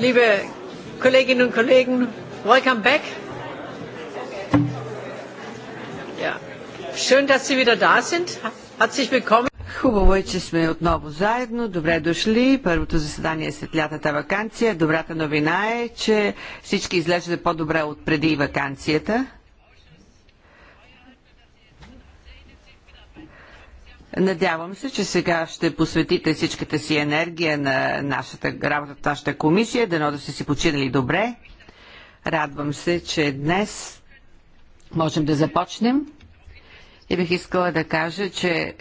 Liebe Kolleginnen und Kollegen, welcome back. Ja. Schön, dass Sie wieder da sind. Herzlich willkommen. Хубаво е, че сме отново заедно. Добре дошли. Първото заседание е след лятата вакансия. Добрата новина е, че всички изглежда по-добре от преди вакансията. Надявам се, че сега ще посветите всичката си енергия на нашата работа, нашата комисия, дано да сте си починали добре. Радвам се, че днес можем да започнем. И бих искала да кажа, че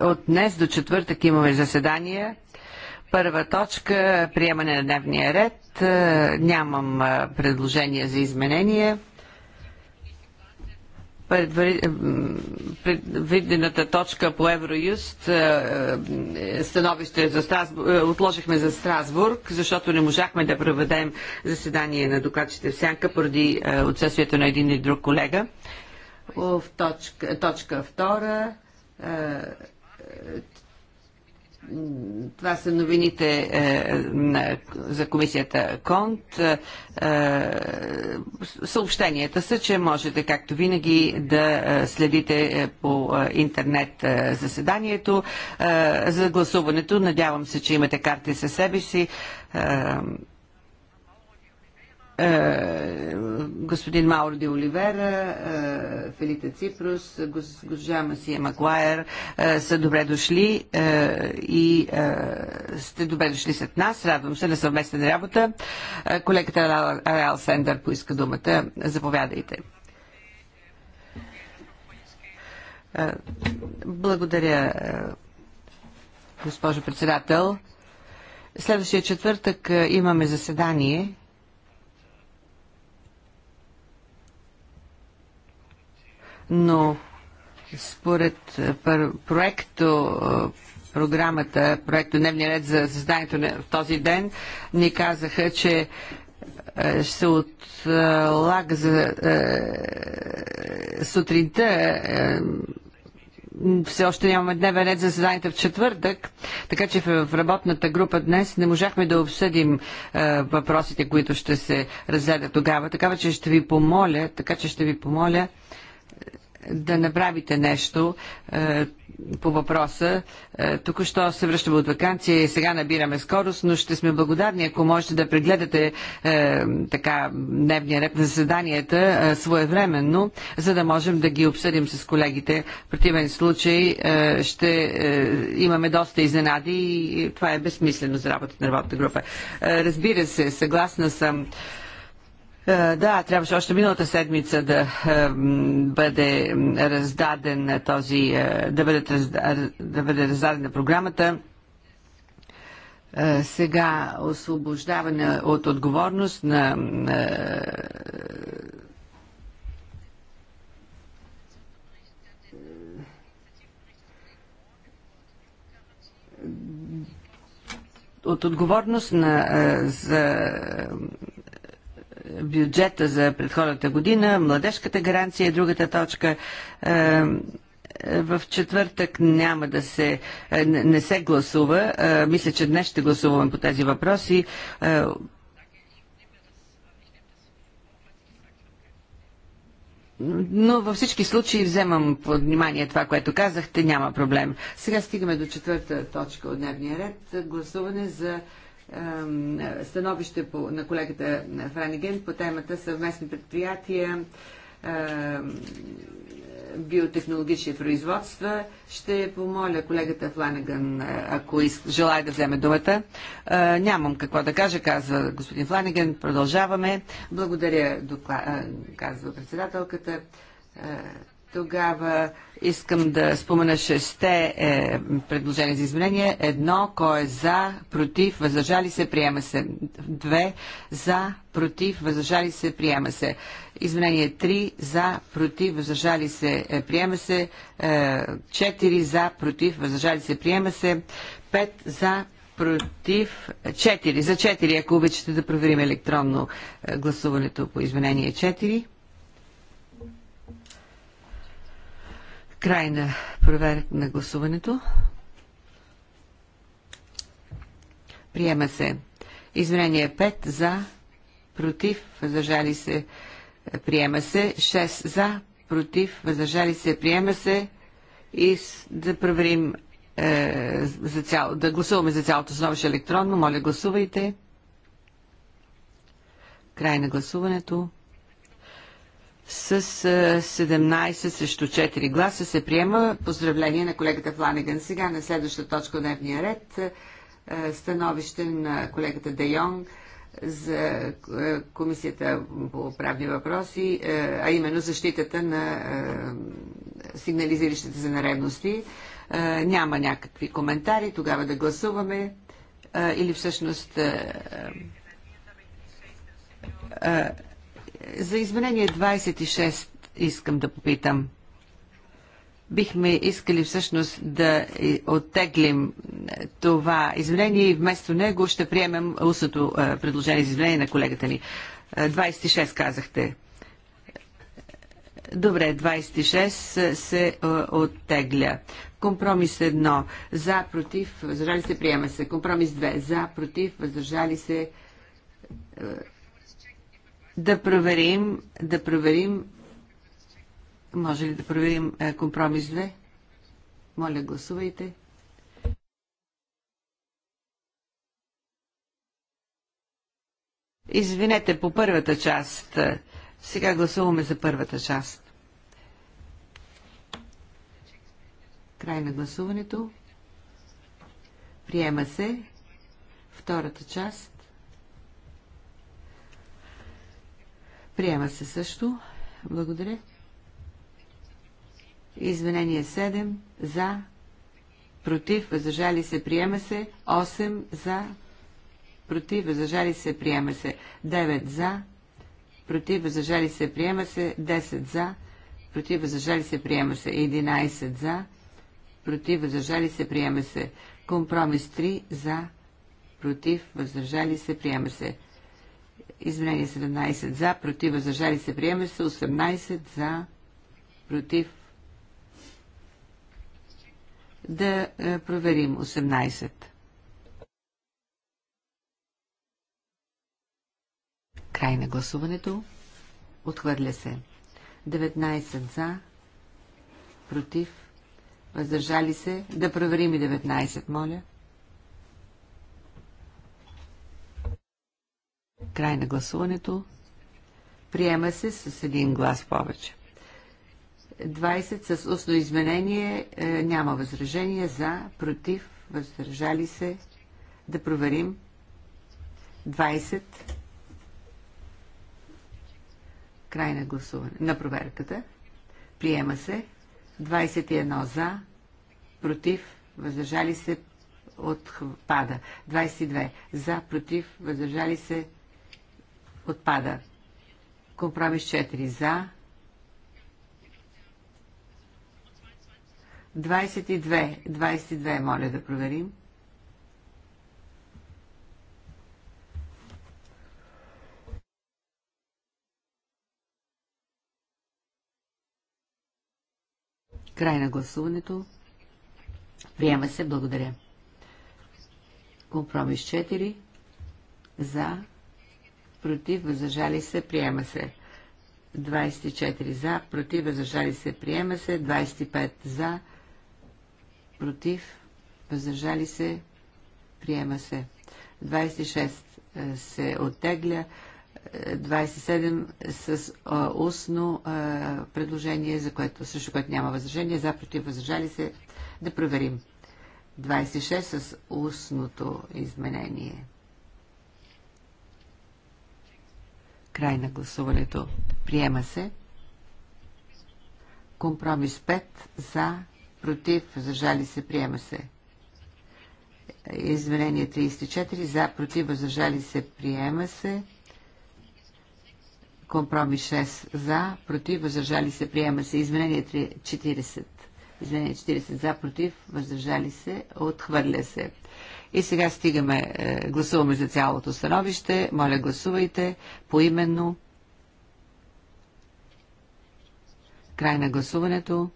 от днес до четвъртък имаме заседания. Първа точка – приемане на дневния ред. Нямам предложения за изменения предвидената точка по Евроюст, е, е, становище за Страсбург, е, отложихме за Страсбург, защото не можахме да проведем заседание на докладчите в Сянка поради отсъствието на един и друг колега. В точка, точка втора това са новините е, на, за комисията Конт. Е, е съобщенията са, че можете, както винаги, да е, следите е, по интернет заседанието. Е, за гласуването надявам се, че имате карти със себе си. Е, е, господин Мауро Ди Оливера, е, Фелита Ципрус, госпожа Масия Маклайер е, са добре дошли и сте добре дошли след нас. Радвам се на съвместна работа. Колегата Ареал Сендър поиска думата. Заповядайте. Благодаря, госпожо председател. Следващия четвъртък имаме заседание но според е, проекто е, програмата, проекто Дневния ред за създанието в този ден, ни казаха, че ще се отлага за е, сутринта все още нямаме дневен ред за заседанието в четвъртък, така че в работната група днес не можахме да обсъдим е, въпросите, които ще се разгледат тогава. Така че ще ви помоля, така че ще ви помоля да направите нещо е, по въпроса. Е, Току-що се връщаме от вакансия и сега набираме скорост, но ще сме благодарни, ако можете да прегледате е, така дневния реп на заседанията е, своевременно, за да можем да ги обсъдим с колегите. В противен случай е, ще е, имаме доста изненади и това е безсмислено за работата на работната група. Е, разбира се, съгласна съм. Е, е, да, трябваше още миналата седмица да е, бъде раздаден този, е, да бъде, да бъде раздадена програмата. Сега освобождаване от отговорност на от отговорност на, за бюджета за предходната година, младежката гаранция е другата точка. Е, е, в четвъртък няма да се, е, не, се гласува. мисля, че днес ще гласуваме по тези въпроси. но във всички случаи вземам под внимание това, което казахте, няма проблем. Сега стигаме до четвърта точка от дневния ред. Гласуване за становище на колегата Франиген по темата съвместни предприятия, биотехнологични производства. Ще помоля колегата Фланеган, ако желая да вземе думата. Нямам какво да кажа, казва господин Фланеган. Продължаваме. Благодаря, казва председателката. Тогава искам да спомена шесте е, предложения за изменение. Едно, кой е за, против, въздържали се, приема се. Две, за, против, въздържали се, приема се. Изменение три, за, против, въздържали се, е, приема се. Е, четири, за, против, въздържали се, приема се. Пет за, против четири. За четири. ако обичате да проверим електронно е, гласуването по изменение 4. Край на проверка на гласуването. Приема се. Изменение 5 за, против, въздържали се, приема се. 6 за, против, въздържали се, приема се. И да проверим е, за цяло, да гласуваме за цялото становище електронно. Моля, гласувайте. Край на гласуването с 17 срещу 4 гласа се приема. Поздравление на колегата Фланеган. Сега на следваща точка от дневния ред становище на колегата Де Йонг за Комисията по правни въпроси, а именно защитата на сигнализиращите за наревности. Няма някакви коментари, тогава да гласуваме или всъщност за изменение 26 искам да попитам. Бихме искали всъщност да оттеглим е, това изменение и вместо него ще приемем устното е, предложение за изменение на колегата ни. 26 е, казахте. Добре, 26 се оттегля. Компромис 1. За, против, въздържали се, приема се. Компромис 2. За, против, въздържали се, да проверим, да проверим, може ли да проверим е, компромис 2? Моля, гласувайте. Извинете, по първата част. Сега гласуваме за първата част. Край на гласуването. Приема се втората част. Приема се също. Благодаря. Изменение 7. За. Против. Въздържали се. Приема се. 8. За. Против. Въздържали се. Приема се. 9. За. Против. Въздържали се. Приема се. 10. За. Против. Въздържали се. Приема се. 11. За. Против. Въздържали се. Приема се. Компромис 3. За. Против. Въздържали се. Приема се. Извинение 17 за, против, въздържали се, приема се. 18 за, против. Да е, проверим 18. Край на гласуването. Отхвърля се. 19 за, против, въздържали се. Да проверим и 19, моля. Край на гласуването. Приема се с един глас повече. 20 с устно изменение. Е, няма възражение за, против, въздържали се. Да проверим. 20. Край на гласуване. На проверката. Приема се. 21 за, против, въздържали се, отпада. 22 за, против, въздържали се, Отпада. Компромис 4 за. 22. 22, моля да проверим. Край на гласуването. Приема се. Благодаря. Компромис 4. За против, въздържали се, приема се. 24 за, против, въздържали се, приема се. 25 за, против, въздържали се, приема се. 26 е, се оттегля. 27 е, с а, е, устно а, предложение, за което, срещу което няма възражение, за против възражали се, да проверим. 26 с устното изменение. Край на гласуването. Приема се. Компромис 5 за, против, въздържали се, приема се. Изменение 34 за, против, въздържали се, приема се. Компромис 6 за, против, въздържали се, приема се. Изменение 40. Изменение 40 за, против, въздържали се, отхвърля се. И сега стигаме, е, гласуваме за цялото становище. Моля, гласувайте поименно. Край на гласуването.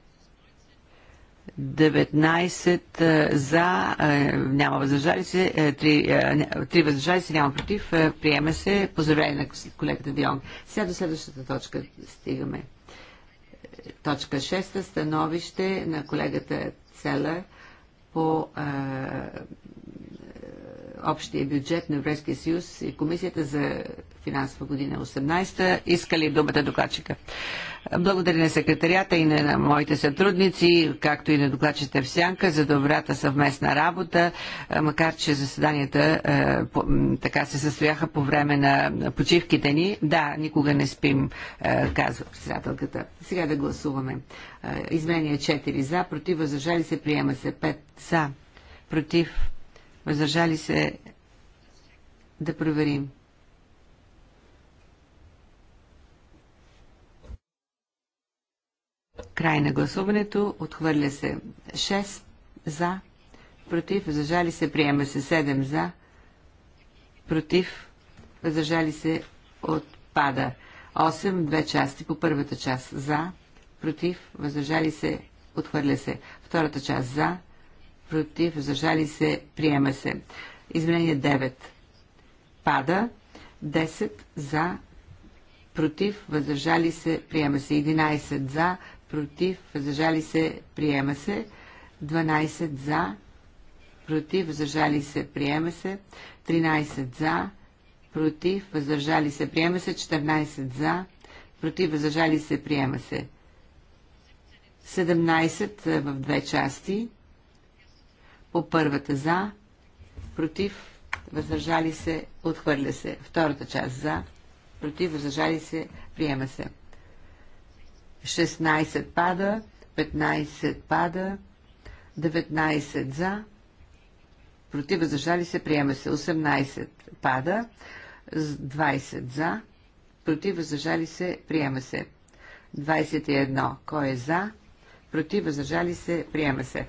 19 е, за, е, няма възражали се, 3, 3 се, няма против, приема се. Поздравление на колегата Дион. Сега до следващата точка стигаме. Точка 6, становище на колегата Цела по общия бюджет на Европейския съюз и Комисията за финансова година 18 та искали думата докладчика. Благодаря на секретарията и на моите сътрудници, както и на докладчите в Сянка за добрата съвместна работа, макар че заседанията така се състояха по време на почивките ни. Да, никога не спим, казва председателката. Сега да гласуваме. Изменение 4 за, против, възражали се, приема се 5 за, против, Въздържали се да проверим. Край на гласуването. Отхвърля се 6 за, против, въздържали се, приема се 7 за, против, въздържали се, отпада. 8, две части по първата част за, против, въздържали се, отхвърля се. Втората част за, против, зажали се, приема се. Изменение 9 пада, 10 за, против, въздържали се, приема се. 11 за, против, въздържали се, приема се. 12 за, против, въздържали се, приема се. 13 за, против, въздържали се, приема се. 14 за, против, въздържали се, приема се. 17 в две части. По първата за, против, въздържали се, отхвърля се. Втората част за, против, въздържали се, приема се. 16 пада, 15 пада, 19 за, против, въздържали се, приема се. 18 пада, 20 за, против, въздържали се, приема се. 21. Кой е за? Против, въздържали се, приема се.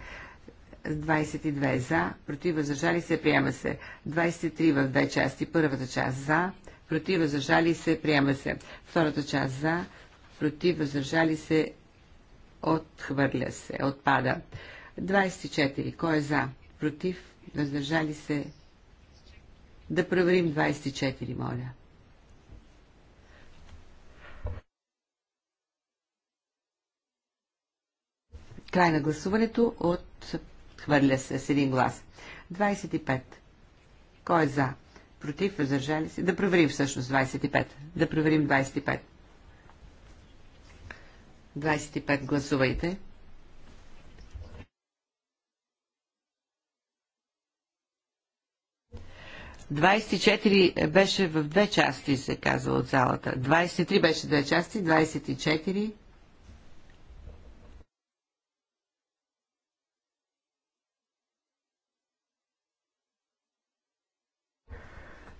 22 за, против въздържали се, приема се. 23 в две части. Първата част за, против въздържали се, приема се. Втората част за, против въздържали се, отхвърля се, отпада. 24. Кой е за? Против? Въздържали се? Да проверим 24, моля. Край на гласуването от Хвърля се с един глас. 25. Кой е за? Против, въздържали се. Да проверим всъщност 25. Да проверим 25. 25 гласувайте. Двадесет четири беше в две части, се казва от залата. 23 беше две части, 24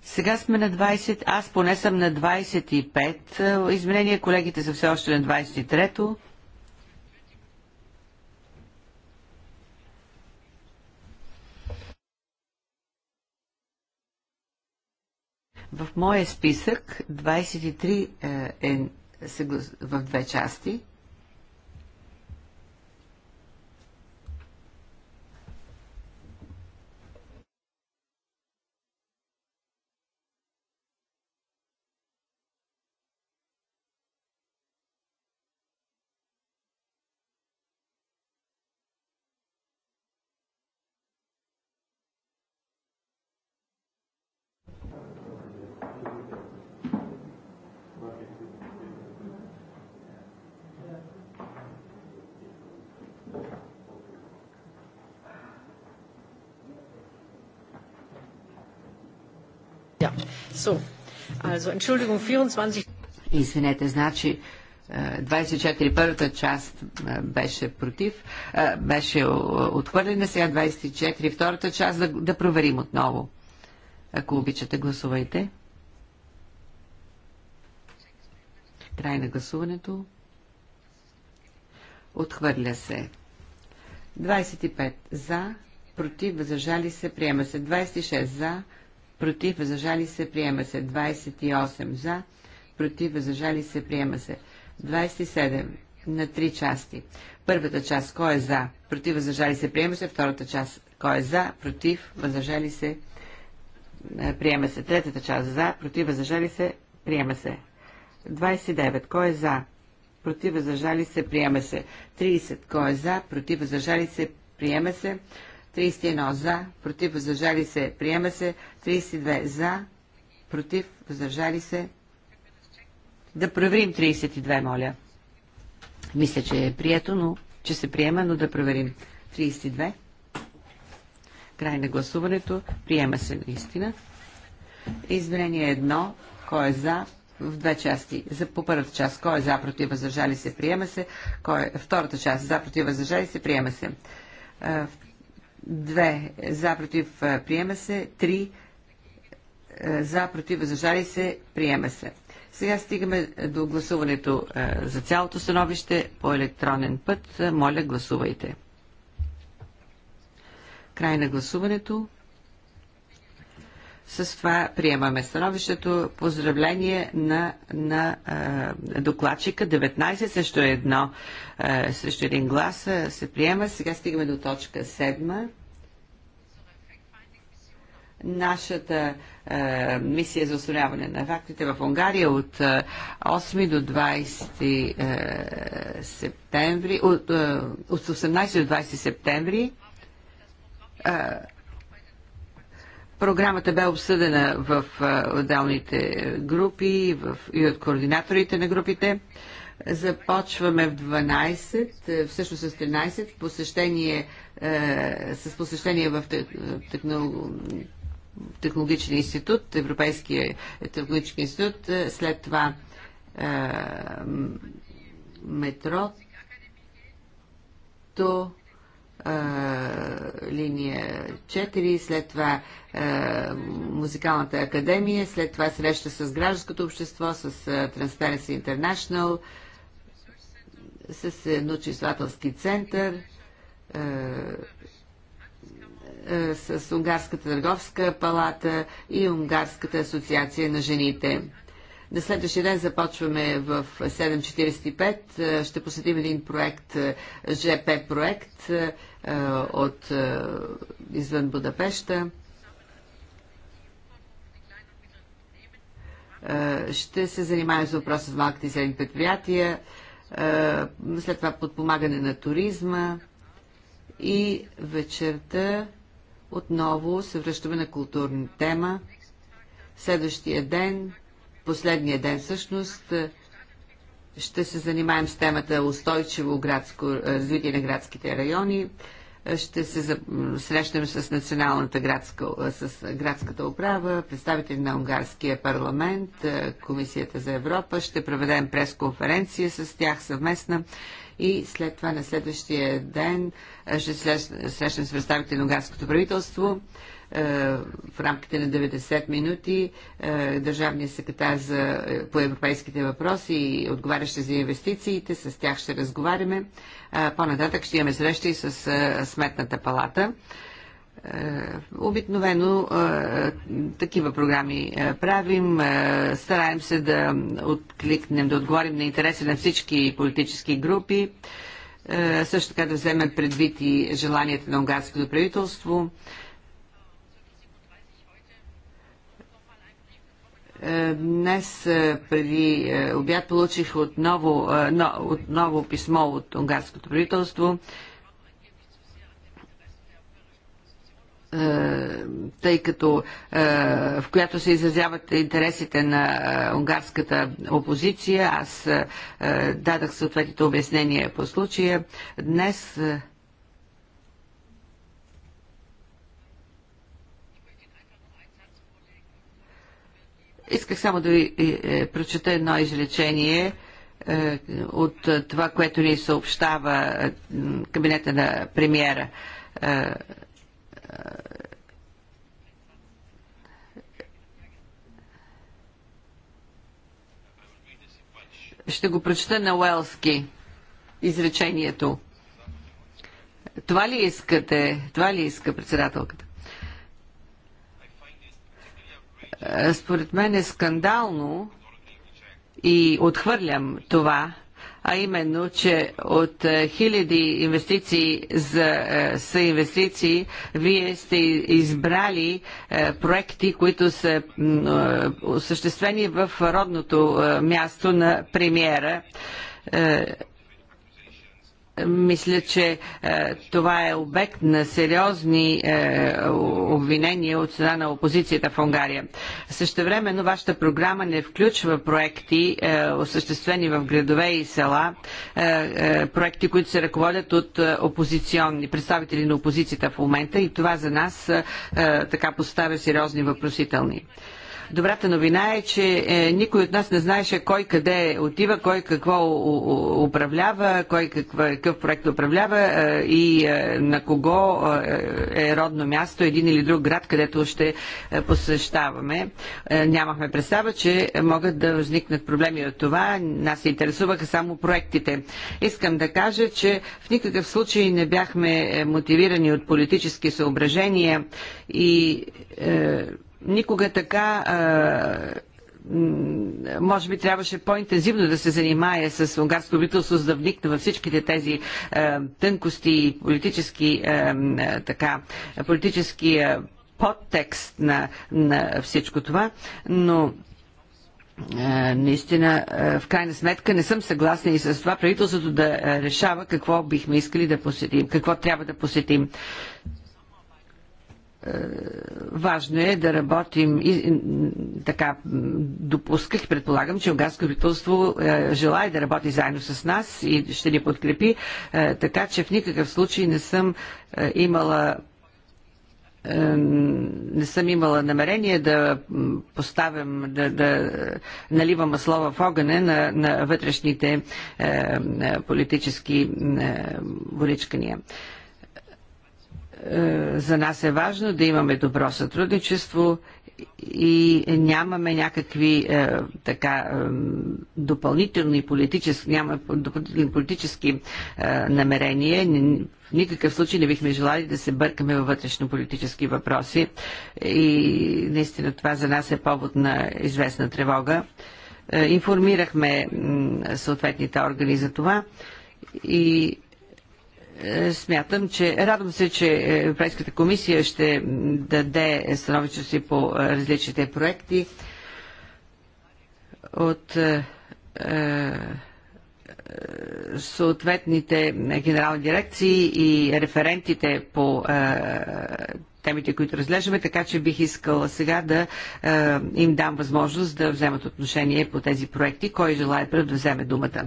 Сега сме на 20, аз поне съм на 25 изменения, колегите са все още на 23-то. В моя списък 23 е, е, в две части – Also, Entschuldigung, 24... Извинете, значи 24 е, първата част е, беше против, е, беше отхвърлена, сега 24 втората част да, да проверим отново. Ако обичате, гласувайте. Край на гласуването. Отхвърля се. 25 за, против, въздържали се, приема се. 26 за, против, възражали се, приема се. 28 за, против, възражали се, приема се. 27 на три части. Първата част, кой е за, против, възражали се, приема се. Втората част, кой е за, против, възражали се, е, приема се. Третата част, за, против, възражали се, приема се. 29. Кой е за? Против, възражали се, приема се. 30. Кой е за? Против, възражали се, приема се. 31 за, против, въздържали се, приема се. 32 за, против, въздържали се. Да проверим 32, моля. Мисля, че е прието, но че се приема, но да проверим. 32. Край на гласуването. Приема се наистина. Изменение 1. Кой е за? В две части. За, по първата част. Кой е за? Против въздържали се? Приема се. Кой е? Втората част. За? Против въздържали се? Приема се. Е, Две за против приема се, три за против въздържали се приема се. Сега стигаме до гласуването за цялото становище по електронен път. Моля, гласувайте. Край на гласуването. С това приемаме становището. Поздравление на, на а, докладчика. 19 е едно, а, също един глас а, се приема. Сега стигаме до точка 7 нашата е, мисия за установяване на фактите в Унгария от е, 8 до 20 е, септември, от, е, от 18 до 20 септември. Програмата бе обсъдена в отделните групи и от координаторите на групите. Започваме в 12, е, всъщност с 13, посещение, е, с посещение в техно, технологичен институт, Европейския технологичен институт, е, след това е, то е, линия 4, след това е, музикалната академия, след това среща с гражданското общество, с е, Transparency International, с научно-изследователски център, е, с Унгарската търговска палата и Унгарската асоциация на жените. На следващия ден започваме в 7.45. Ще посетим един проект, ЖП проект от извън Будапешта. Е, ще се занимаем с въпроса с малките и средни предприятия, е, след това подпомагане на туризма и вечерта отново се връщаме на културна тема. Следващия ден, последния ден всъщност, е, ще се занимаем с темата устойчиво градско, развитие на градските райони ще се срещнем с националната градска, с градската управа, представители на Унгарския парламент, Комисията за Европа. Ще проведем пресконференция с тях съвместна и след това на следващия ден ще срещнем с представители на Унгарското правителство. Е, в рамките на 90 минути е, държавния секретар за, е, по европейските въпроси и отговарящи за инвестициите. С тях ще разговаряме. По-нататък ще имаме срещи с Сметната палата. Обикновено такива програми правим. Стараем се да откликнем, да отговорим на интереси на всички политически групи. Също така да вземем предвид и желанията на унгарското правителство. Е, днес е, преди е, обяд получих отново, отново писмо от унгарското правителство, тъй като в която се изразяват интересите на унгарската опозиция. Аз дадах съответните обяснения по случая. Днес Исках само да ви е, е, прочета едно изречение е, от това, което ни съобщава кабинета на премиера. Ще го прочета на Уелски изречението. Това ли искате? Това ли иска председателката? Е, според мен е скандално и отхвърлям това, а именно, че от е, хиляди инвестиции за е, са инвестиции, вие сте избрали проекти, които са осъществени в родното място на премиера мисля, че е, това е обект на сериозни е, обвинения от страна на опозицията в Унгария. но вашата програма не включва проекти, е, осъществени в градове и села, е, е, проекти, които се ръководят от е, опозиционни, представители на опозицията в момента и това за нас така поставя сериозни въпросителни. Добрата новина е, че е, никой от нас не знаеше кой къде отива, кой какво управлява, кой какъв проект управлява е, и е, на кого е родно място, един или друг град, където ще посещаваме. Нямахме представа, че могат да възникнат проблеми от това. Нас се интересуваха само проектите. Искам да кажа, че в никакъв случай не бяхме мотивирани от политически съображения и е, Никога така може би трябваше по-интензивно да се занимае с унгарското правителство, за да вникне във всичките тези е, тънкости и политически, е, така, политически е, подтекст на, на всичко това, но наистина, в крайна сметка, не съм съгласна и с това правителството да решава какво бихме искали да посетим, какво трябва да посетим важно е да работим и, така допусках, предполагам, че унгарското правителство е, желая да работи заедно с нас и ще ни подкрепи, е, така че в никакъв случай не съм е, имала не съм имала намерение да поставям, да, да наливам масло в огъне на, на вътрешните е, политически е, боричкания. Е, за нас е важно да имаме добро сътрудничество и нямаме някакви е, така е, допълнителни политически, няма допълнителни политически е, намерения. В никакъв случай не бихме желали да се бъркаме във вътрешно-политически въпроси и наистина това за нас е повод на известна тревога. Е, информирахме съответните органи за това и е, смятам, че радвам се, че Европейската комисия ще даде становище си по е, различните проекти от е, съответните генерални дирекции и референтите по темите, които разглеждаме, така че бих искала сега да е, им дам възможност да вземат отношение по тези проекти. Кой желая пръв да вземе думата?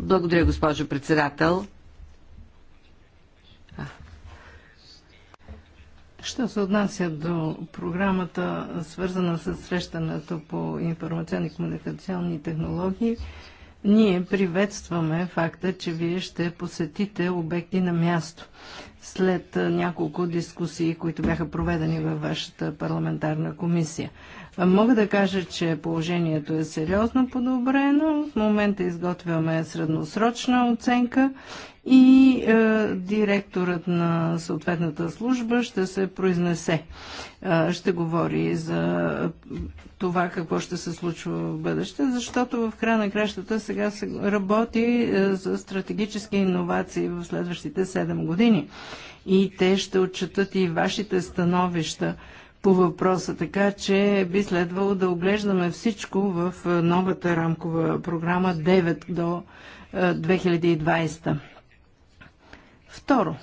Благодаря, госпожо председател. Що се отнася до програмата, свързана с срещането по информационни и комуникационни технологии, ние приветстваме факта, че вие ще посетите обекти на място. След няколко дискусии, които бяха проведени във вашата парламентарна комисия. Мога да кажа, че положението е сериозно подобрено. В момента изготвяме средносрочна оценка и е, директорът на съответната служба ще се произнесе. Е, ще говори за това какво ще се случва в бъдеще, защото в края на кращата сега се работи е, за стратегически иновации в следващите 7 години. И те ще отчитат и вашите становища по въпроса, така че би следвало да оглеждаме всичко в е, новата рамкова програма 9 до 2020. Е, Второ,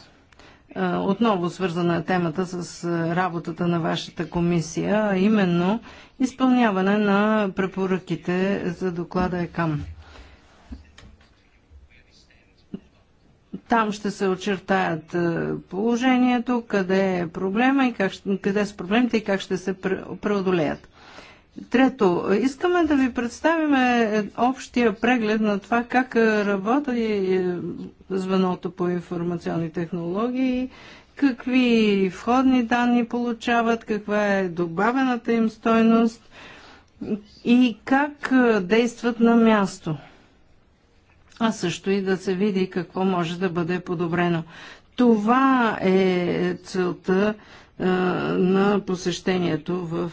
отново свързана е темата с работата на вашата комисия, а именно изпълняване на препоръките за доклада ЕКАМ. Там ще се очертаят положението, къде е проблема и как, къде са проблемите и как ще се преодолеят. Трето, искаме да ви представим е, общия преглед на това как е, работи е, звеното по информационни технологии, какви входни данни получават, каква е добавената им стойност и как действат на място. А също и да се види какво може да бъде подобрено. Това е целта на посещението в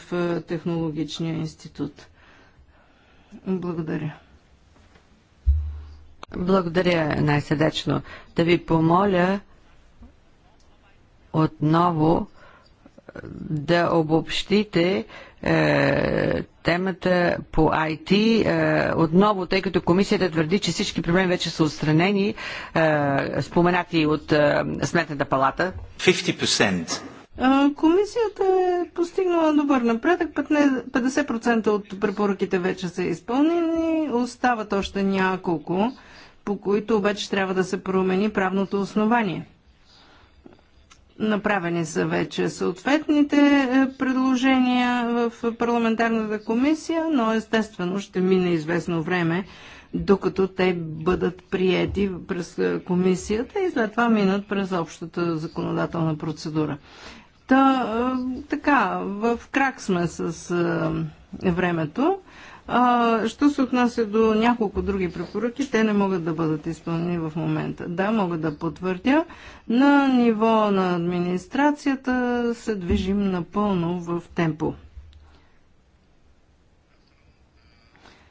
Технологичния институт. Благодаря. Благодаря най-сърдечно. Да ви помоля отново да обобщите е, темата по IT. Е, отново, тъй като комисията твърди, че всички проблеми вече са отстранени, е, споменати от е, Сметната палата. 50% Комисията е постигнала добър напредък. 50% от препоръките вече са изпълнени. Остават още няколко, по които вече трябва да се промени правното основание. Направени са вече съответните е, предложения в парламентарната комисия, но естествено ще мине известно време, докато те бъдат приети през е, комисията и след това минат през общата законодателна процедура. Та, така, в крак сме с времето. А, що се отнася до няколко други препоръки, те не могат да бъдат изпълнени в момента. Да, мога да потвърдя. На ниво на администрацията се движим напълно в темпо.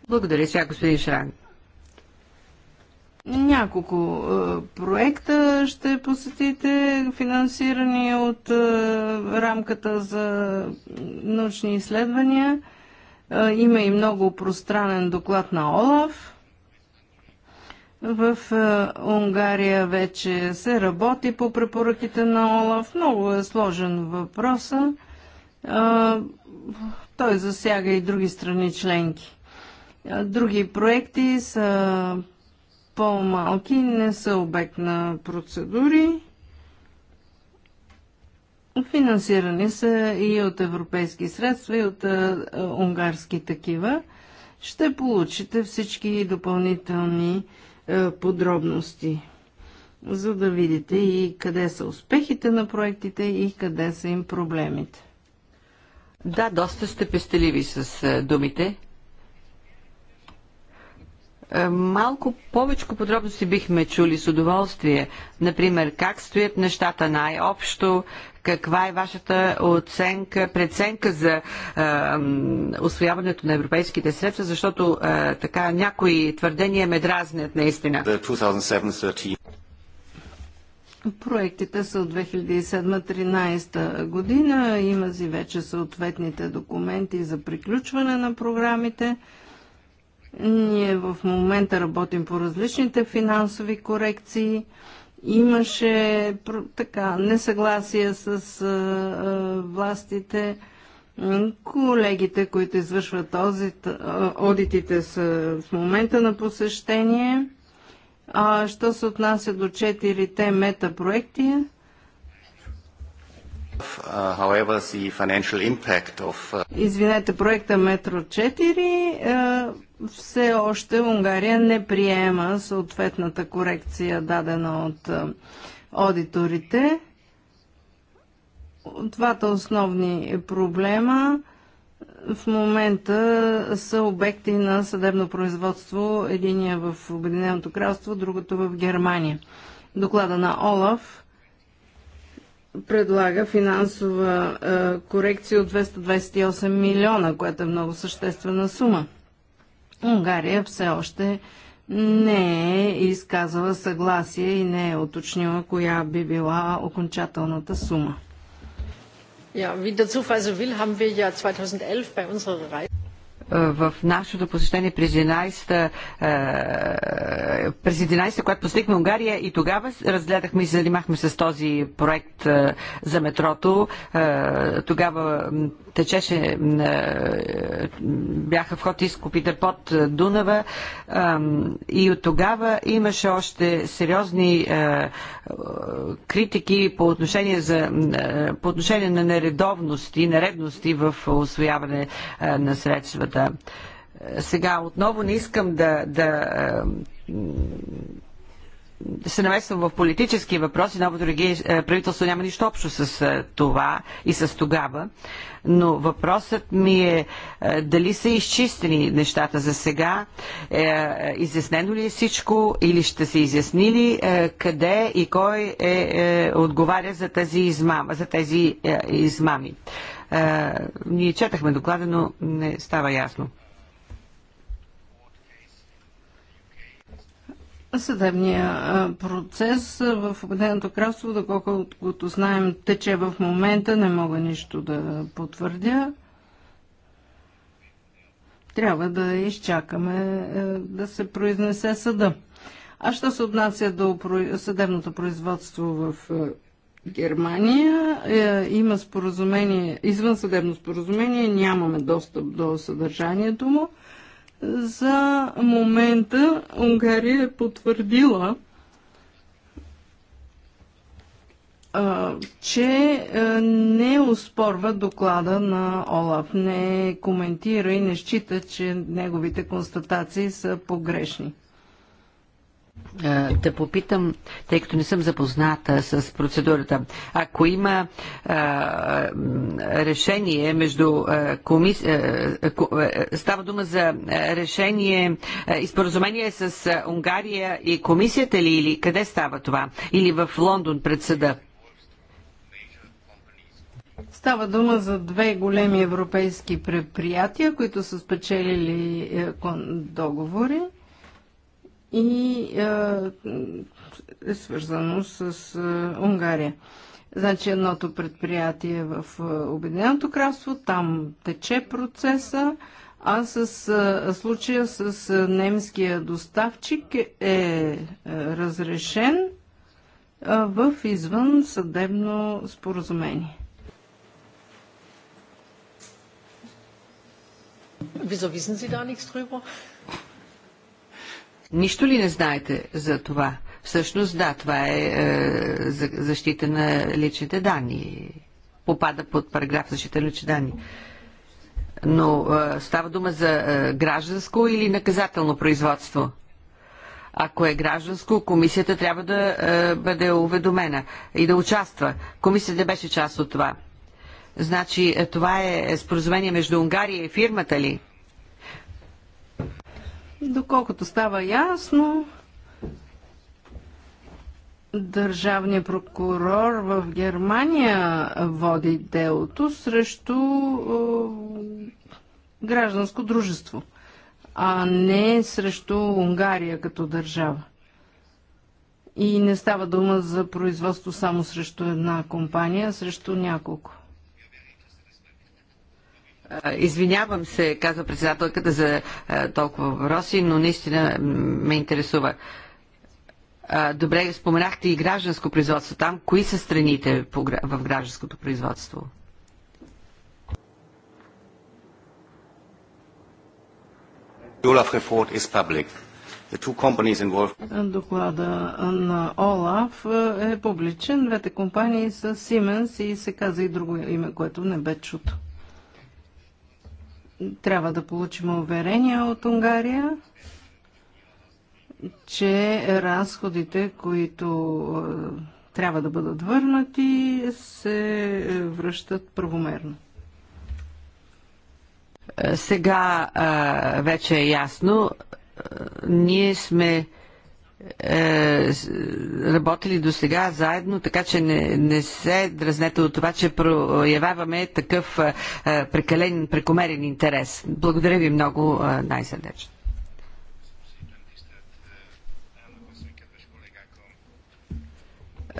Благодаря сега, господин Шраг. Няколко е, проекта ще посетите, финансирани от е, рамката за научни изследвания. Е, има и много пространен доклад на ОЛАФ. В Унгария вече се работи по препоръките на ОЛАФ. Много е сложен въпроса. Той засяга и други страни членки. Други проекти са по-малки не са обект на процедури. Финансирани са и от европейски средства, и от унгарски такива. Ще получите всички допълнителни подробности, за да видите и къде са успехите на проектите и къде са им проблемите. Да, доста сте пестеливи с думите. Е, малко повече подробности бихме чули с удоволствие. Например, как стоят нещата най-общо, каква е вашата оценка, преценка за е, освояването на европейските средства, защото е, така някои твърдения ме дразнят наистина. Проектите са от 2007-13 година. Има си вече съответните документи за приключване на програмите. Ние в момента работим по различните финансови корекции. Имаше така несъгласие с а, а, властите. Колегите, които извършват а, одитите са в момента на посещение. А, що се отнася до четирите мета проекти, Uh, uh, Извинете, проекта Метро 4 е, все още Унгария не приема съответната корекция, дадена от е, аудиторите. Двата основни проблема в момента са обекти на съдебно производство, единия в Обединеното кралство, другото в Германия. Доклада на Олаф предлага финансова е, корекция от 228 милиона, което е много съществена сума. Унгария все още не е изказала съгласие и не е уточнила коя би била окончателната сума. Ja, wie der Zufall so will, haben wir ja 2011 bei unserer Reise в нашето посещение през 11-та, през 11-та, когато Унгария и тогава разгледахме и занимахме с този проект за метрото. Тогава течеше, е, бяха в ход изкупите под Дунава и от тогава имаше още сериозни е, е, критики по отношение, за, по отношение на нередовности и наредности в освояване на средствата. Сега отново не искам да, да се намесвам в политически въпроси, новото е, правителство няма нищо общо с е, това и с тогава, но въпросът ми е, е дали са изчистени нещата за сега, изяснено ли е всичко или ще се изясни ли къде и кой е, отговаря за, тези, измам, за тези измами. Ние четахме доклада, но не става ясно. Съдебния процес в Обединеното кралство, доколкото знаем, тече в момента, не мога нищо да потвърдя. Трябва да изчакаме да се произнесе съда. А що се отнася до съдебното производство в Германия, е, има споразумение, извън съдебно споразумение, нямаме достъп до съдържанието му. За момента Унгария е потвърдила, че не успорва доклада на Олаф, не коментира и не счита, че неговите констатации са погрешни. Е, да попитам, тъй като не съм запозната с процедурата, ако има а, е, решение между а, е, комис... А, става дума за решение и споразумение с Унгария и комисията ли или къде става това? Или в Лондон пред съда? Става дума за две големи европейски предприятия, които са спечелили договори и е свързано с Унгария. Значи едното предприятие в Обединеното кралство, там тече процеса, а с а, случая с а, немския доставчик е, е разрешен а, в извън съдебно споразумение. Wieso wissen Sie da nichts drüber? Нищо ли не знаете за това? Всъщност, да, това е, е защита на личните данни. Попада под параграф защита на личните данни. Но е, става дума за е, гражданско или наказателно производство? Ако е гражданско, комисията трябва да е, бъде уведомена и да участва. Комисията беше част от това. Значи, е, това е споразумение между Унгария и фирмата ли? доколкото става ясно, държавният прокурор в Германия води делото срещу е, гражданско дружество, а не срещу Унгария като държава. И не става дума за производство само срещу една компания, а срещу няколко. Извинявам се, казва председателката, за толкова въпроси, но наистина ме интересува. Добре, споменахте и гражданско производство. Там кои са страните в гражданското производство? Олаф Рефорт е публик. Доклада на Олаф е, е публичен. Двете компании са Siemens и се каза и друго име, което не бе чуто трябва да получим уверение от Унгария, че разходите, които е, трябва да бъдат върнати, се връщат правомерно. Е, сега е, вече е ясно. Ние сме е, работили до сега заедно, така че не, не се дразнете от това, че проявяваме такъв е, е, прекален, прекомерен интерес. Благодаря ви много най-сърдечно.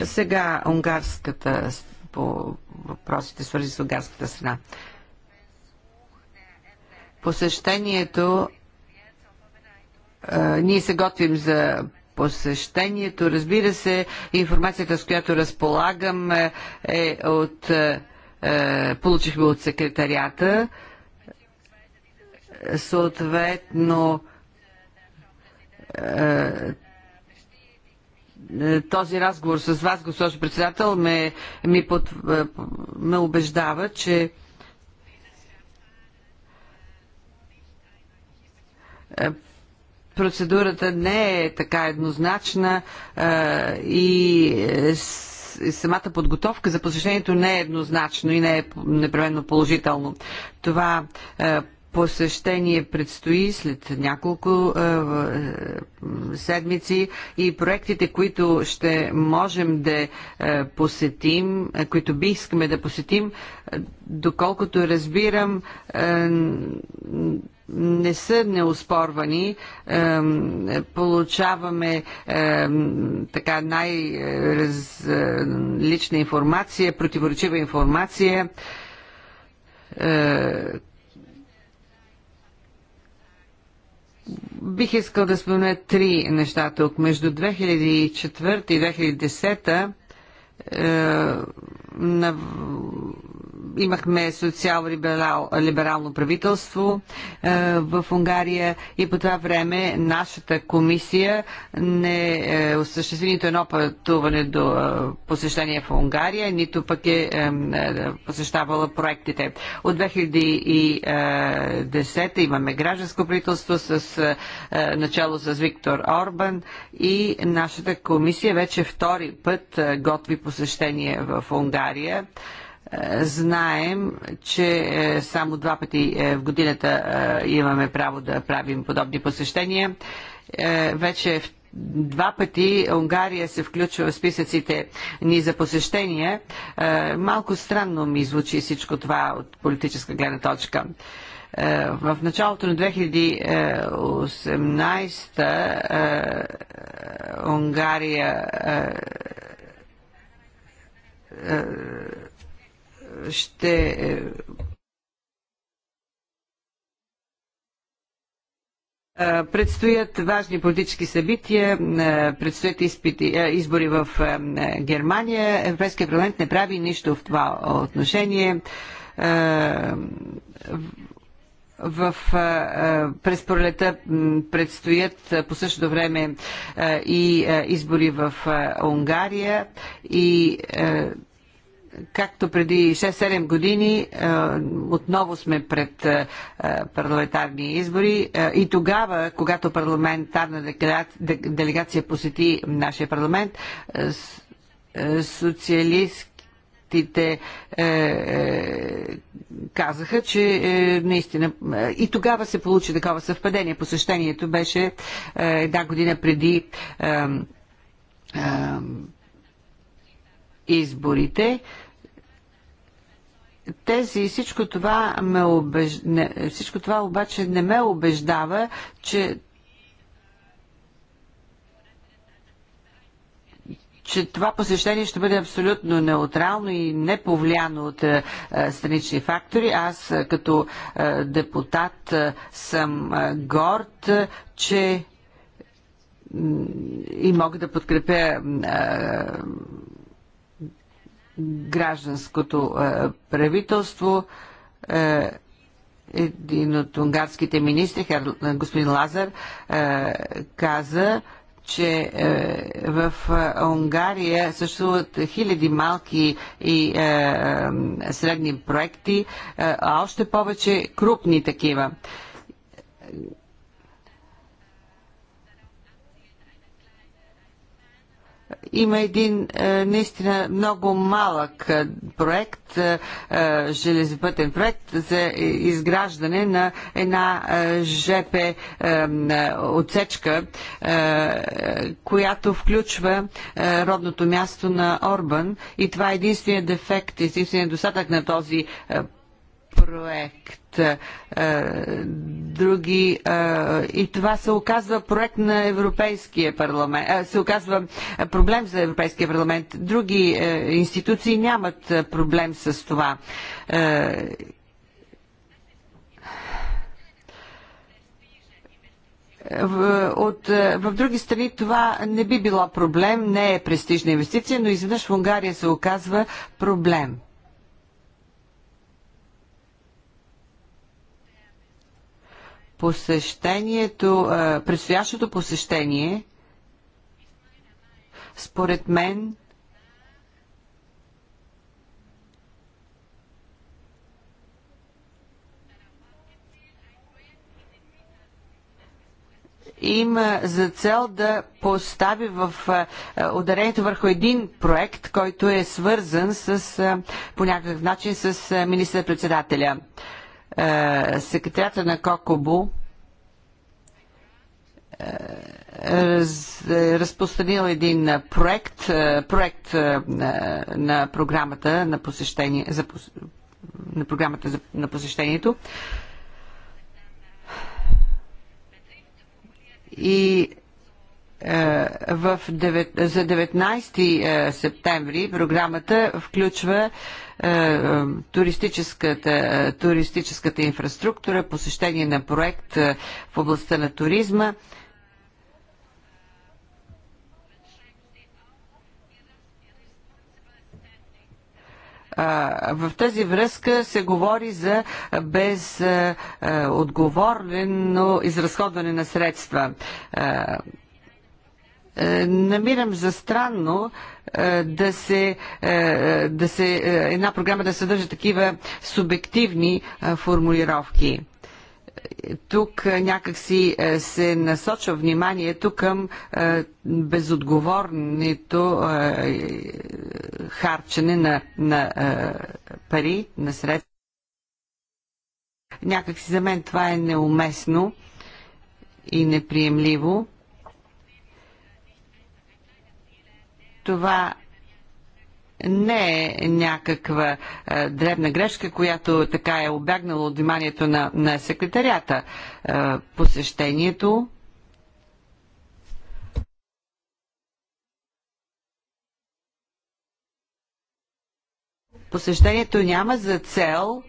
Сега унгарската по въпросите свързи с унгарската страна. Посещението ние се готвим за посещението. Разбира се, информацията, с която разполагам е, е от... Е, е, получихме от секретарията. Съответно, този разговор с вас, госпожо председател, ме, ми под, ме убеждава, че процедурата не е така еднозначна е, и самата подготовка за посещението не е еднозначно и не е непременно положително. Това е, посещение предстои след няколко е, е, седмици и проектите, които ще можем да е, посетим, е, които би искаме да посетим, доколкото разбирам, не са неоспорвани. Получаваме така най-различна информация, противоречива информация, е, бих искал да спомена три неща тук. Между 2004 и 2010 е, на имахме социал-либерално правителство е, в Унгария и по това време нашата комисия не е, осъществи нито едно пътуване до е, посещение в Унгария, нито пък е посещавала проектите. От 2010 имаме гражданско правителство с начало с Виктор Орбан и нашата комисия вече втори път готви посещение в Унгария. Знаем, че е, само два пъти е, в годината е, имаме право да правим подобни посещения. Вече в два пъти Унгария се включва в списъците ни за посещения. Малко странно ми звучи всичко това от политическа гледна точка. В началото на 2018 Унгария ще е, е, Предстоят важни политически събития, е, предстоят изпити, избори в Германия. Европейския парламент не прави нищо в това отношение. В, през пролета предстоят по същото време и избори в Унгария и както преди 6-7 години, е, отново сме пред е, е, парламентарни избори и тогава, когато парламентарна делегация посети нашия парламент, социалистите казаха, че наистина и тогава се получи такова съвпадение. Посещението беше една година преди изборите тези, всичко това, ме обеж... не, всичко това обаче не ме убеждава, че че това посещение ще бъде абсолютно неутрално и не повлияно от е, е, странични фактори. Аз е, като депутат съм горд, че и мога да подкрепя гражданското е, правителство. Е, един от унгарските министри, господин Лазар, е, каза, че в Унгария съществуват хиляди малки и средни проекти, а още повече крупни такива има един е, наистина много малък е, проект, е, железопътен проект за изграждане на една ЖП отсечка, която включва родното място на Орбан и това е единственият дефект, единственият достатък на този проект. Е, други, е, и това се оказва проект на Европейския парламент, е, се оказва проблем за Европейския парламент. Други институции нямат проблем с това. от, в други страни това не би било проблем, не е престижна инвестиция, но изведнъж в Унгария се оказва проблем. посещението, предстоящото посещение, според мен, има за цел да постави в ударението върху един проект, който е свързан с, по някакъв начин с министър-председателя. Е, секретарята на Кокобу е, раз, е разпространил един проект, проект на, програмата на посещение, за, на програмата за, на посещението. И в 9, за 19 септември програмата включва е, е, туристическата, е, туристическата инфраструктура, посещение на проект в областта на туризма. В тази връзка се говори за безотговорно изразходване на средства. Е, намирам за странно е, да се, е, да се една програма да съдържа такива субективни формулировки. Тук някакси се насочва вниманието към безотговорното харчене на, на пари, на средства. Някакси за мен това е неуместно и неприемливо Това не е някаква а, е, дребна грешка, която така е обягнала от вниманието на, на секретарята. А, е, посещението Посещението няма за цел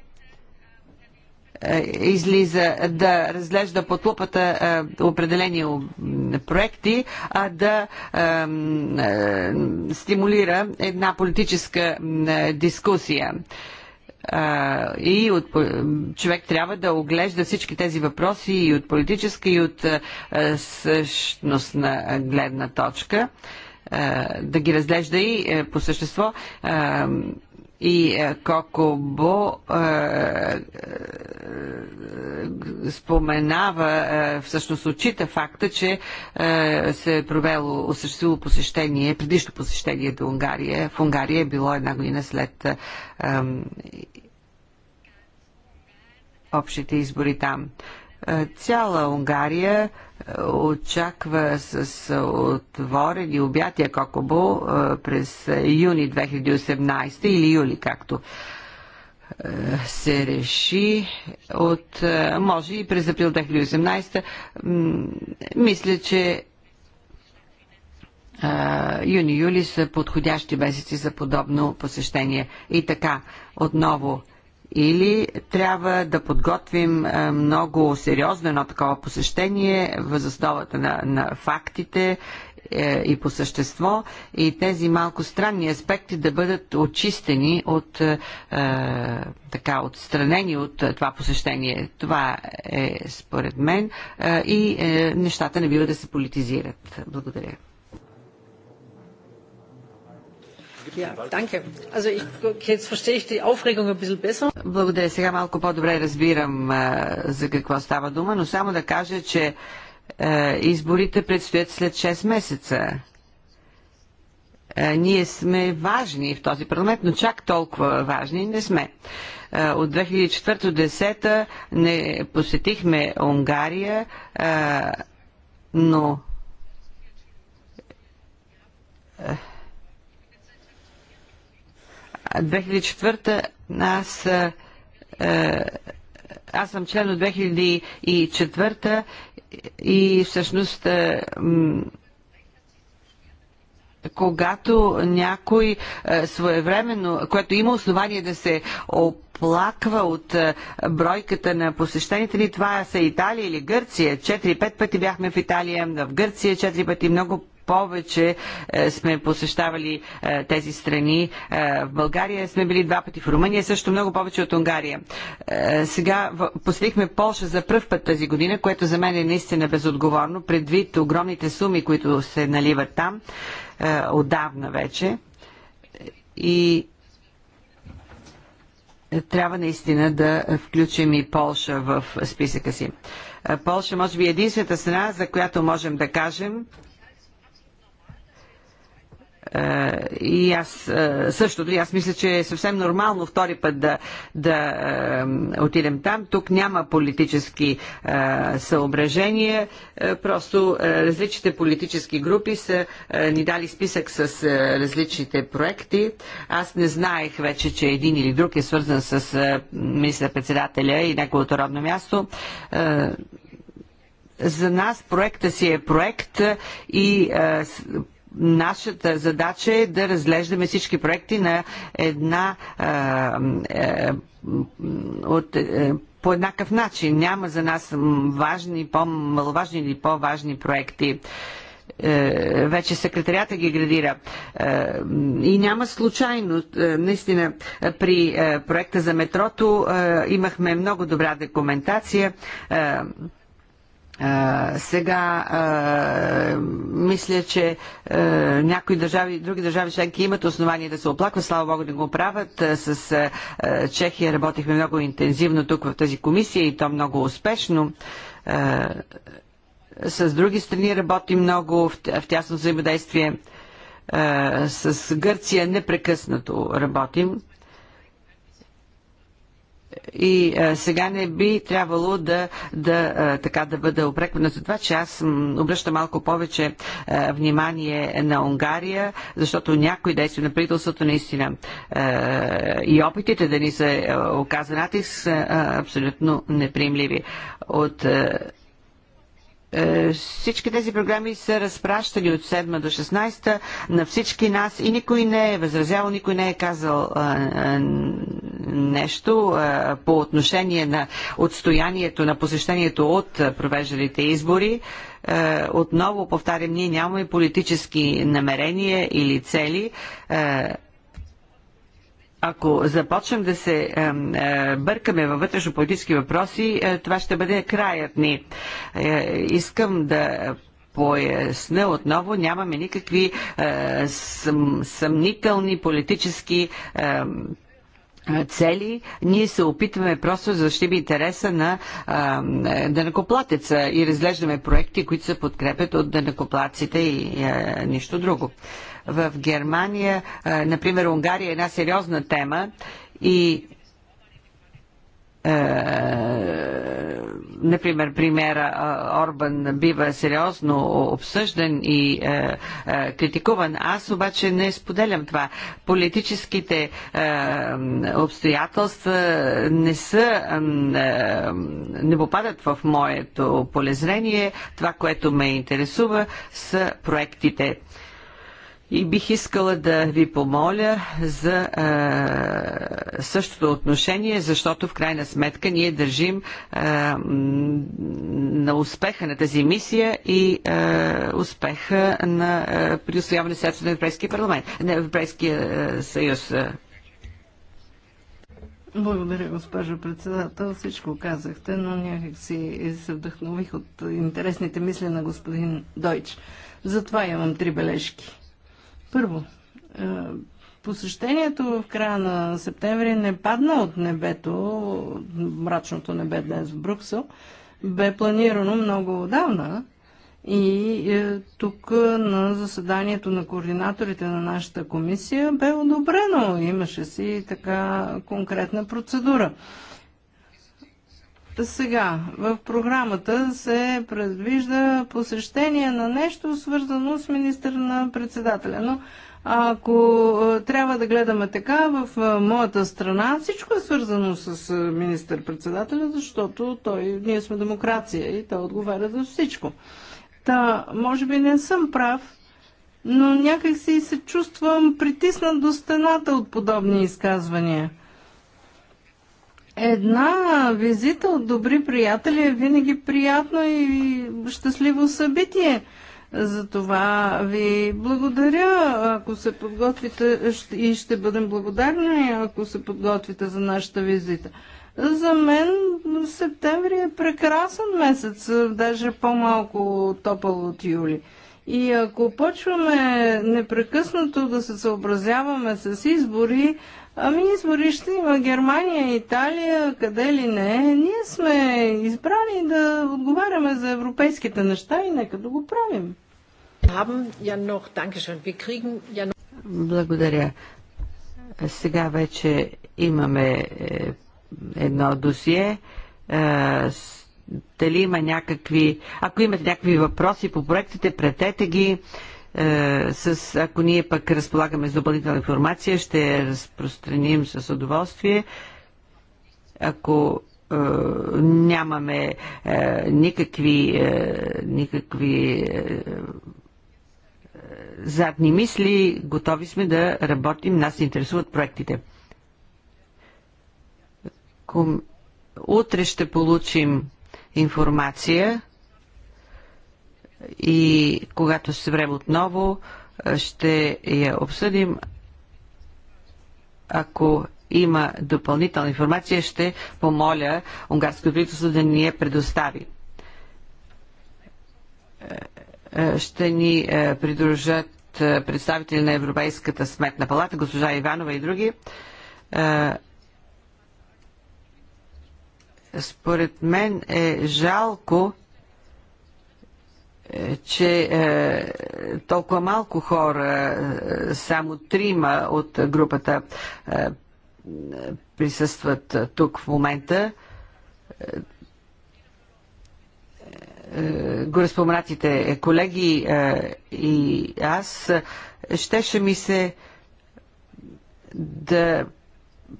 е, излиза да разглежда под лупата е, определени проекти, а да е, стимулира една политическа дискусия и от, човек трябва да оглежда всички тези въпроси и от политическа, и от същностна гледна точка, да ги разглежда и по същество и е, Кокобо е, е, споменава, е, всъщност отчита факта, че е, се е провело, осъществило посещение, предишно посещение до Унгария. В Унгария е било една година след е, общите избори там. Цяла Унгария очаква с отворени обятия Кокобо е, през юни 2018 или юли, както е, се реши от, е, може и през април 2018. Мисля, че юни-юли са подходящи месеци за подобно посещение. И така, отново или трябва да подготвим е, много сериозно едно такова посещение възоснованата на, на фактите е, и по същество и тези малко странни аспекти да бъдат очистени от е, е, така отстранени от това посещение. Това е според мен е, и е, нещата не бива да се политизират. Благодаря. Благодаря. Сега малко по-добре разбирам за какво става дума, но само да кажа, че е, изборите предстоят след 6 месеца. Е, ние сме важни в този парламент, но чак толкова важни не сме. Е, от 2004-2010 не посетихме Унгария, но 2004 аз е, е, аз съм член от 2004 и всъщност е, когато някой своевременно, което има основание да се оплаква от бройката на посещените ни, това са Италия или Гърция. Четири пет пъти бяхме в Италия, в Гърция четири пъти, много повече е, сме посещавали е, тези страни. Е, в България сме били два пъти в Румъния, също много повече от Унгария. Сега посетихме Полша за пръв път тази година, което за мен е наистина безотговорно, предвид огромните суми, които се наливат там отдавна вече. И трябва наистина да включим и Полша в списъка си. Полша може би е единствената страна, за която можем да кажем, и аз същото, и аз мисля, че е съвсем нормално втори път да, да отидем там. Тук няма политически съображения, просто различните политически групи са ни дали списък с различните проекти. Аз не знаех вече, че един или друг е свързан с министър-председателя и неговото родно място за нас проекта си е проект и нашата задача е да разглеждаме всички проекти на една е, от е, по еднакъв начин. Няма за нас важни, по-маловажни или по-важни проекти е, вече секретарията ги градира. И няма случайно. Наистина, при проекта за метрото имахме много добра документация сега а, мисля, че а, някои държави, други държави членки имат основания да се оплакват, слава Богу да го правят. С а, Чехия работихме много интензивно тук в тази комисия и то много успешно. А, с други страни работи много в, в тясно взаимодействие. А, с Гърция непрекъснато работим и а, е, сега не би трябвало да, да, а, е, така, да бъда опреквана за това, че аз обръщам малко повече а, е, внимание на Унгария, защото някои действия на правителството наистина а, и опитите да ни се оказа натиск са а, абсолютно неприемливи. От а, е, всички тези програми са разпращани от 7 до 16 на всички нас и никой не е възразявал, никой не е казал а, е, а, е, нещо а, по отношение на отстоянието на посещението от провежданите избори. Отново повтарям, ние нямаме политически намерения или цели ако започнем да се е, бъркаме във вътрешно-политически въпроси, е, това ще бъде краят ни. Е, искам да поясня отново, нямаме никакви съм, съмнителни политически цели, ние се опитваме просто да защитим интереса на дънакоплатеца и разглеждаме проекти, които се подкрепят от дънакоплаците и нищо друго. В Германия, например, Унгария е една сериозна тема и например, примера Орбан бива сериозно обсъждан и критикуван. Аз обаче не споделям това. Политическите обстоятелства не са, не попадат в моето полезрение. Това, което ме интересува, са проектите. И бих искала да ви помоля за е, същото отношение, защото в крайна сметка ние държим е, на успеха на тази мисия и е, успеха на, е, при освояване на Европейския парламент, на Европейския е, съюз. Благодаря, госпожо председател. Всичко казахте, но някак си се вдъхнових от интересните мисли на господин Дойч. Затова имам три бележки. Първо, е, посещението в края на септември не падна от небето, мрачното небе днес в Бруксел, Бе планирано много отдавна. И е, тук е, на заседанието на координаторите на нашата комисия бе одобрено. Имаше си така конкретна процедура. Сега, в програмата се предвижда посещение на нещо свързано с министър на председателя, но ако е, трябва да гледаме така, в е, моята страна всичко е свързано с е, министър-председателя, защото той, ние сме демокрация и той отговаря за всичко. Та, може би не съм прав, но някак си се чувствам притиснат до стената от подобни изказвания – Една визита от добри приятели е винаги приятно и щастливо събитие. За това ви благодаря, ако се подготвите и ще бъдем благодарни, ако се подготвите за нашата визита. За мен септември е прекрасен месец, даже по-малко топъл от юли. И ако почваме непрекъснато да се съобразяваме с избори, Ами избори ще има Германия, Италия, къде ли не. Ние сме избрани да отговаряме за европейските неща и нека да го правим. Благодаря. Сега вече имаме е, едно досие. Е, дали има някакви... Ако имате някакви въпроси по проектите, претете ги. Е, с, ако ние пък разполагаме с допълнителна информация, ще я разпространим с удоволствие. Ако е, нямаме е, никакви, никакви задни мисли, готови сме да работим, нас интересуват проектите. Утре ще получим информация и когато се време отново, ще я обсъдим. Ако има допълнителна информация, ще помоля унгарското правителство да ни я предостави. Е, е, ще ни е, придружат представители на Европейската сметна палата, госпожа Иванова и други. Според мен е жалко, че е, толкова малко хора, е, само трима от групата е, присъстват тук в момента. Е, е, гореспоменатите колеги и аз, щеше ми се да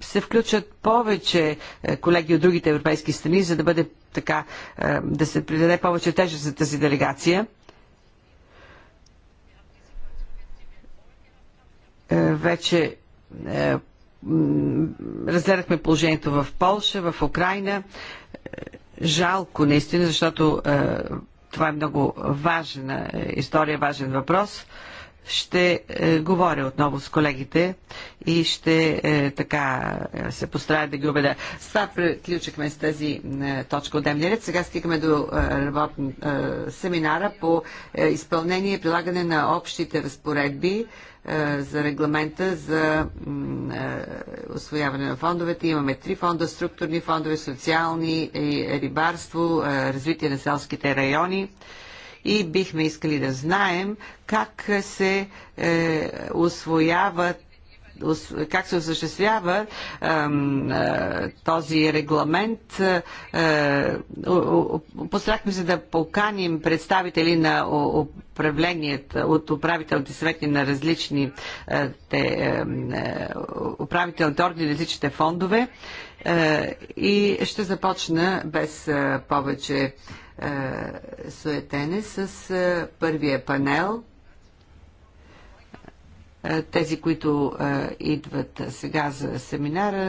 се включат повече е, колеги от другите европейски страни, за да бъде така, е, да се придаде повече тежест за тази делегация. Е, вече разгледахме положението в Полша, в Украина. Жалко наистина, защото това е много важна история, важен въпрос ще е, говоря отново с колегите и ще е, така е, се постарая да ги убедя. С това приключихме с тази е, точка от дневния ред. Сега стигаме до е, работ, е, семинара по е, изпълнение и прилагане на общите разпоредби е, за регламента за е, освояване на фондовете. Имаме три фонда структурни фондове, социални, рибарство, е, развитие на селските райони и бихме искали да знаем как се е, освояват как се осъществява е, този регламент. Е, е Постарахме се да поканим представители на управлението от управителните съвети на различните е, е, управителните органи, различните фондове и ще започна без повече е, суетене с е, първия панел. Е, тези, които идват сега за семинара,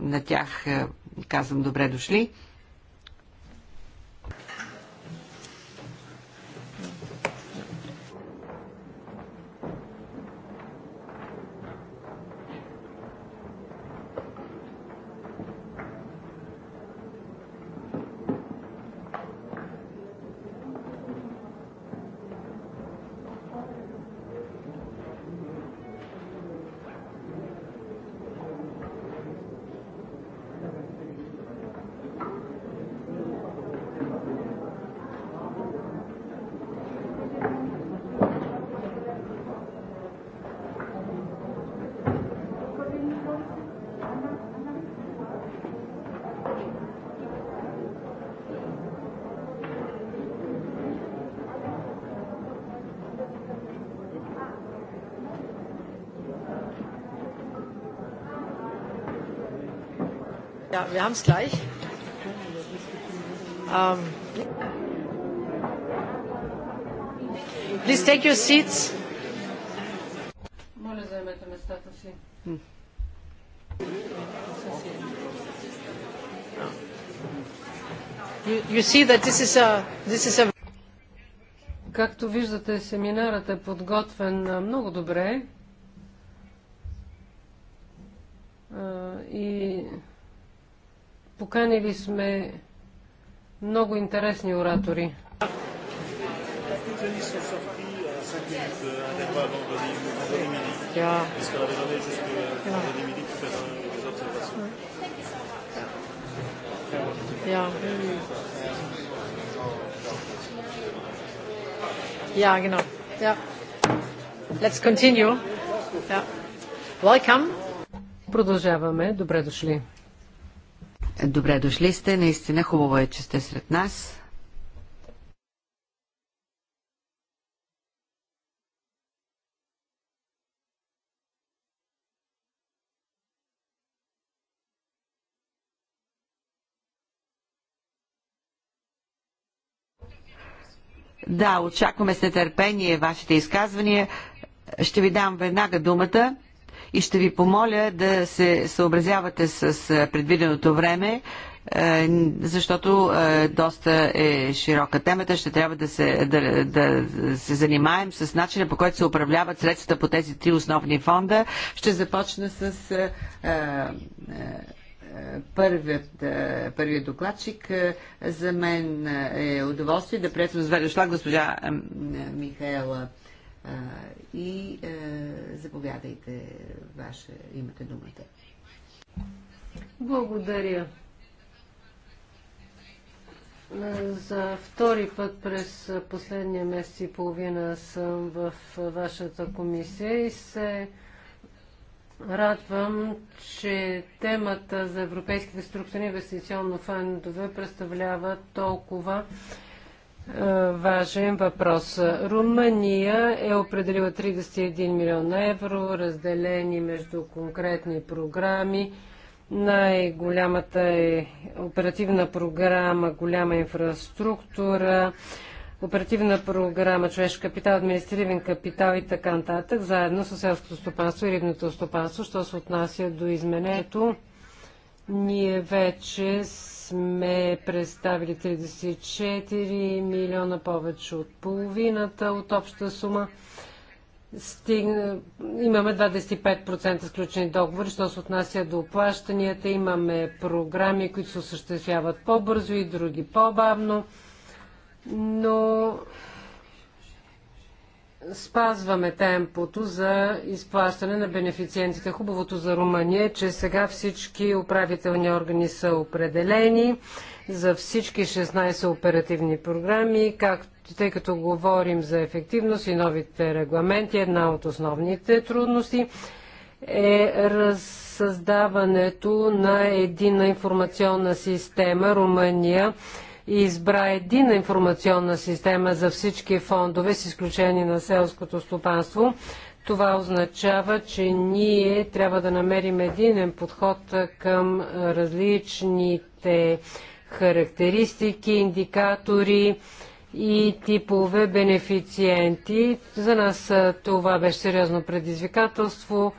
на тях казвам добре дошли. wir haben es gleich. Um, please take your seats. Моля, заемете местата си. You, you see that this is a, this is a... Както виждате, семинарът е подготвен много добре. Поканили сме много интересни оратори. Ja. genau. Ja. Let's continue. Ja. Welcome. Продължаваме. Добре дошли. Добре дошли сте, наистина хубаво е, че сте сред нас. Да, очакваме с нетърпение вашите изказвания. Ще ви дам веднага думата и ще ви помоля да се съобразявате с предвиденото време, е, защото е, доста е широка темата. Ще трябва да се, да, да се занимаем с начина по който се управляват средствата по тези три основни фонда. Ще започна с е, първият, първият докладчик. За мен е удоволствие да приятелно с госпожа Михаела и е, заповядайте, ваше, имате думата. Благодаря. Е, за втори път през последния месец и половина съм в вашата комисия и се радвам, че темата за европейските структурни инвестиционно фондове представлява толкова важен въпрос. Румъния е определила 31 милиона евро, разделени между конкретни програми. Най-голямата е оперативна програма Голяма инфраструктура, оперативна програма Човешки капитал, административен капитал и така нататък, заедно с селското стопанство и рибното стопанство, що се отнася до изменението. Ние вече сме представили 34 милиона повече от половината от обща сума. Стиг... Имаме 25% сключени договори, що се отнася до оплащанията. Имаме програми, които се осъществяват по-бързо и други по-бавно. Но спазваме темпото за изплащане на бенефициентите. Хубавото за Румъния е, че сега всички управителни органи са определени за всички 16 оперативни програми, както тъй като говорим за ефективност и новите регламенти, една от основните трудности е разсъздаването на единна информационна система. Румъния и избра единна информационна система за всички фондове, с изключение на селското стопанство. Това означава, че ние трябва да намерим единен подход към различните характеристики, индикатори и типове бенефициенти. За нас това беше сериозно предизвикателство.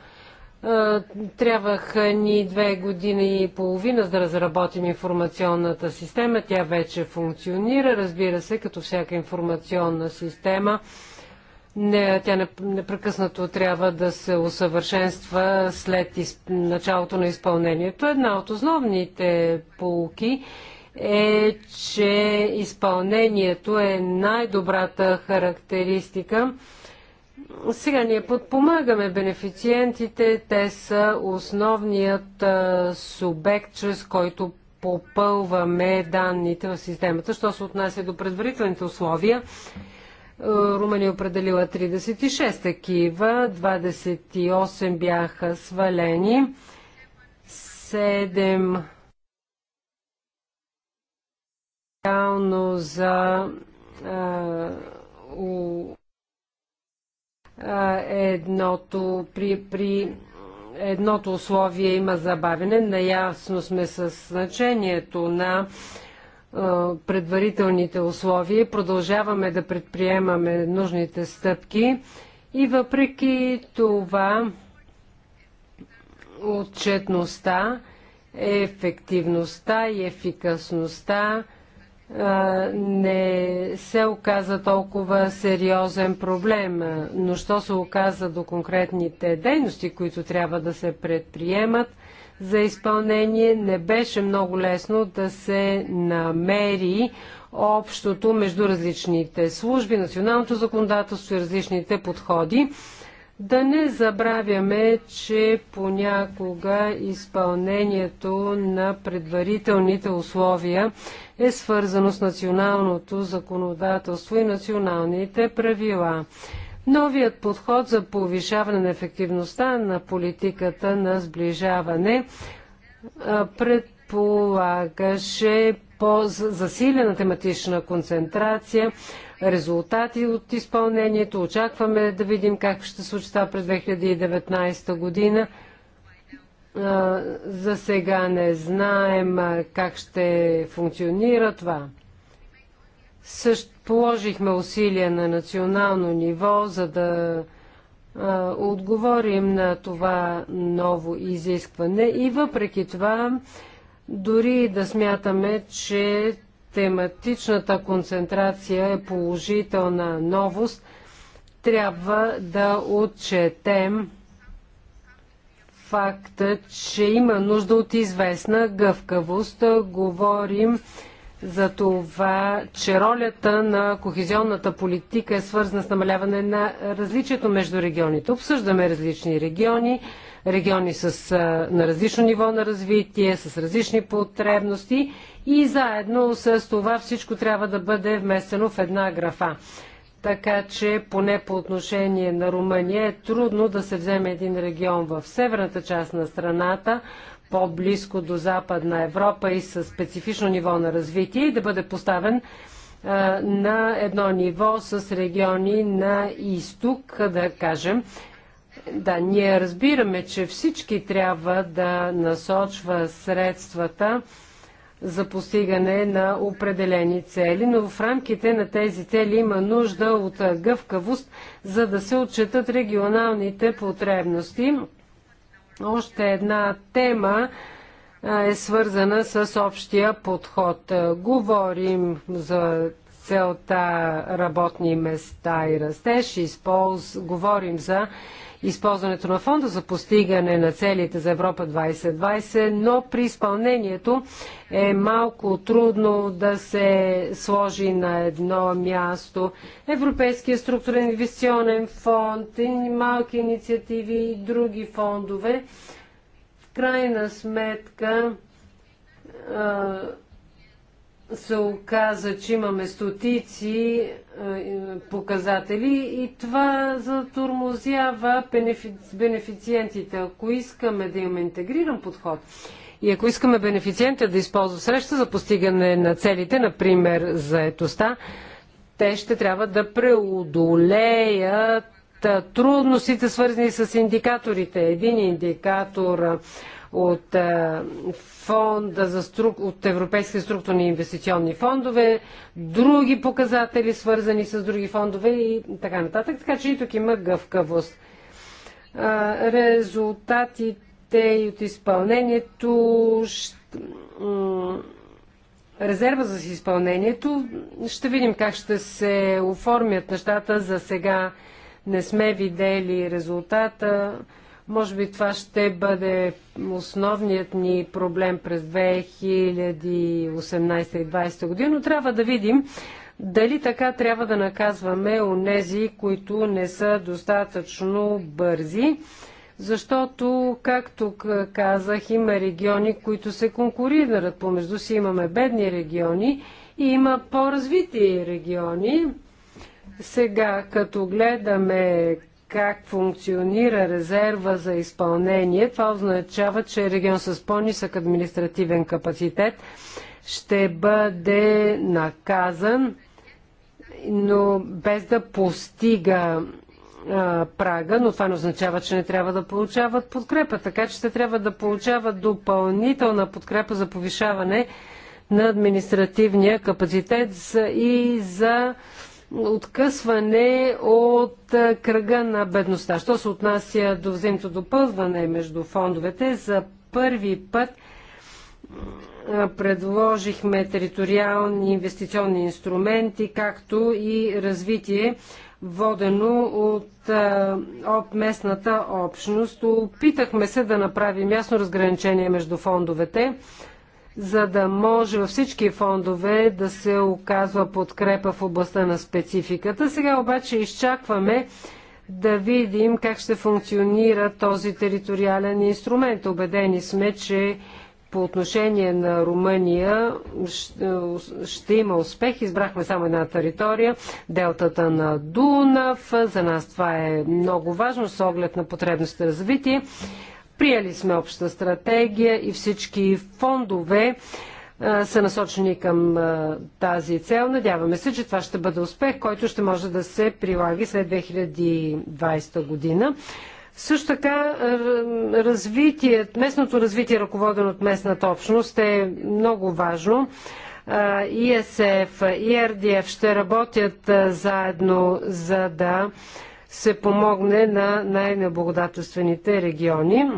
Е, трябваха ни две години и половина за да разработим информационната система. Тя вече функционира, разбира се, като всяка информационна система. Не, тя непрекъснато трябва да се усъвършенства след из... началото на изпълнението. Една от основните полки е, че изпълнението е най-добрата характеристика сега ние подпомагаме бенефициентите. Те са основният субект, чрез който попълваме данните в системата. Що се отнася до предварителните условия, Румъния определила 36 такива, 28 бяха свалени, 7 реално за а, у, едното при, при едното условие има забавене. Наясно сме с значението на предварителните условия. Продължаваме да предприемаме нужните стъпки и въпреки това отчетността, ефективността и ефикасността не се оказа толкова сериозен проблем. Но що се оказа до конкретните дейности, които трябва да се предприемат за изпълнение, не беше много лесно да се намери общото между различните служби, националното законодателство и различните подходи. Да не забравяме, че понякога изпълнението на предварителните условия е свързано с националното законодателство и националните правила. Новият подход за повишаване на ефективността на политиката на сближаване предполагаше по-засилена тематична концентрация, резултати от изпълнението. Очакваме да видим как ще се случва през 2019 година. За сега не знаем как ще функционира това. Също положихме усилия на национално ниво, за да отговорим на това ново изискване и въпреки това, дори да смятаме, че тематичната концентрация е положителна новост. Трябва да отчетем факта, че има нужда от известна гъвкавост. Говорим за това, че ролята на кохезионната политика е свързана с намаляване на различието между регионите. Обсъждаме различни региони, региони с, на различно ниво на развитие, с различни потребности и заедно с това всичко трябва да бъде вместено в една графа. Така че поне по отношение на Румъния е трудно да се вземе един регион в северната част на страната, по-близко до Западна Европа и с специфично ниво на развитие и да бъде поставен на едно ниво с региони на изток, да кажем. Да, ние разбираме, че всички трябва да насочва средствата за постигане на определени цели, но в рамките на тези цели има нужда от гъвкавост, за да се отчитат регионалните потребности още една тема е свързана с общия подход. Говорим за целта работни места и растеж, използ... говорим за използването на фонда за постигане на целите за Европа 2020, но при изпълнението е малко трудно да се сложи на едно място. Европейския структурен инвестиционен фонд, малки инициативи и други фондове. В крайна сметка, се оказа, че имаме стотици показатели и това затормозява бенефициентите. Ако искаме да имаме интегриран подход и ако искаме бенефициентите да използват среща за постигане на целите, например заетостта, те ще трябва да преодолеят трудностите, свързани с индикаторите. Един индикатор от, фонда за струк... от Европейски структурни инвестиционни фондове, други показатели, свързани с други фондове и така нататък. Така че и тук има гъвкавост. Резултатите и от изпълнението резерва за изпълнението. Ще видим как ще се оформят нещата. За сега не сме видели резултата. Може би това ще бъде основният ни проблем през 2018 и 2020 година, но трябва да видим дали така трябва да наказваме онези, които не са достатъчно бързи, защото, както казах, има региони, които се конкурират помежду си. Имаме бедни региони и има по-развити региони. Сега, като гледаме как функционира резерва за изпълнение, това означава, че регион с по-нисък административен капацитет ще бъде наказан, но без да постига а, прага, но това не означава, че не трябва да получават подкрепа. Така че ще трябва да получават допълнителна подкрепа за повишаване на административния капацитет и за откъсване от е, кръга на бедността. Що се отнася до взаимното допълване между фондовете, за първи път е, предложихме териториални инвестиционни инструменти, както и развитие, водено от, е, от местната общност. Опитахме се да направим ясно разграничение между фондовете за да може във всички фондове да се оказва подкрепа в областта на спецификата. Сега обаче изчакваме да видим как ще функционира този териториален инструмент. Обедени сме, че по отношение на Румъния ще има успех. Избрахме само една територия, делтата на Дунав. За нас това е много важно с оглед на потребностите развитие. Приели сме обща стратегия и всички фондове са насочени към тази цел. Надяваме се, че това ще бъде успех, който ще може да се прилага след 2020 година. Също така, развитие, местното развитие, ръководено от местната общност, е много важно. ИСФ и РДФ е е ще работят заедно, за да се помогне на най-неблагодателствените региони.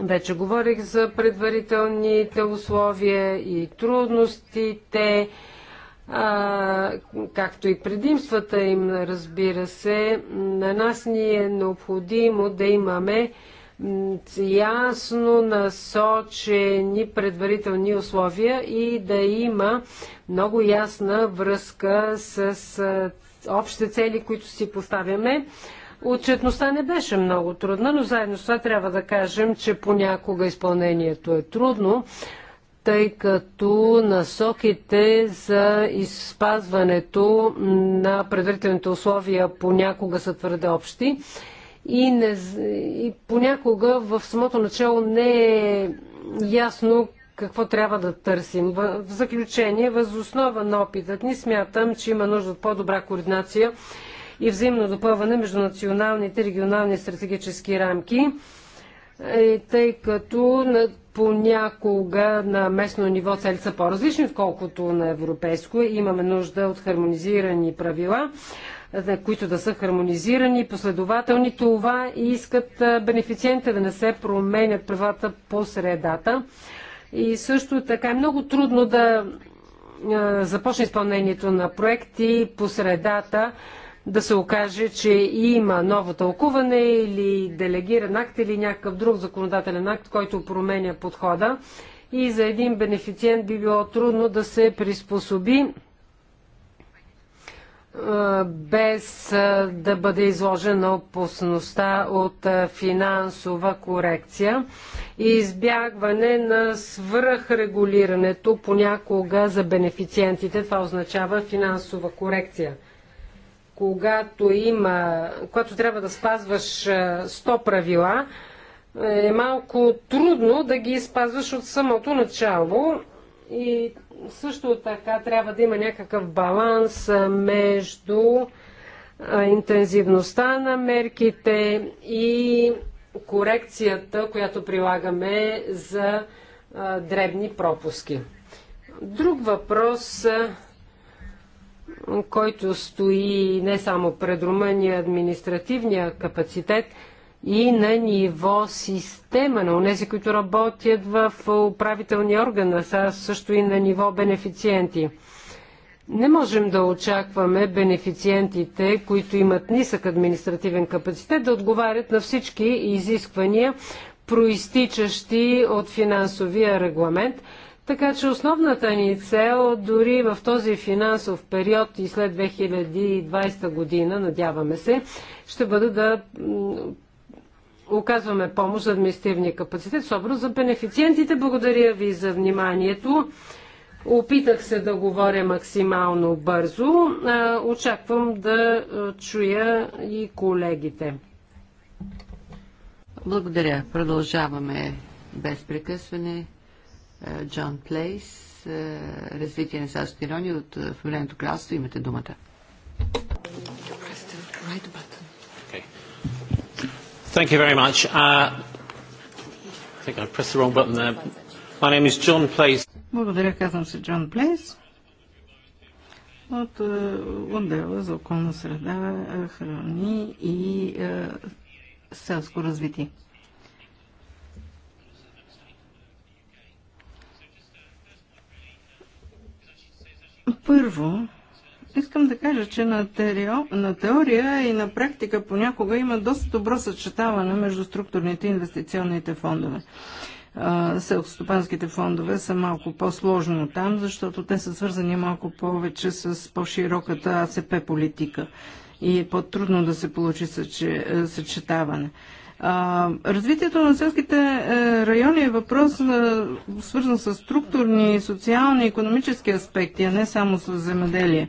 Вече говорих за предварителните условия и трудностите, а, както и предимствата им, разбира се. На нас ни е необходимо да имаме ясно насочени предварителни условия и да има много ясна връзка с общите цели, които си поставяме. Отчетността не беше много трудна, но заедно с това трябва да кажем, че понякога изпълнението е трудно, тъй като насоките за изпазването на предварителните условия понякога са твърде общи и, не, и понякога в самото начало не е ясно какво трябва да търсим. В заключение, възоснова на опитът ни смятам, че има нужда от по-добра координация и взаимно допълване между националните и регионални стратегически рамки, е, тъй като понякога на местно ниво цели са по-различни, отколкото на европейско. Имаме нужда от хармонизирани правила, е, които да са хармонизирани, последователни. Това и искат е, бенефициентите да не се променят правата по средата. И също така е много трудно да започне изпълнението на проекти по средата да се окаже, че има ново тълкуване или делегиран акт или някакъв друг законодателен акт, който променя подхода. И за един бенефициент би било трудно да се приспособи без да бъде изложена опасността от финансова корекция и избягване на свръхрегулирането понякога за бенефициентите. Това означава финансова корекция. Когато, има, когато трябва да спазваш 100 правила, е малко трудно да ги спазваш от самото начало и също така трябва да има някакъв баланс между интензивността на мерките и корекцията, която прилагаме за дребни пропуски. Друг въпрос, който стои не само пред Румъния, административния капацитет – и на ниво система на тези, които работят в управителния орган, а също и на ниво бенефициенти. Не можем да очакваме бенефициентите, които имат нисък административен капацитет, да отговарят на всички изисквания, проистичащи от финансовия регламент. Така че основната ни цел дори в този финансов период и след 2020 година, надяваме се, ще бъде да оказваме помощ за административния капацитет, особено за бенефициентите. Благодаря ви за вниманието. Опитах се да говоря максимално бързо. Очаквам да чуя и колегите. Благодаря. Продължаваме без прекъсване. Джон Плейс, развитие на САЩ Тирони от Фамилиното кралство. Имате думата. Right Thank you very much. Uh, I think I pressed the wrong button there. My name is John Place. Благодаря, казвам се Джон Плейс. От е, отдела за околна среда, е, храни и е, селско развитие. Първо, Искам да кажа, че на, терио, на теория и на практика понякога има доста добро съчетаване между структурните и инвестиционните фондове. Селскостопанските фондове са малко по-сложно там, защото те са свързани малко повече с по-широката АСП политика и е по-трудно да се получи съчетаване. А, развитието на селските е, райони е въпрос е, свързан с структурни, социални, економически аспекти, а не само с земеделие.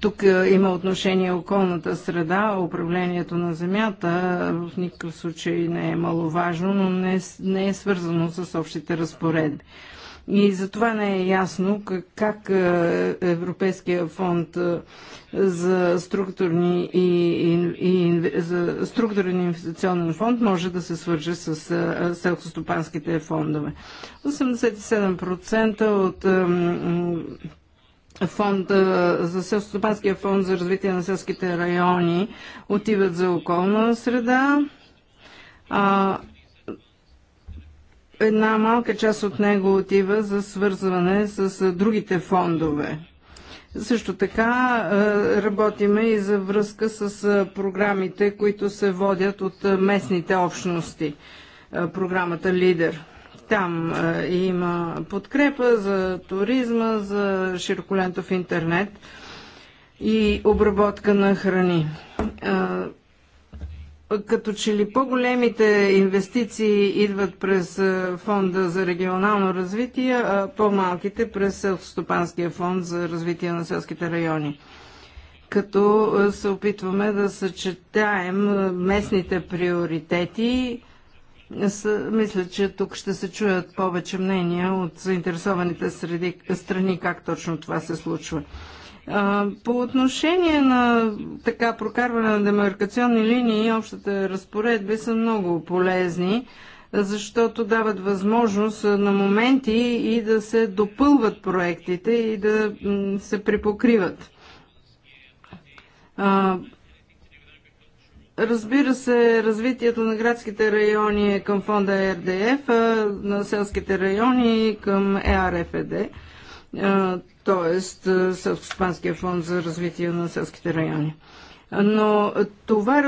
Тук е, има отношение околната среда, управлението на земята в никакъв случай не е маловажно, но не, не е свързано с общите разпоредби. И за това не е ясно как е, Европейския фонд е, за структурни и, и, и за структурен инвестиционен фонд може да се свърже с е, селскостопанските фондове. 87% от фонд, за селскостопанския фонд за развитие на селските райони отиват за околна среда, а една малка част от него отива за свързване с другите фондове. Също така работиме и за връзка с програмите, които се водят от местните общности. Програмата Лидер. Там има подкрепа за туризма, за широколентов интернет и обработка на храни като че ли по-големите инвестиции идват през фонда за регионално развитие, а по-малките през Селстопанския фонд за развитие на селските райони. Като се опитваме да съчетаем местните приоритети, мисля, че тук ще се чуят повече мнения от заинтересованите среди, страни как точно това се случва. По отношение на така прокарване на демаркационни линии и общата разпоредби са много полезни, защото дават възможност на моменти и да се допълват проектите и да се припокриват. Разбира се, развитието на градските райони е към фонда РДФ, на селските райони към ЕАРФД т.е. Селскостопанския фонд за развитие на селските райони. Но това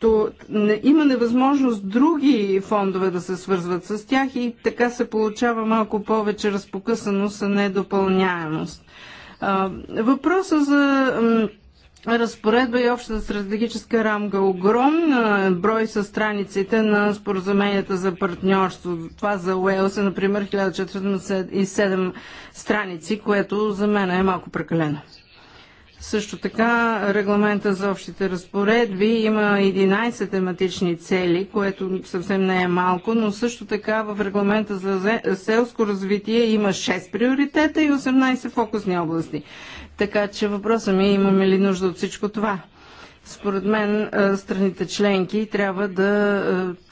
то не, има невъзможност други фондове да се свързват с тях и така се получава малко повече разпокъсаност, а не допълняемост. Въпросът за разпоредба и общата стратегическа рамка. Огромна брой са страниците на споразуменията за партньорство. Това за Уелс е, например, 1407 страници, което за мен е малко прекалено. Също така регламента за общите разпоредби има 11 тематични цели, което съвсем не е малко, но също така в регламента за селско развитие има 6 приоритета и 18 фокусни области. Така че въпросът ми е имаме ли нужда от всичко това? Според мен страните членки трябва да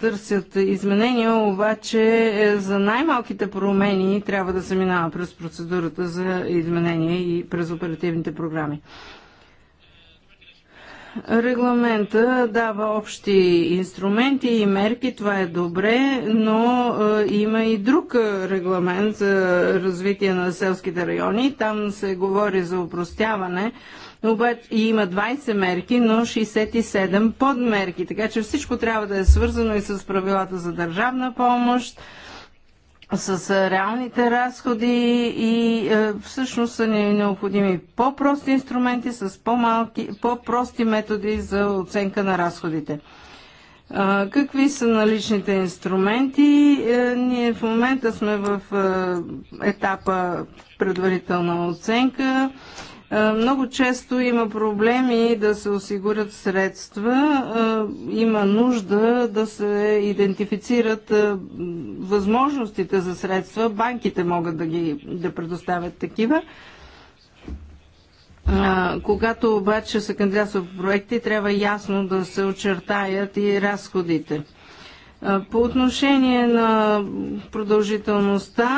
търсят изменения, обаче е, за най-малките промени трябва да се минава през процедурата за изменения и през оперативните програми. Регламента дава общи инструменти и мерки, това е добре, но има и друг регламент за развитие на селските райони. Там се говори за упростяване обаче и има 20 мерки, но 67 подмерки. Така че всичко трябва да е свързано и с правилата за държавна помощ, с реалните разходи и всъщност са ни необходими по-прости инструменти с по-малки, по-прости методи за оценка на разходите. какви са наличните инструменти? Е, ние в момента сме в етапа предварителна оценка. Е, много често има проблеми да се осигурят средства, е, има нужда да се идентифицират е, възможностите за средства, банките могат да ги да предоставят такива. когато обаче се кандидатства проекти, трябва ясно да се очертаят и разходите. по отношение на продължителността,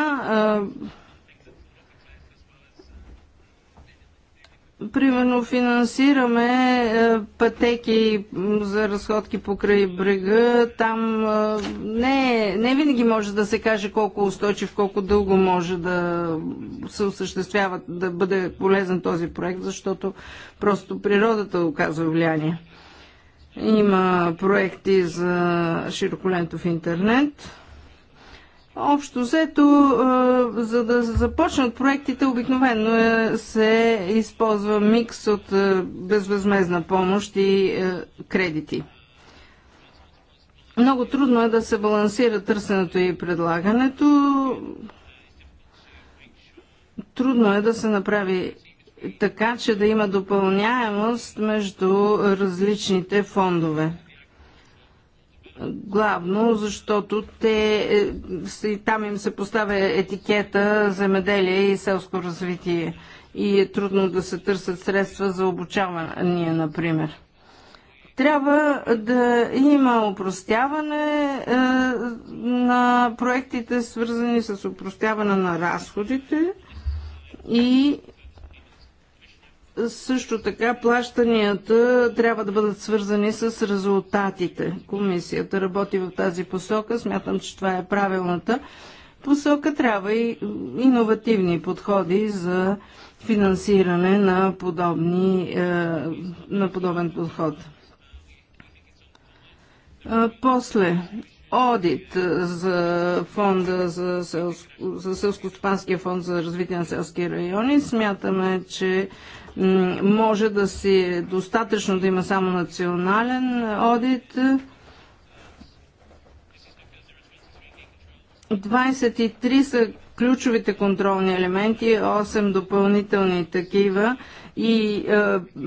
Примерно финансираме е, пътеки за разходки покрай брега. Там е, не, не винаги може да се каже колко устойчив, колко дълго може да се осъществява, да бъде полезен този проект, защото просто природата оказва влияние. Има проекти за широколентов интернет Общо взето, е, за да започнат проектите, обикновено е, се използва микс от е, безвъзмезна помощ и кредити. Много трудно е да се балансира търсенето и предлагането. Трудно е да се направи така, че да има допълняемост между различните фондове. Главно, защото те, е, там им се поставя етикета земеделие и селско развитие и е трудно да се търсят средства за обучаване, например. Трябва да има упростяване е, на проектите, свързани с упростяване на разходите и също така плащанията трябва да бъдат свързани с резултатите. Комисията работи в тази посока. Смятам, че това е правилната посока. Трябва и иновативни подходи за финансиране на, подобни, е, на подобен подход. Е, после одит за фонда за, селско, за Селско-Стопанския фонд за развитие на селски райони. Смятаме, че може да си достатъчно да има само национален одит. 23 са ключовите контролни елементи, 8 допълнителни такива и е,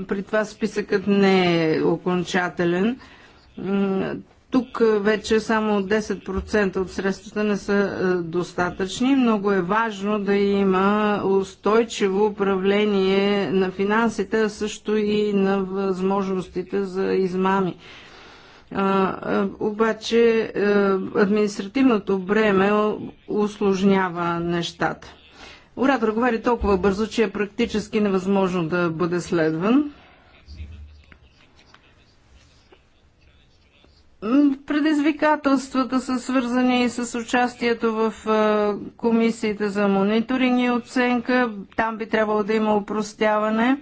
при това списъкът не е окончателен. Тук е, вече само 10% от средствата не са е, достатъчни. Много е важно да има устойчиво управление на финансите, а също и на възможностите за измами. А, обаче е, административното бреме усложнява нещата. Оратор говори толкова бързо, че е практически невъзможно да бъде следван. Предизвикателствата са свързани и с участието в комисиите за мониторинг и оценка. Там би трябвало да има упростяване.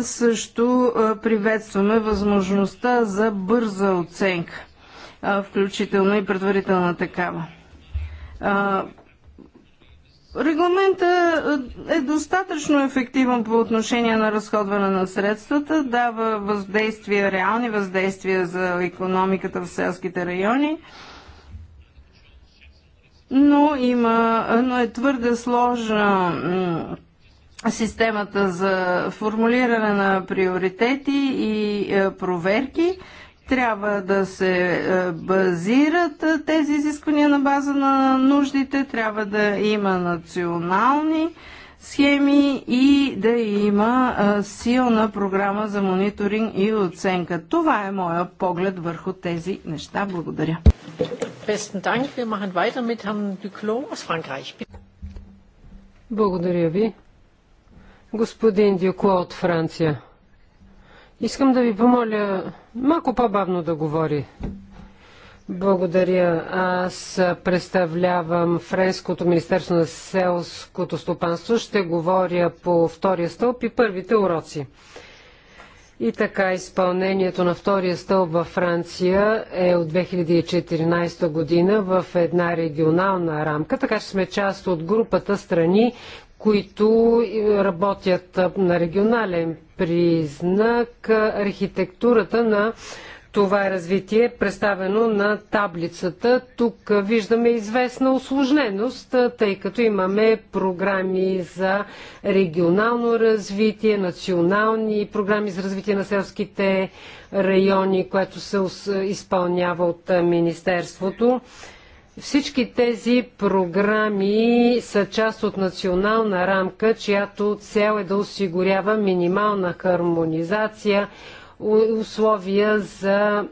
Също приветстваме възможността за бърза оценка, включително и предварителна такава. Регламента е, е достатъчно ефективен по отношение на разходване на средствата, дава въздействия, реални въздействия за економиката в селските райони, но, има, но е твърде сложна системата за формулиране на приоритети и е, проверки. Трябва да се е, базират е, тези изисквания на база на нуждите, трябва да има национални схеми и да има е, силна програма за мониторинг и оценка. Това е моя поглед върху тези неща. Благодаря. Благодаря ви. Господин Дюкло от Франция. Искам да ви помоля малко по-бавно да говори. Благодаря. Аз представлявам Френското Министерство на селското стопанство. Ще говоря по втория стълб и първите уроци. И така, изпълнението на втория стълб във Франция е от 2014 година в една регионална рамка, така че сме част от групата страни, които е, работят на регионален признак. Архитектурата на това развитие е представено на таблицата. Тук виждаме известна осложненост, тъй като имаме програми за регионално развитие, национални програми за развитие на селските райони, което се изпълнява от Министерството. Всички тези програми са част от национална рамка, чиято цел е да осигурява минимална хармонизация, условия за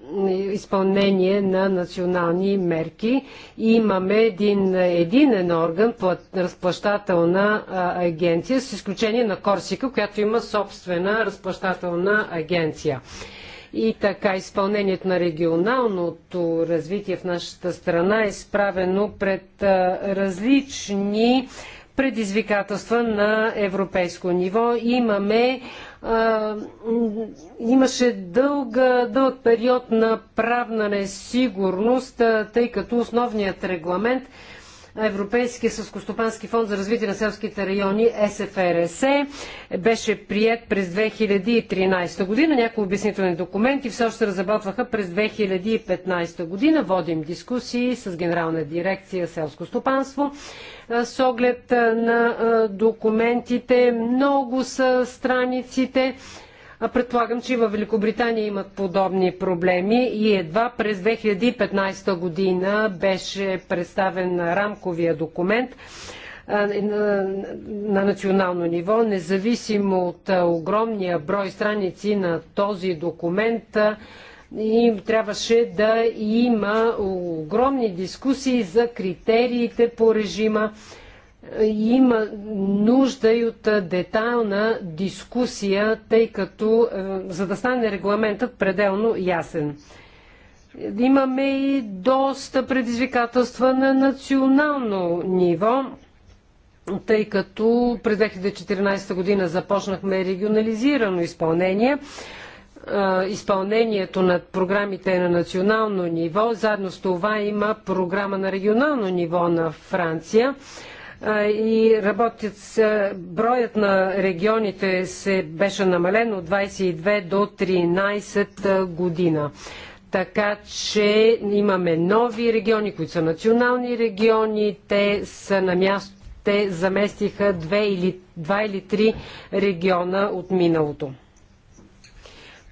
изпълнение на национални мерки. И имаме един единен орган, разплащателна агенция, с изключение на Корсика, която има собствена разплащателна агенция и така изпълнението на регионалното развитие в нашата страна е изправено пред различни предизвикателства на европейско ниво. Имаме а, имаше дълга, дълъг период на правна несигурност, тъй като основният регламент Европейския съскостопански фонд за развитие на селските райони СФРС беше прият през 2013 година. Някои обяснителни документи все още разработваха през 2015 година. Водим дискусии с Генерална дирекция селско стопанство с оглед на документите. Много са страниците Предполагам, че и в Великобритания имат подобни проблеми и едва през 2015 година беше представен рамковия документ на национално ниво, независимо от огромния брой страници на този документ и трябваше да има огромни дискусии за критериите по режима има нужда и от детайлна дискусия, тъй като за да стане регламентът пределно ясен. Имаме и доста предизвикателства на национално ниво, тъй като през 2014 година започнахме регионализирано изпълнение изпълнението на програмите е на национално ниво. Заедно с това има програма на регионално ниво на Франция и работят с броят на регионите се беше намален от 22 до 13 година. Така че имаме нови региони, които са национални региони, те са на място, те заместиха две или, два или три региона от миналото.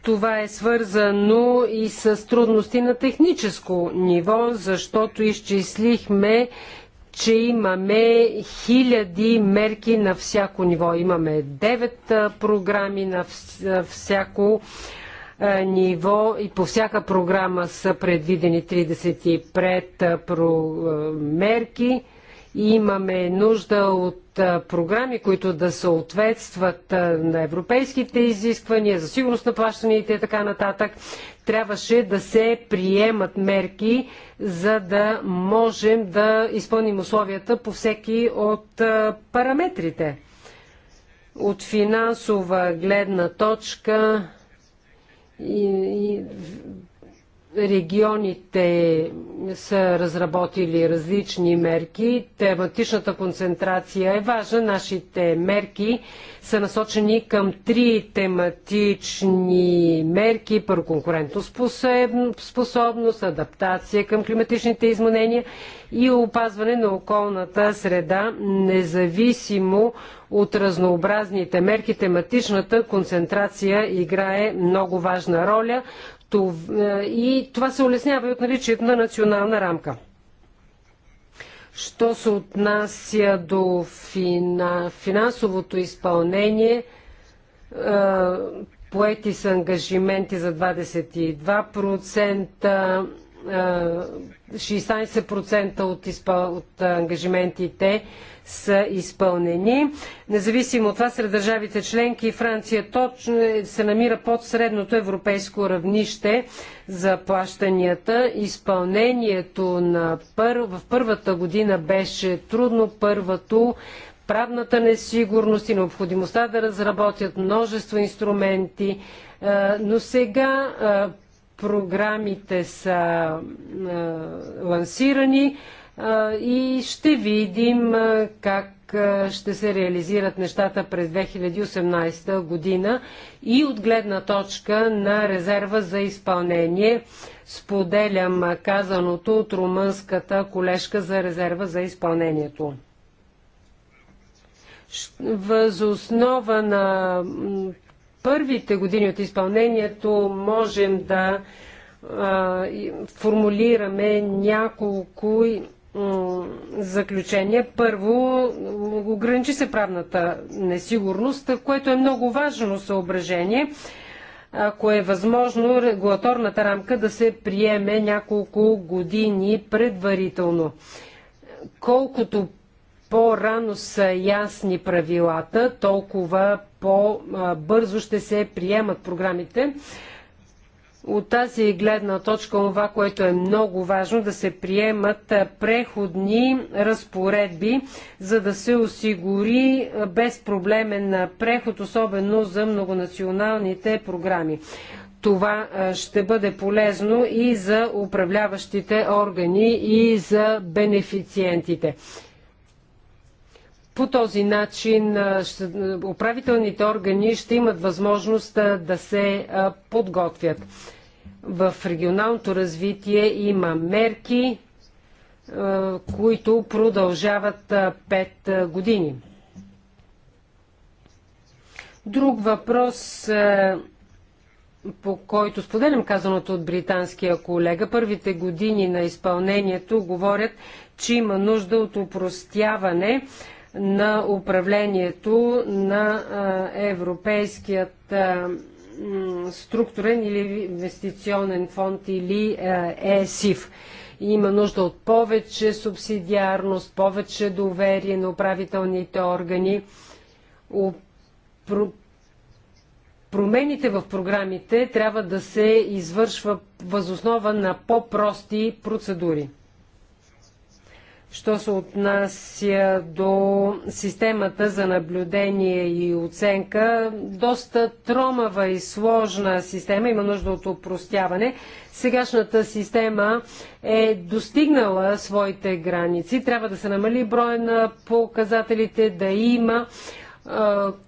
Това е свързано и с трудности на техническо ниво, защото изчислихме че имаме хиляди мерки на всяко ниво. Имаме 9 програми на всяко ниво и по всяка програма са предвидени 35 мерки. Имаме нужда от програми, които да съответстват на европейските изисквания за сигурност на плащаните и така нататък трябваше да се приемат мерки, за да можем да изпълним условията по всеки от параметрите. От финансова гледна точка и, и регионите са разработили различни мерки. Тематичната концентрация е важна. Нашите мерки са насочени към три тематични мерки. Първо конкурентоспособност, адаптация към климатичните изменения и опазване на околната среда, независимо от разнообразните мерки. Тематичната концентрация играе много важна роля. Е, и това се улеснява и от наличието на национална рамка. Що се отнася до финансовото изпълнение, е, поети са ангажименти за 22%, 16% е, от, от ангажиментите са изпълнени. Независимо от това, сред държавите членки Франция точно се намира под средното европейско равнище за плащанията. Изпълнението на пър... в първата година беше трудно. Първото правната несигурност и необходимостта да разработят множество инструменти. Е, но сега е, програмите са е, лансирани и ще видим как ще се реализират нещата през 2018 година и от гледна точка на резерва за изпълнение. Споделям казаното от румънската колежка за резерва за изпълнението. Възоснова на първите години от изпълнението можем да а, формулираме няколко Заключения, Първо, ограничи се правната несигурност, което е много важно съображение. Ако е възможно, регулаторната рамка да се приеме няколко години предварително. Колкото по-рано са ясни правилата, толкова по-бързо ще се приемат програмите от тази гледна точка, това, което е много важно, да се приемат преходни разпоредби, за да се осигури безпроблемен преход, особено за многонационалните програми. Това ще бъде полезно и за управляващите органи, и за бенефициентите. По този начин управителните органи ще имат възможност да се подготвят. В регионалното развитие има мерки, които продължават 5 години. Друг въпрос, по който споделям казаното от британския колега, първите години на изпълнението говорят, че има нужда от упростяване на управлението на Европейският структурен или инвестиционен фонд или ЕСИФ. Има нужда от повече субсидиарност, повече доверие на управителните органи. Промените в програмите трябва да се извършва възоснова на по-прости процедури. Що се отнася до системата за наблюдение и оценка, доста тромава и сложна система, има нужда от упростяване. Сегашната система е достигнала своите граници, трябва да се намали броя на показателите, да има е,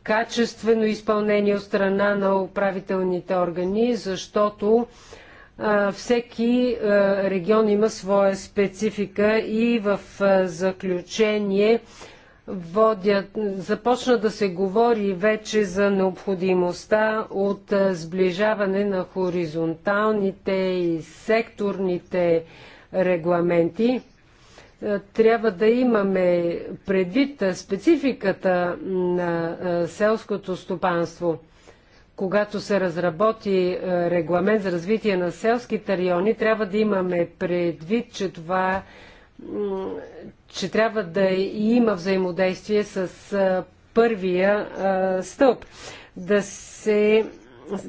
качествено изпълнение от страна на управителните органи, защото е, всеки регион има своя специфика и в заключение водят, започна да се говори вече за необходимостта от сближаване на хоризонталните и секторните регламенти. Трябва да имаме предвид спецификата на селското стопанство – когато се разработи е, регламент за развитие на селските райони, трябва да имаме предвид, че това че трябва да има взаимодействие с е, първия е, стълб. Да се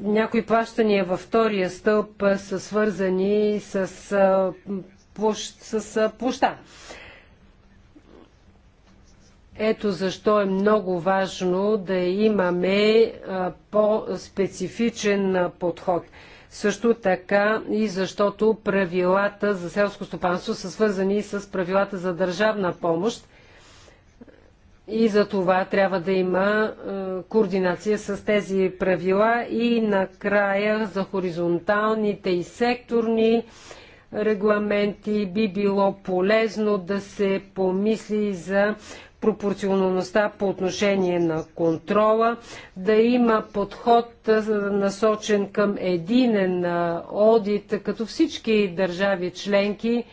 някои плащания във втория стълб са свързани с, площ, с площа. Ето защо е много важно да имаме по-специфичен подход. Също така и защото правилата за селско стопанство са свързани с правилата за държавна помощ и за това трябва да има координация с тези правила и накрая за хоризонталните и секторни регламенти би било полезно да се помисли за пропорционалността по отношение на контрола, да има подход насочен към единен одит, като всички държави членки.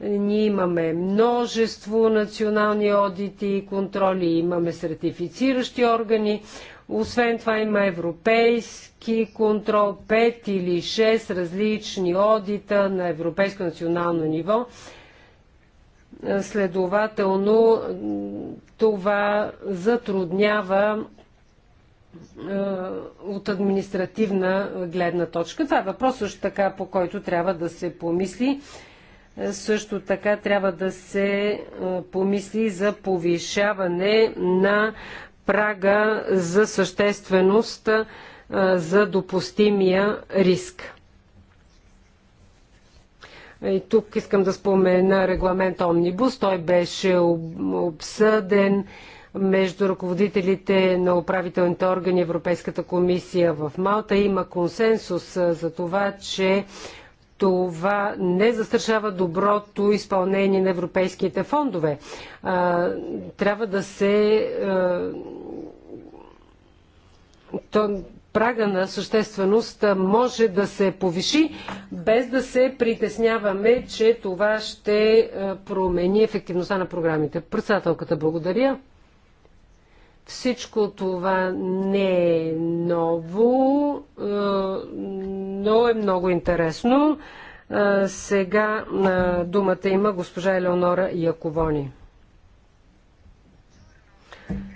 Ние имаме множество национални одити и контроли, имаме сертифициращи органи, освен това има европейски контрол, 5 или 6 различни одита на европейско национално ниво. Следователно, това затруднява от административна гледна точка. Това е въпрос също така, по който трябва да се помисли. Също така трябва да се помисли за повишаване на прага за същественост за допустимия риск. И тук искам да спомена регламент Омнибус. Той беше обсъден между ръководителите на управителните органи Европейската комисия в Малта. Има консенсус за това, че това не застрашава доброто изпълнение на европейските фондове. трябва да се прага на същественост може да се повиши, без да се притесняваме, че това ще е, промени ефективността на програмите. Председателката благодаря. Всичко това не е ново, е, но е много интересно. Е, сега думата има госпожа Елеонора Яковони.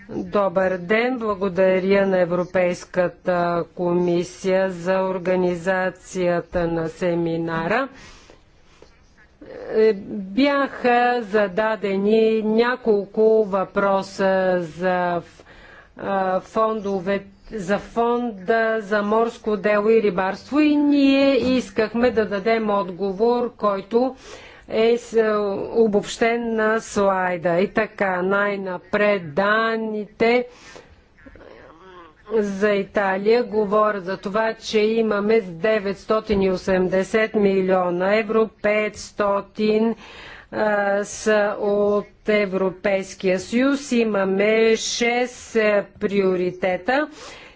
Добър ден! Благодаря на Европейската комисия за организацията на семинара. Е, бяха зададени няколко въпроса за фондовете за фонда за морско дело и рибарство и ние искахме да дадем отговор, който е обобщен на слайда. И така, най-напред данните за Италия говоря за това, че имаме 980 милиона евро, 500 са от Европейския съюз. Имаме 6 приоритета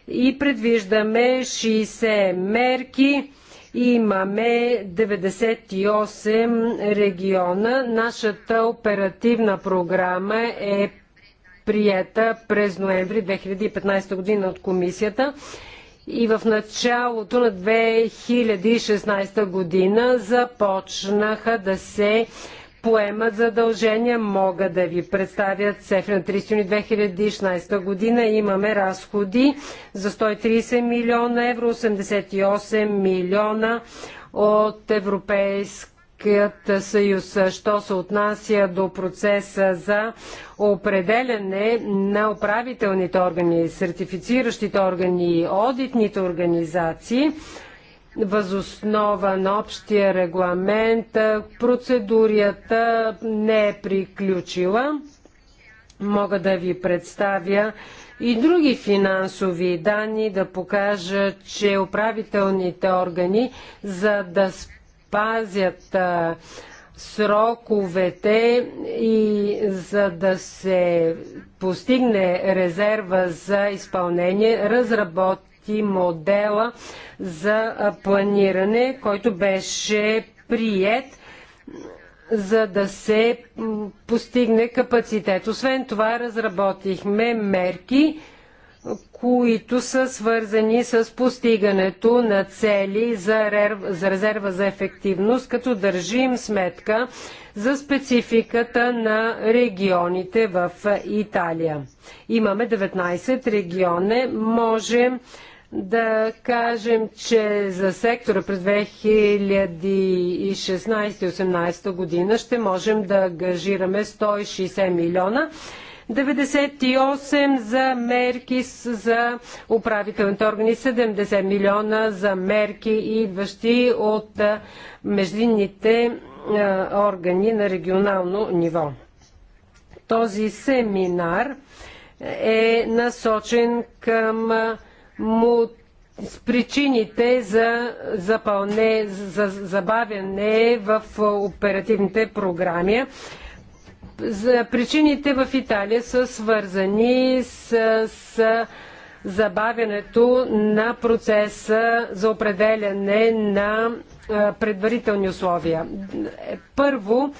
и предвиждаме 60 мерки Имаме 98 региона. Нашата оперативна програма е приета през ноември 2015 година от комисията и в началото на 2016 година започнаха да се поемат задължения, могат да ви представят цифри на 30 юни 2016 година. Имаме разходи за 130 милиона евро, 88 милиона от Европейският съюз. Що се отнася до процеса за определене на управителните органи, сертифициращите органи и одитните организации – възоснова на общия регламент. Процедурията не е приключила. Мога да ви представя и други финансови данни да покажа, че управителните органи, за да спазят сроковете и за да се постигне резерва за изпълнение, разработ, проекти модела за планиране, който беше прият за да се постигне капацитет. Освен това, разработихме мерки, които са свързани с постигането на цели за, резерва за ефективност, като държим сметка за спецификата на регионите в Италия. Имаме 19 региони, Можем да кажем, че за сектора през 2016-2018 година ще можем да гажираме 160 милиона. 98 за мерки за управителните органи, 70 милиона за мерки, идващи от междинните органи на регионално ниво. Този семинар е насочен към му с причините за, запълне, за забавяне в оперативните програми. За причините в Италия са свързани с, с забавянето на процеса за определяне на предварителни условия. Е, първо,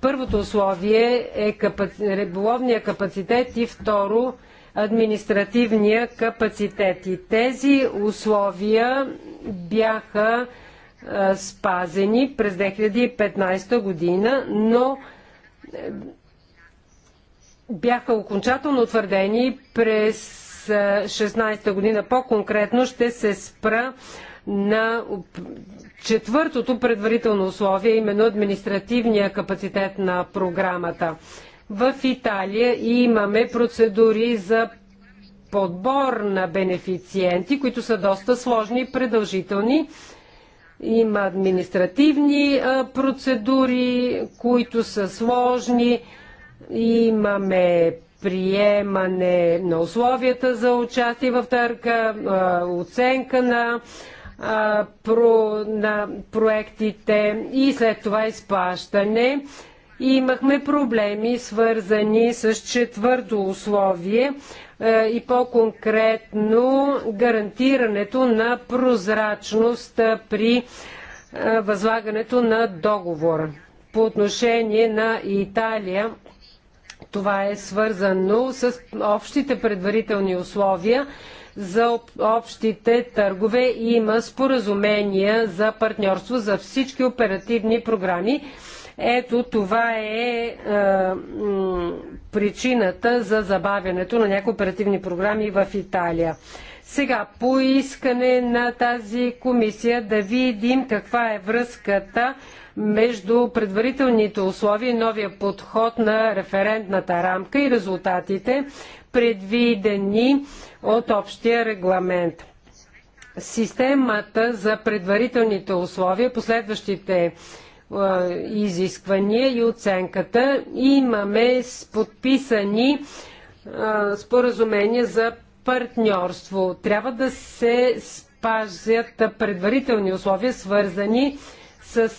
първото условие е капа... риболовния капацитет и второ административния капацитет. И тези условия бяха а, спазени през 2015 година, но бяха окончателно утвърдени през 2016 година. По-конкретно ще се спра на четвъртото предварително условие, именно административния капацитет на програмата. В Италия имаме процедури за подбор на бенефициенти, които са доста сложни и продължителни. Има административни процедури, които са сложни. Имаме приемане на условията за участие в търка, оценка на, на проектите и след това изплащане. И имахме проблеми, свързани с четвърто условие е, и по-конкретно гарантирането на прозрачност е, при е, възлагането на договор. По отношение на Италия, това е свързано с общите предварителни условия за общите търгове и има споразумения за партньорство за всички оперативни програми. Ето това е, е причината за забавянето на някои оперативни програми в Италия. Сега, по искане на тази комисия да видим каква е връзката между предварителните условия и новия подход на референтната рамка и резултатите, предвидени от общия регламент. Системата за предварителните условия, последващите изисквания и оценката. Имаме подписани споразумения за партньорство. Трябва да се спазят предварителни условия, свързани с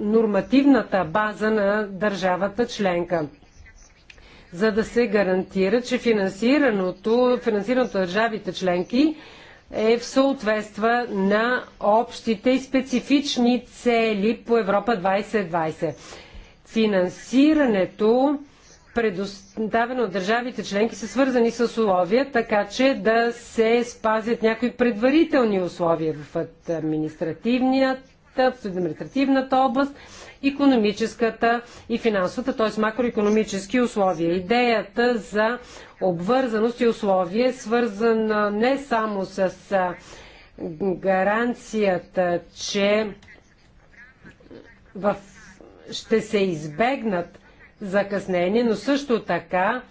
нормативната база на държавата членка за да се гарантира, че финансирането, финансирането на държавите членки е в съответства на общите и специфични цели по Европа 2020. Финансирането предоставено от държавите членки са свързани с условия, така че да се спазят някои предварителни условия в административната област економическата и финансовата, т.е. макроекономически условия. Идеята за обвързаност и условие е свързана не само с гаранцията, че в... ще се избегнат закъснения, но също така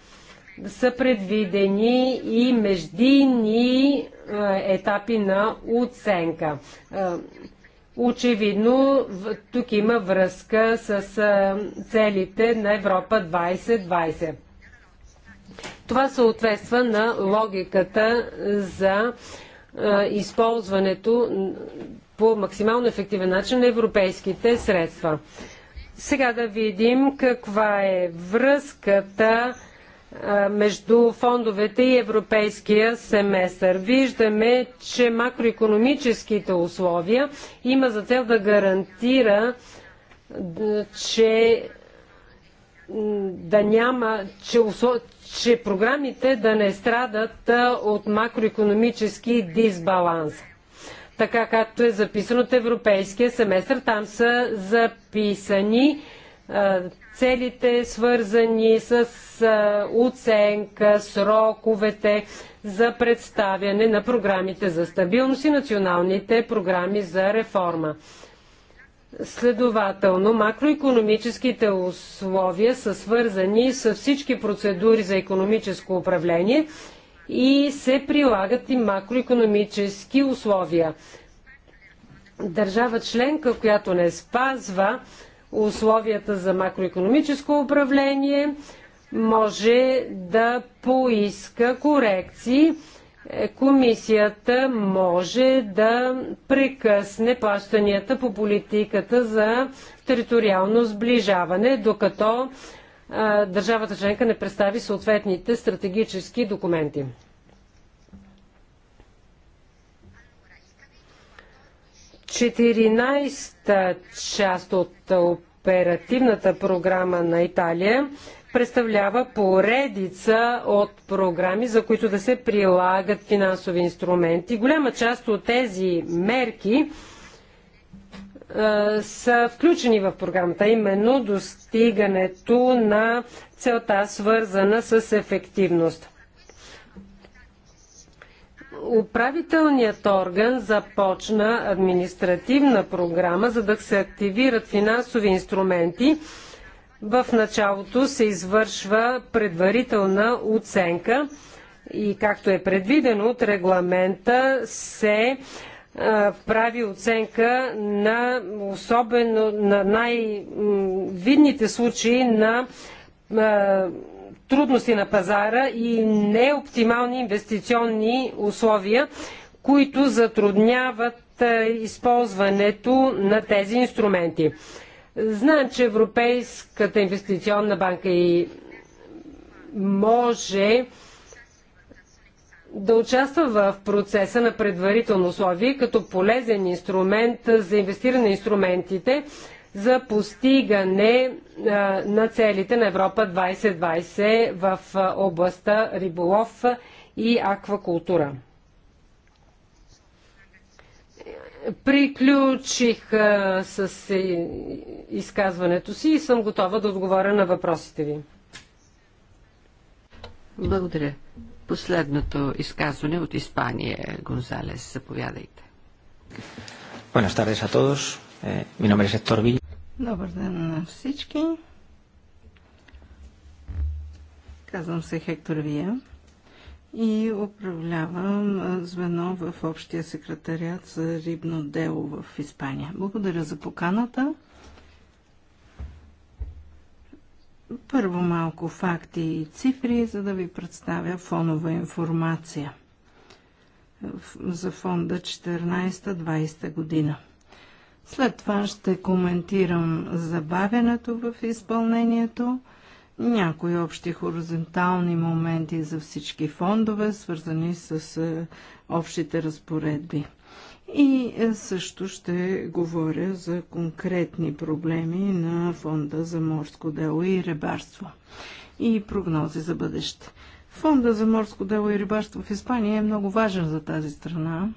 са предвидени и междинни етапи на оценка. Очевидно, тук има връзка с целите на Европа 2020. Това съответства на логиката за използването по максимално ефективен начин на европейските средства. Сега да видим каква е връзката между фондовете и европейския семестър. Виждаме, че макроекономическите условия има за цел да гарантира, че да няма, че, че програмите да не страдат от макроекономически дисбаланс. Така както е записано от Европейския семестър, там са записани целите, свързани с оценка, сроковете за представяне на програмите за стабилност и националните програми за реформа. Следователно, макроекономическите условия са свързани с всички процедури за економическо управление и се прилагат и макроекономически условия. Държава членка, която не спазва условията за макроекономическо управление, може да поиска корекции. Е, комисията може да прекъсне плащанията по политиката за териториално сближаване, докато държавата членка не представи съответните стратегически документи. 14-та част от оперативната програма на Италия представлява поредица от програми, за които да се прилагат финансови инструменти. Голяма част от тези мерки са включени в програмата, именно достигането на целта свързана с ефективност. Управителният орган започна административна програма, за да се активират финансови инструменти. В началото се извършва предварителна оценка и както е предвидено от регламента се прави оценка на особено на най-видните случаи на трудности на пазара и неоптимални инвестиционни условия, които затрудняват е, използването на тези инструменти. Знаем, че Европейската инвестиционна банка и може да участва в процеса на предварително условие като полезен инструмент за инвестиране на инструментите, за постигане на целите на Европа 2020 в областта риболов и аквакултура. Приключих с изказването си и съм готова да отговоря на въпросите ви. Благодаря. Последното изказване от Испания, Гонзалес, заповядайте. Buenas tardes a todos. Ми номер е Сектор Виль. Добър ден на всички. Казвам се Хектор Вия и управлявам звено в Общия секретариат за рибно дело в Испания. Благодаря за поканата. Първо малко факти и цифри, за да ви представя фонова информация за фонда 14-20 година. След това ще коментирам забавянето в изпълнението, някои общи хоризонтални моменти за всички фондове, свързани с е, общите разпоредби. И е, също ще говоря за конкретни проблеми на Фонда за морско дело и рибарство и прогнози за бъдеще. Фонда за морско дело и рибарство в Испания е много важен за тази страна,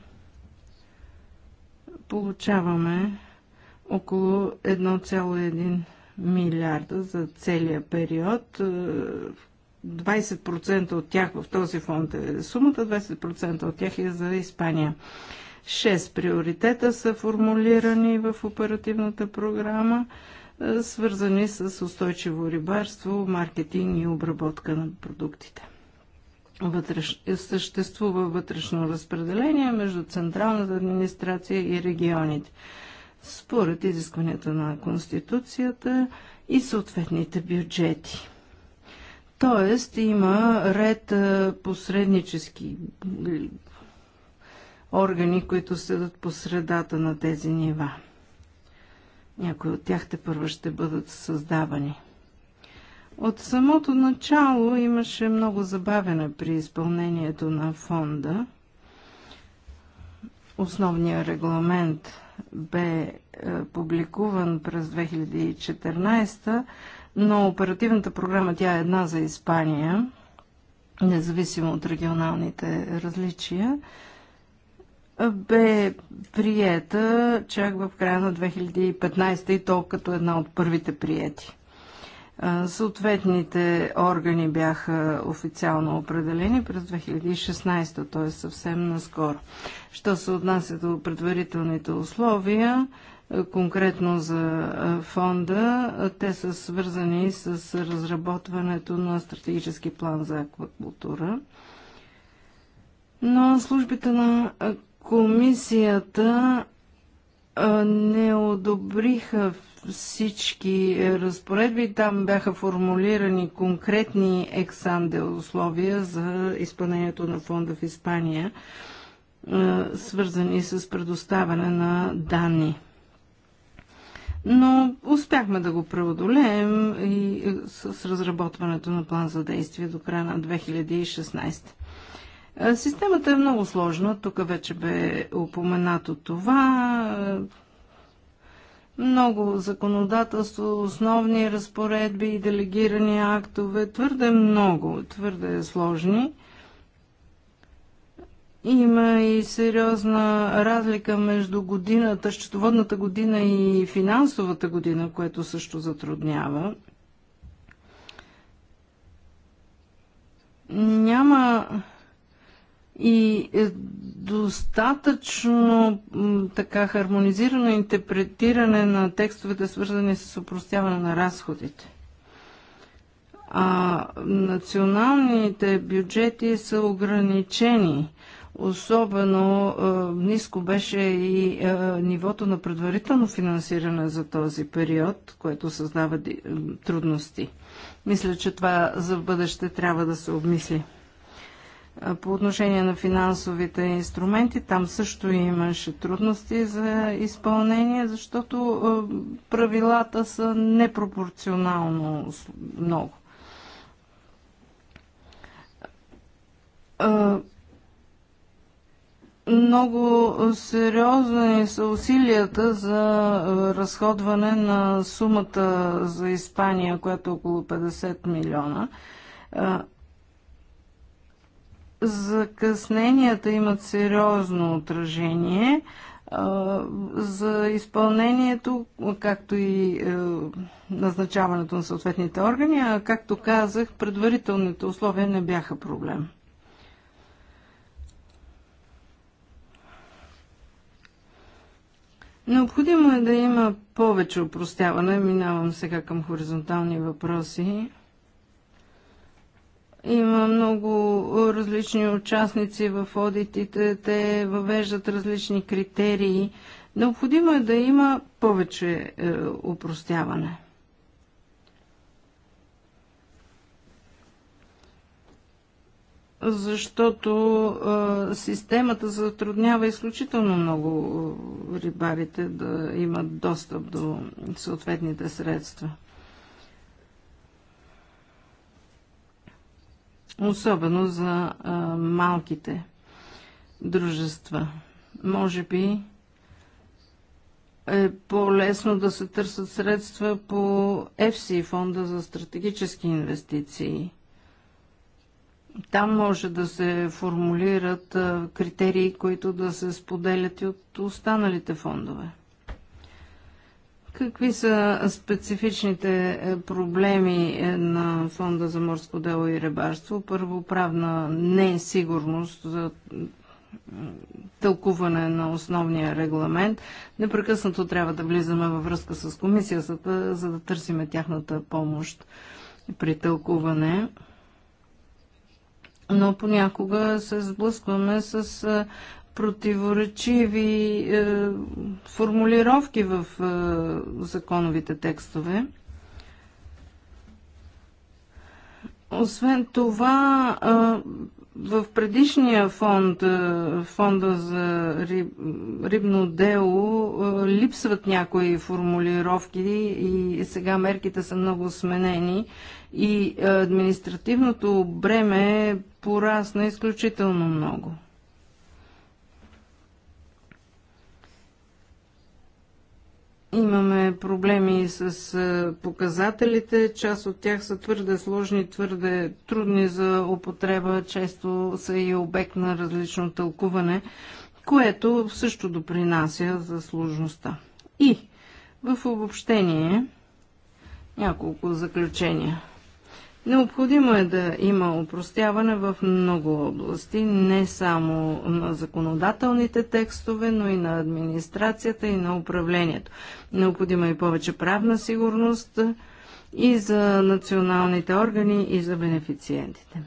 получаваме около 1,1 милиарда за целия период. 20% е, от тях в този фонд е сумата, 20% от тях е за Испания. Шест приоритета са формулирани в оперативната програма, е, свързани с устойчиво рибарство, маркетинг и обработка на продуктите вътреш... съществува вътрешно разпределение между централната администрация и регионите, според изискванията на Конституцията и съответните бюджети. Тоест има ред посреднически органи, които седат по средата на тези нива. Някои от тях те първо ще бъдат създавани – от самото начало имаше много забавене при изпълнението на фонда. Основният регламент бе е, публикуван през 2014, но оперативната програма тя е една за Испания, независимо от регионалните различия, бе приета чак в края на 2015 и то като една от първите приети. Съответните органи бяха официално определени през 2016, т.е. съвсем наскоро. Що се отнася до предварителните условия, конкретно за фонда, те са свързани с разработването на стратегически план за аквакултура. Но службите на комисията не одобриха всички е, разпоредби. Там бяха формулирани конкретни ександе условия за изпълнението на фонда в Испания, е, свързани с предоставяне на данни. Но успяхме да го преодолеем и е, с разработването на план за действие до края на 2016. Системата е много сложна, тук вече бе упоменато това. Много законодателство, основни разпоредби и делегирани актове, твърде много, твърде сложни. Има и сериозна разлика между годината, счетоводната година и финансовата година, което също затруднява. Няма и е достатъчно така хармонизирано интерпретиране на текстовете, свързани с упростяване на разходите. А националните бюджети са ограничени. Особено е, ниско беше и е, нивото на предварително финансиране за този период, което създава трудности. Мисля, че това за бъдеще трябва да се обмисли. По отношение на финансовите инструменти, там също имаше трудности за изпълнение, защото правилата са непропорционално много. Много сериозни са усилията за разходване на сумата за Испания, която е около 50 милиона закъсненията имат сериозно отражение за изпълнението, както и е, назначаването на съответните органи, а както казах, предварителните условия не бяха проблем. Необходимо е да има повече упростяване. Минавам сега към хоризонтални въпроси. Има много различни участници в одитите, те въвеждат различни критерии. Необходимо е да има повече е, упростяване. Защото е, системата затруднява изключително много е, рибарите да имат достъп до съответните средства. особено за а, малките дружества. Може би е по-лесно да се търсят средства по EFSI, фонда за стратегически инвестиции. Там може да се формулират а, критерии, които да се споделят и от останалите фондове. Какви са специфичните е, проблеми е, на Фонда за морско дело и рибарство? Първо, правна несигурност за тълкуване на основния регламент. Непрекъснато трябва да влизаме във връзка с комисията, за да търсиме тяхната помощ при тълкуване. Но понякога се сблъскваме с е, противоречиви е, формулировки в е, законовите текстове. Освен това, е, в предишния фонд, е, фонда за риб, рибно дело, е, липсват някои формулировки и сега мерките са много сменени и е, административното бреме порасна изключително много. Имаме проблеми с е, показателите. Част от тях са твърде сложни, твърде трудни за употреба, често са и обект на различно тълкуване, което също допринася за сложността. И в обобщение няколко заключения. Необходимо е да има упростяване в много области, не само на законодателните текстове, но и на администрацията и на управлението. Необходима е повече правна сигурност и за националните органи, и за бенефициентите.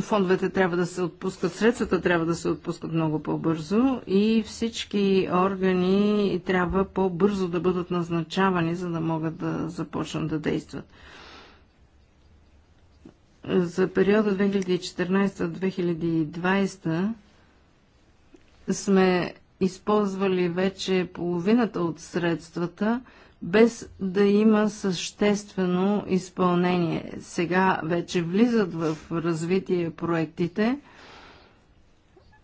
фондовете трябва да се отпускат, средствата трябва да се отпускат много по-бързо и всички органи трябва по-бързо да бъдат назначавани, за да могат да започнат да действат. За периода 2014-2020 сме използвали вече половината от средствата, без да има съществено изпълнение. Сега вече влизат в развитие проектите,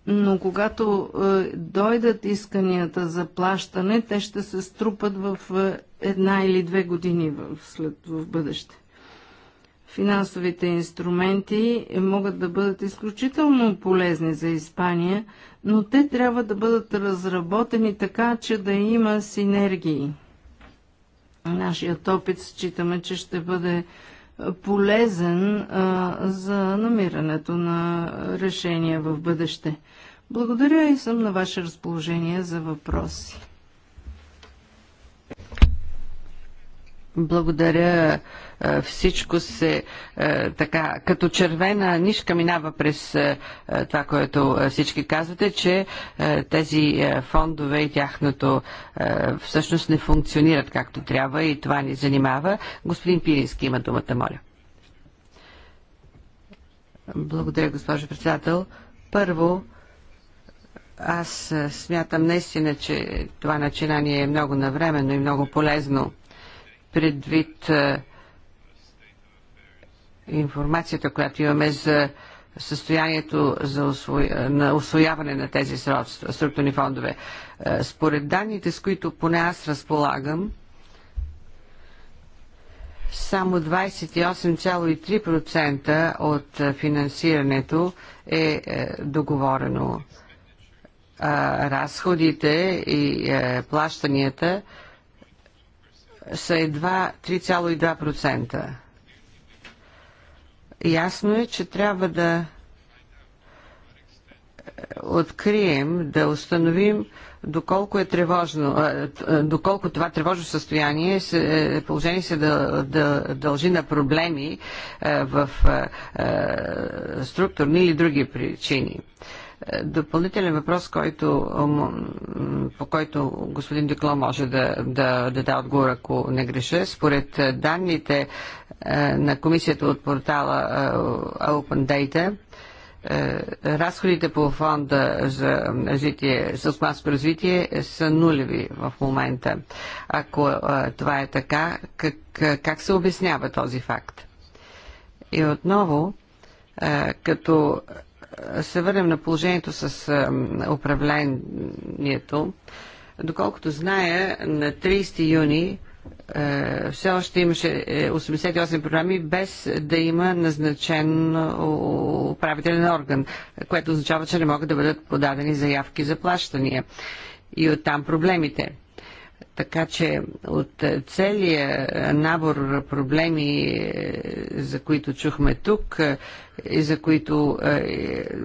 но когато е, дойдат исканията за плащане, те ще се струпат в е, една или две години в, след, в бъдеще. Финансовите инструменти могат да бъдат изключително полезни за Испания, но те трябва да бъдат разработени така, че да има синергии. Нашият опит считаме, че ще бъде е, полезен а, е, за намирането на решения в бъдеще. Благодаря и съм на ваше разположение за въпроси. Благодаря. Всичко се така, като червена нишка минава през това, което всички казвате, че тези фондове и тяхното всъщност не функционират както трябва и това ни занимава. Господин Пирински има думата, моля. Благодаря, госпожо председател. Първо, аз смятам наистина, че това начинание е много навременно и много полезно предвид информацията, която имаме за състоянието за освоя... на освояване на тези структурни фондове. Според данните, с които поне аз разполагам, само 28,3% от финансирането е, е договорено. Разходите и е, плащанията са едва 3,2%. Ясно е, че трябва да открием, да установим доколко е тревожно, доколко това тревожно състояние, е, положение се да, да дължи на проблеми е, в е, структурни или други причини допълнителен въпрос, който, по който господин Декло може да, да, да даде отговор, ако не греша. Според е, данните е, на комисията от портала е, Open Data, разходите по фонда за развитие, селскоманско развитие са нулеви в момента. Ако това е така, как, как се обяснява този факт? И отново, като се върнем на положението с управлението, доколкото зная, на 30 юни все още имаше 88 е, програми без да има назначен управителен орган, което означава, че не могат да бъдат подадени заявки за плащания. И оттам проблемите. Така че от е, целия е, набор проблеми, е, за които чухме тук и за които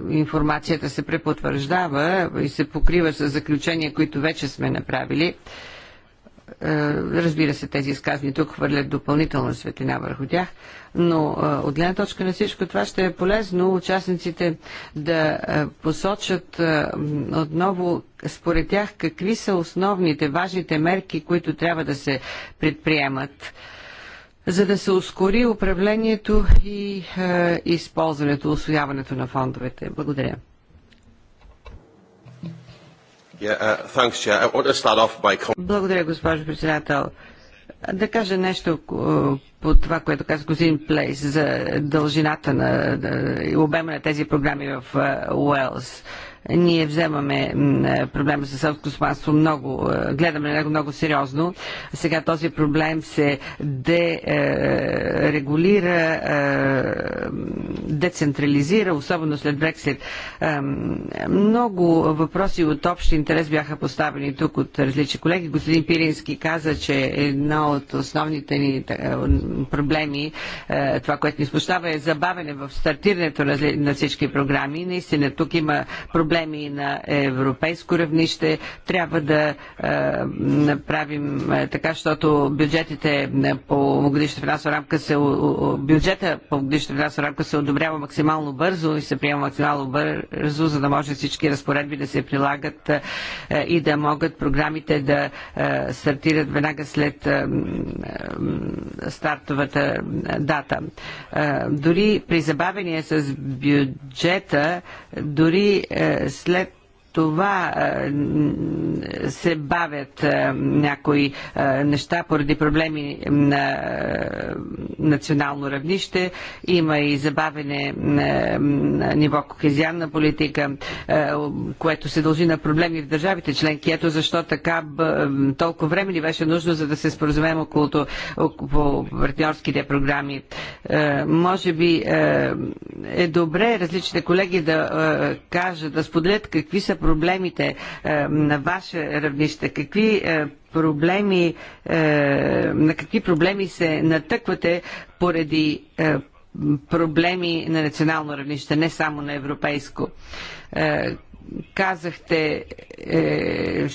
информацията се препотвърждава и се покрива с заключения, които вече сме направили, е, разбира се, тези изказвания тук хвърлят допълнителна светлина върху тях, но е, от гледна точка на всичко това ще е полезно участниците да е, посочат отново според тях какви са основните, важните мерки, които трябва да се предприемат за да се ускори управлението и е, използването, освояването на фондовете. Благодаря. Uh, Благодаря, госпожо председател. Да кажа нещо е, по това, което каза Козин Плейс за дължината на обема на тези програми в е, Уелс. Uh, ние вземаме е, проблема за селското стопанство много, е, гледаме на него много сериозно. Сега този проблем се дерегулира, е, децентрализира, особено след Брексит. Много въпроси от общ интерес бяха поставени тук от различни колеги. Господин Пирински каза, че едно от основните ни проблеми, това, което ни спущава, е забавене в стартирането на всички програми. Наистина, тук има проблем проблеми на европейско равнище. Трябва да е, направим е, така, защото бюджетите по годишната финансова рамка се бюджета по годишната финансова рамка се одобрява максимално бързо и се приема максимално бързо, за да може всички разпоредби да се прилагат е, и да могат програмите да стартират веднага след стартовата дата. Дори при забавение с бюджета, дори след това се бавят някои неща поради проблеми на национално равнище. Има и забавене на ниво кохезианна политика, което се дължи на проблеми в държавите членки. Ето защо така толкова време ни беше нужно, за да се споразумеем около партньорските програми. Може би е добре различните колеги да кажат, да споделят какви са проблемите е, на ваше равнище? Какви е, проблеми, е, на какви проблеми се натъквате поради проблеми на национално равнище, не само на европейско? казахте, е,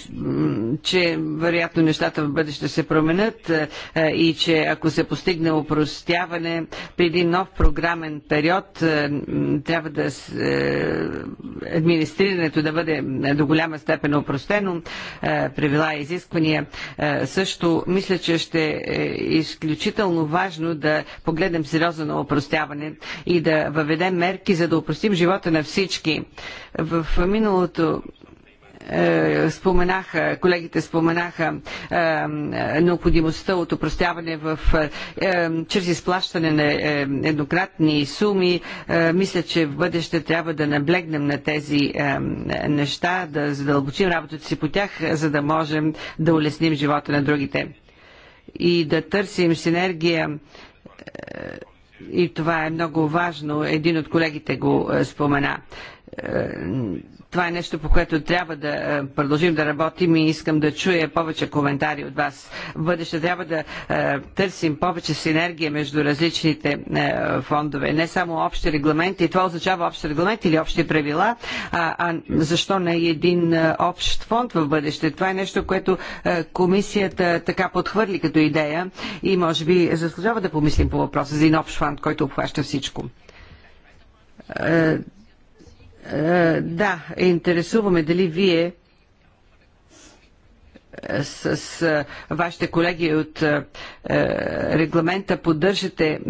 че вероятно нещата в бъдеще се променят е, и че ако се постигне упростяване при един нов програмен период, е, трябва да е, администрирането да бъде до голяма степен упростено, е, правила и изисквания. Е, също мисля, че ще е изключително важно да погледнем сериозно на упростяване и да въведем мерки, за да упростим живота на всички. В миналото е, споменаха, колегите споменаха е, необходимостта от упростяване в, е, е чрез изплащане на е, еднократни суми. Е, мисля, че в бъдеще трябва да наблегнем на тези неща, да задълбочим работата си по тях, за да можем да улесним живота на другите. И да търсим синергия и това е много важно. Един от колегите го спомена това е нещо, по което трябва да е, продължим да работим и искам да чуя повече коментари от вас. В бъдеще трябва да е, търсим повече синергия между различните е, фондове. Не само общи регламенти. Това означава общи регламенти или общи правила. А, а защо не е един общ фонд в бъдеще? Това е нещо, което комисията така подхвърли като идея и може би заслужава да помислим по въпроса за един общ фонд, който обхваща всичко е, да, интересуваме дали вие е, с, с е, вашите колеги от е, регламента поддържате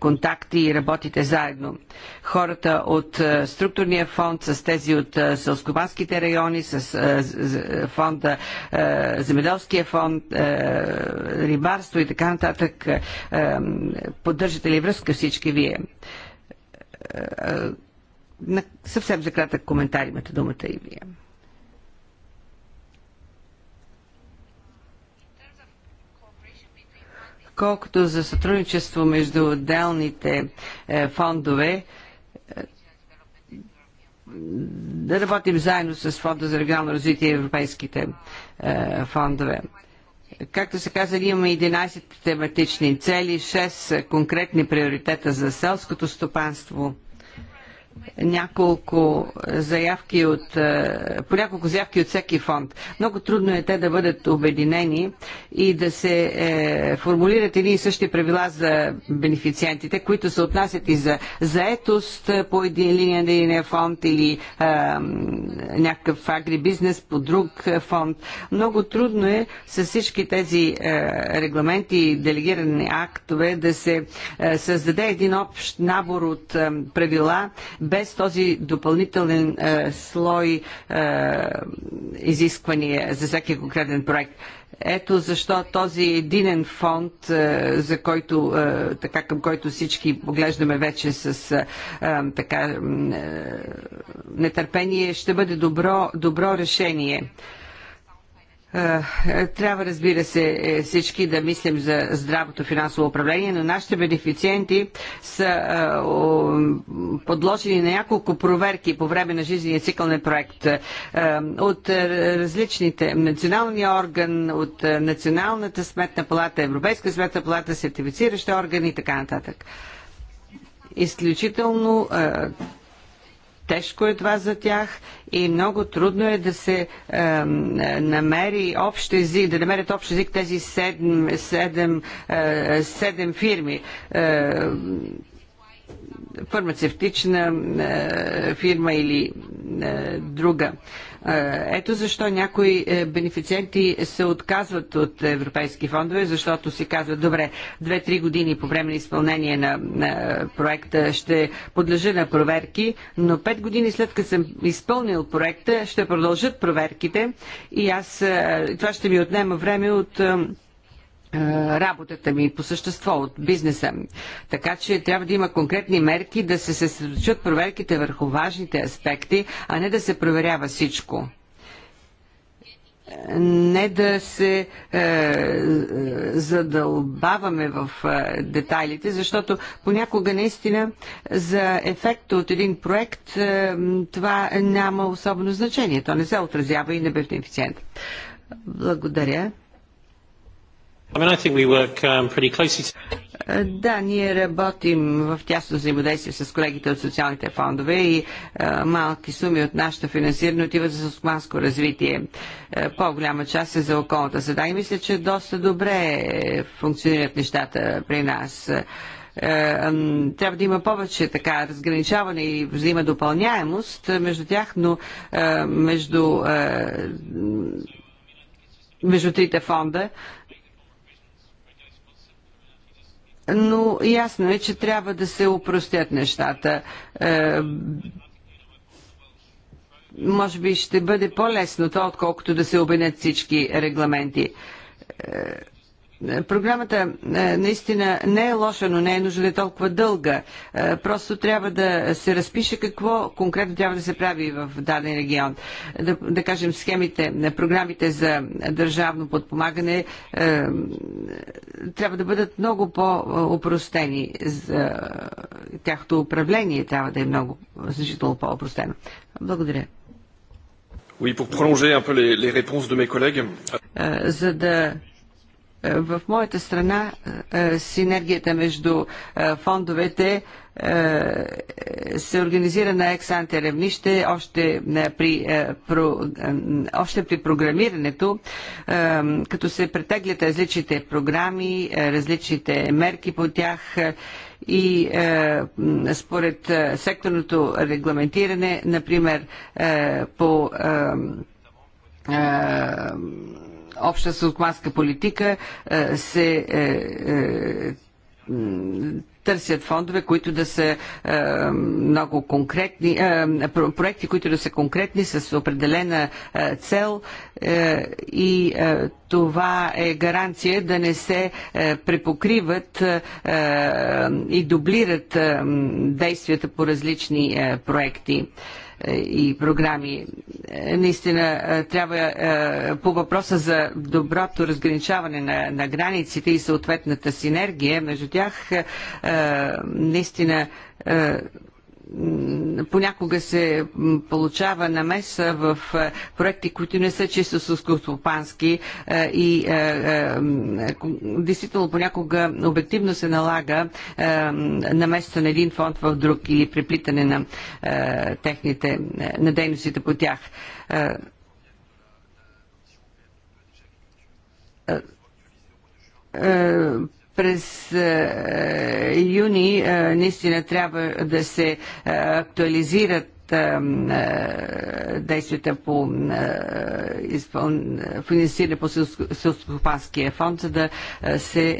контакти и работите заедно. Хората от е, структурния фонд с тези от е, селскобанските райони, с е, фонда, е, земеделския фонд, е, рибарство и така нататък. Е, поддържате ли връзка всички вие? на, съвсем за кратък коментар имате думата и вие. Колкото за сътрудничество между отделните е, фондове, е, да работим заедно с Фонда за регионално развитие и европейските е, фондове. Както се каза, ние имаме 11 тематични цели, 6 конкретни приоритета за селското стопанство – няколко заявки от, е, по няколко заявки от всеки фонд. Много трудно е те да бъдат обединени и да се е, формулират едни и същи правила за бенефициентите, които се отнасят и за заетост по един линия на един фонд или е, някакъв агрибизнес по друг фонд. Много трудно е с всички тези е, регламенти и делегирани актове да се е, създаде един общ набор от е, правила, без този допълнителен е, слой е, изисквания за всеки конкретен проект. Ето защо този единен фонд, е, за който, е, така към който всички поглеждаме вече с е, така, нетърпение, ще бъде добро, добро решение. Е, трябва, разбира се, е, всички да мислим за здравото финансово управление, но нашите бенефициенти са подложени на няколко проверки по време на жизнения цикъл на проект. От различните националния орган, от Националната сметна палата, Европейска сметна палата, сертифициращи органи и така нататък. Изключително Тежко е това за тях и много трудно е да се е, намери общ език, да намерят общ език тези седем, седем, е, седем фирми. Е, фармацевтична е, фирма или е, друга. Е, ето защо някои бенефициенти се отказват от европейски фондове, защото си казват, добре, 2-3 години по време на изпълнение на, проекта ще подлежа на проверки, но 5 години след като съм изпълнил проекта, ще продължат проверките и аз това ще ми отнема време от е, работата ми по същество от бизнеса. Така че трябва да има конкретни мерки да се съсредоточат проверките върху важните аспекти, а не да се проверява всичко не да се е, е задълбаваме в е, детайлите, защото понякога наистина за ефекта от един проект е, това няма особено значение. То не се отразява и на бенефициента. Благодаря. Um, е, да, ние работим в тясно взаимодействие с колегите от социалните фондове и е, малки суми от нашето финансиране отиват за османско развитие. Е, по-голяма част е за околната среда и мисля, че доста добре функционират нещата при нас. трябва да има повече така разграничаване и да допълняемост между тях, но между между трите фонда, но ясно е, че трябва да се упростят нещата. Е, може би ще бъде по-лесно това, отколкото да се обенят всички регламенти е, е, програмата е, наистина не е лоша, но не е нужда да е толкова дълга. Е, просто трябва да се разпише какво конкретно трябва да се прави в даден регион. Да, да кажем, схемите, програмите за държавно подпомагане трябва да бъдат много по-опростени. Тяхто управление трябва да е много значително по-опростено. Благодаря. Oui, pour prolonger un peu les, les réponses de mes collègues. За да в моята страна е, синергията между е, фондовете е, се организира на ексанте ревнище още при, про, още при програмирането, като се претеглят различните програми, различните мерки по тях и е, според секторното регламентиране, например е, по е, обща селскостопанска политика е, се е, е, търсят фондове, които да са е, много конкретни, е, проекти, които да са конкретни с определена е, цел е, и е, това е гаранция да не се е, препокриват е, и дублират е, действията по различни е, проекти. Е, и програми. Е, наистина е, трябва е, по въпроса за доброто разграничаване на, на границите и съответната синергия между тях, наистина понякога се получава намеса в е, проекти, които не са чисто сълскостопански е, и е, действително понякога обективно се налага намеса на един фонд в друг или преплитане на техните, на дейностите по тях. През е, юни е, наистина трябва да се е, актуализират действията по финансиране по селскопанския фонд, за да се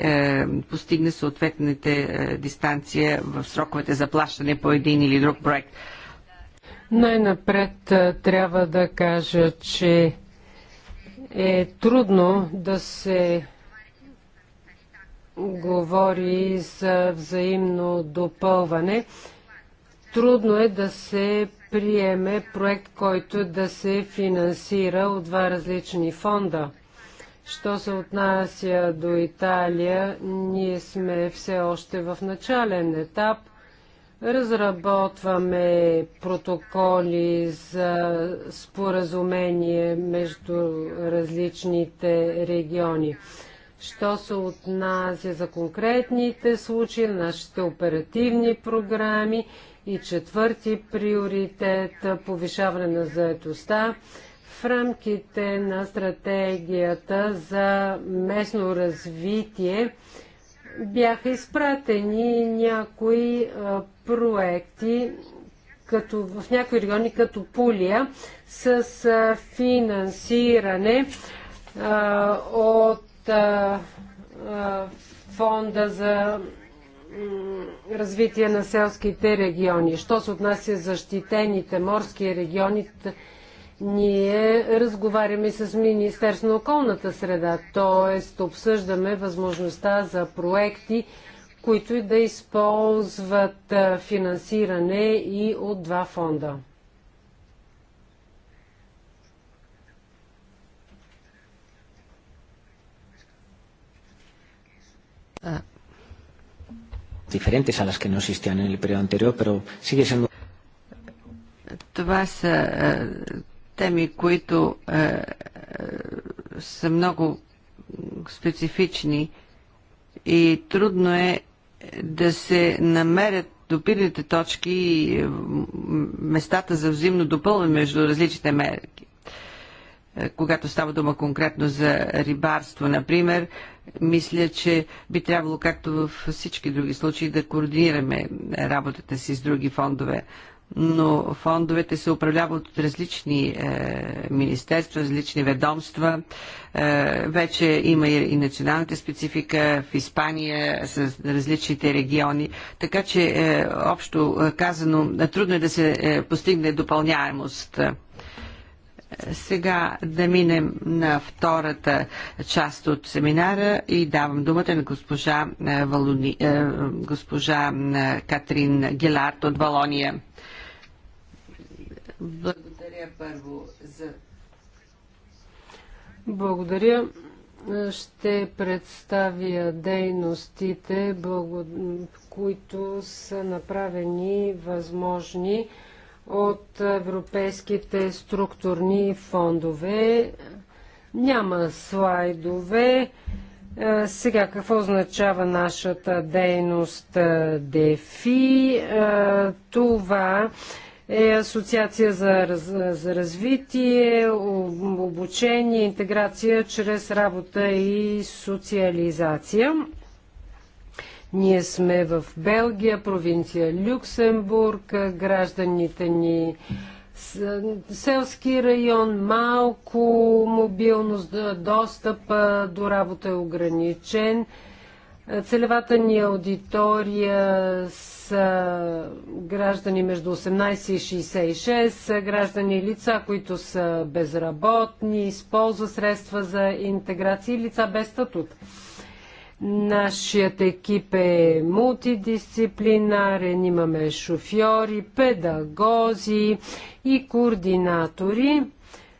постигне съответните дистанция в сроковете за плащане по един или друг проект. Най-напред трябва да кажа, че е трудно да се говори за взаимно допълване. Трудно е да се приеме проект, който да се финансира от два различни фонда. Що се отнася до Италия, ние сме все още в начален етап. Разработваме протоколи за споразумение между различните региони. Що се отнася за конкретните случаи, нашите оперативни програми и четвърти приоритет – повишаване на заедостта в рамките на стратегията за местно развитие бяха изпратени някои проекти като в някои региони като Пулия с финансиране от а, фонда за развитие на селските региони. Що се отнася защитените морски региони, ние разговаряме с Министерство на околната среда, т.е. обсъждаме възможността за проекти, които да използват финансиране и от два фонда. Diferentes a las que no existían en el periodo anterior, pero sigue siendo... Това са е, теми, които е, е, са много специфични и трудно е да се намерят допирните точки и местата за взаимно допълване между различните мерки. Е, когато става дума конкретно за рибарство, например, мисля, че би трябвало, както във всички други случаи, да координираме работата си с други фондове. Но фондовете се управляват от различни е, министерства, различни ведомства. Е, вече има и, и националната специфика в Испания с различните региони. Така че, е, общо е, казано, трудно е да се е, постигне допълняемост. Сега да минем на втората част от семинара и давам думата на госпожа, е, Валуни, е, госпожа е, Катрин Гелард от Валония. Благодаря първо за. Благодаря. Ще представя дейностите, които са направени възможни от европейските структурни фондове. Няма слайдове. Е, сега, какво означава нашата дейност е, ДЕФИ? Е, това е Асоциация за, за развитие, обучение, интеграция чрез работа и социализация. Ние сме в Белгия, провинция Люксембург, гражданите ни селски район, малко мобилност, достъп до работа е ограничен. Целевата ни аудитория са граждани между 18 и 66, граждани и лица, които са безработни, използва средства за интеграция и лица без статут. Нашият екип е мултидисциплинарен, имаме шофьори, педагози и координатори.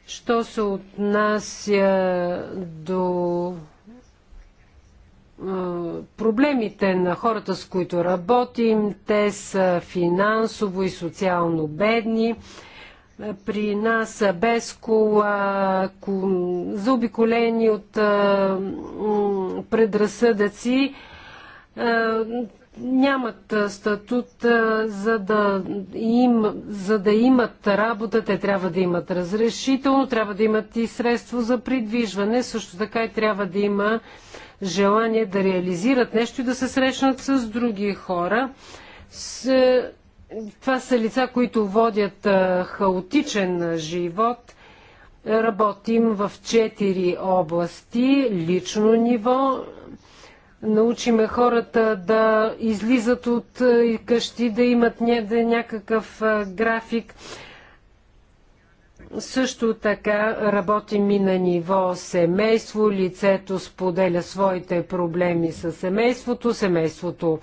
Що се отнася до проблемите на хората, с които работим, те са финансово и социално бедни при нас без кола, заобиколени от предразсъдъци, нямат статут, за да, им, за да имат работа, те трябва да имат разрешително, трябва да имат и средство за придвижване, също така и трябва да има желание да реализират нещо и да се срещнат с други хора. С, това са лица, които водят хаотичен живот. Работим в четири области. Лично ниво. Научиме хората да излизат от къщи, да имат някакъв график. Също така работим и на ниво семейство. Лицето споделя своите проблеми с семейството. Семейството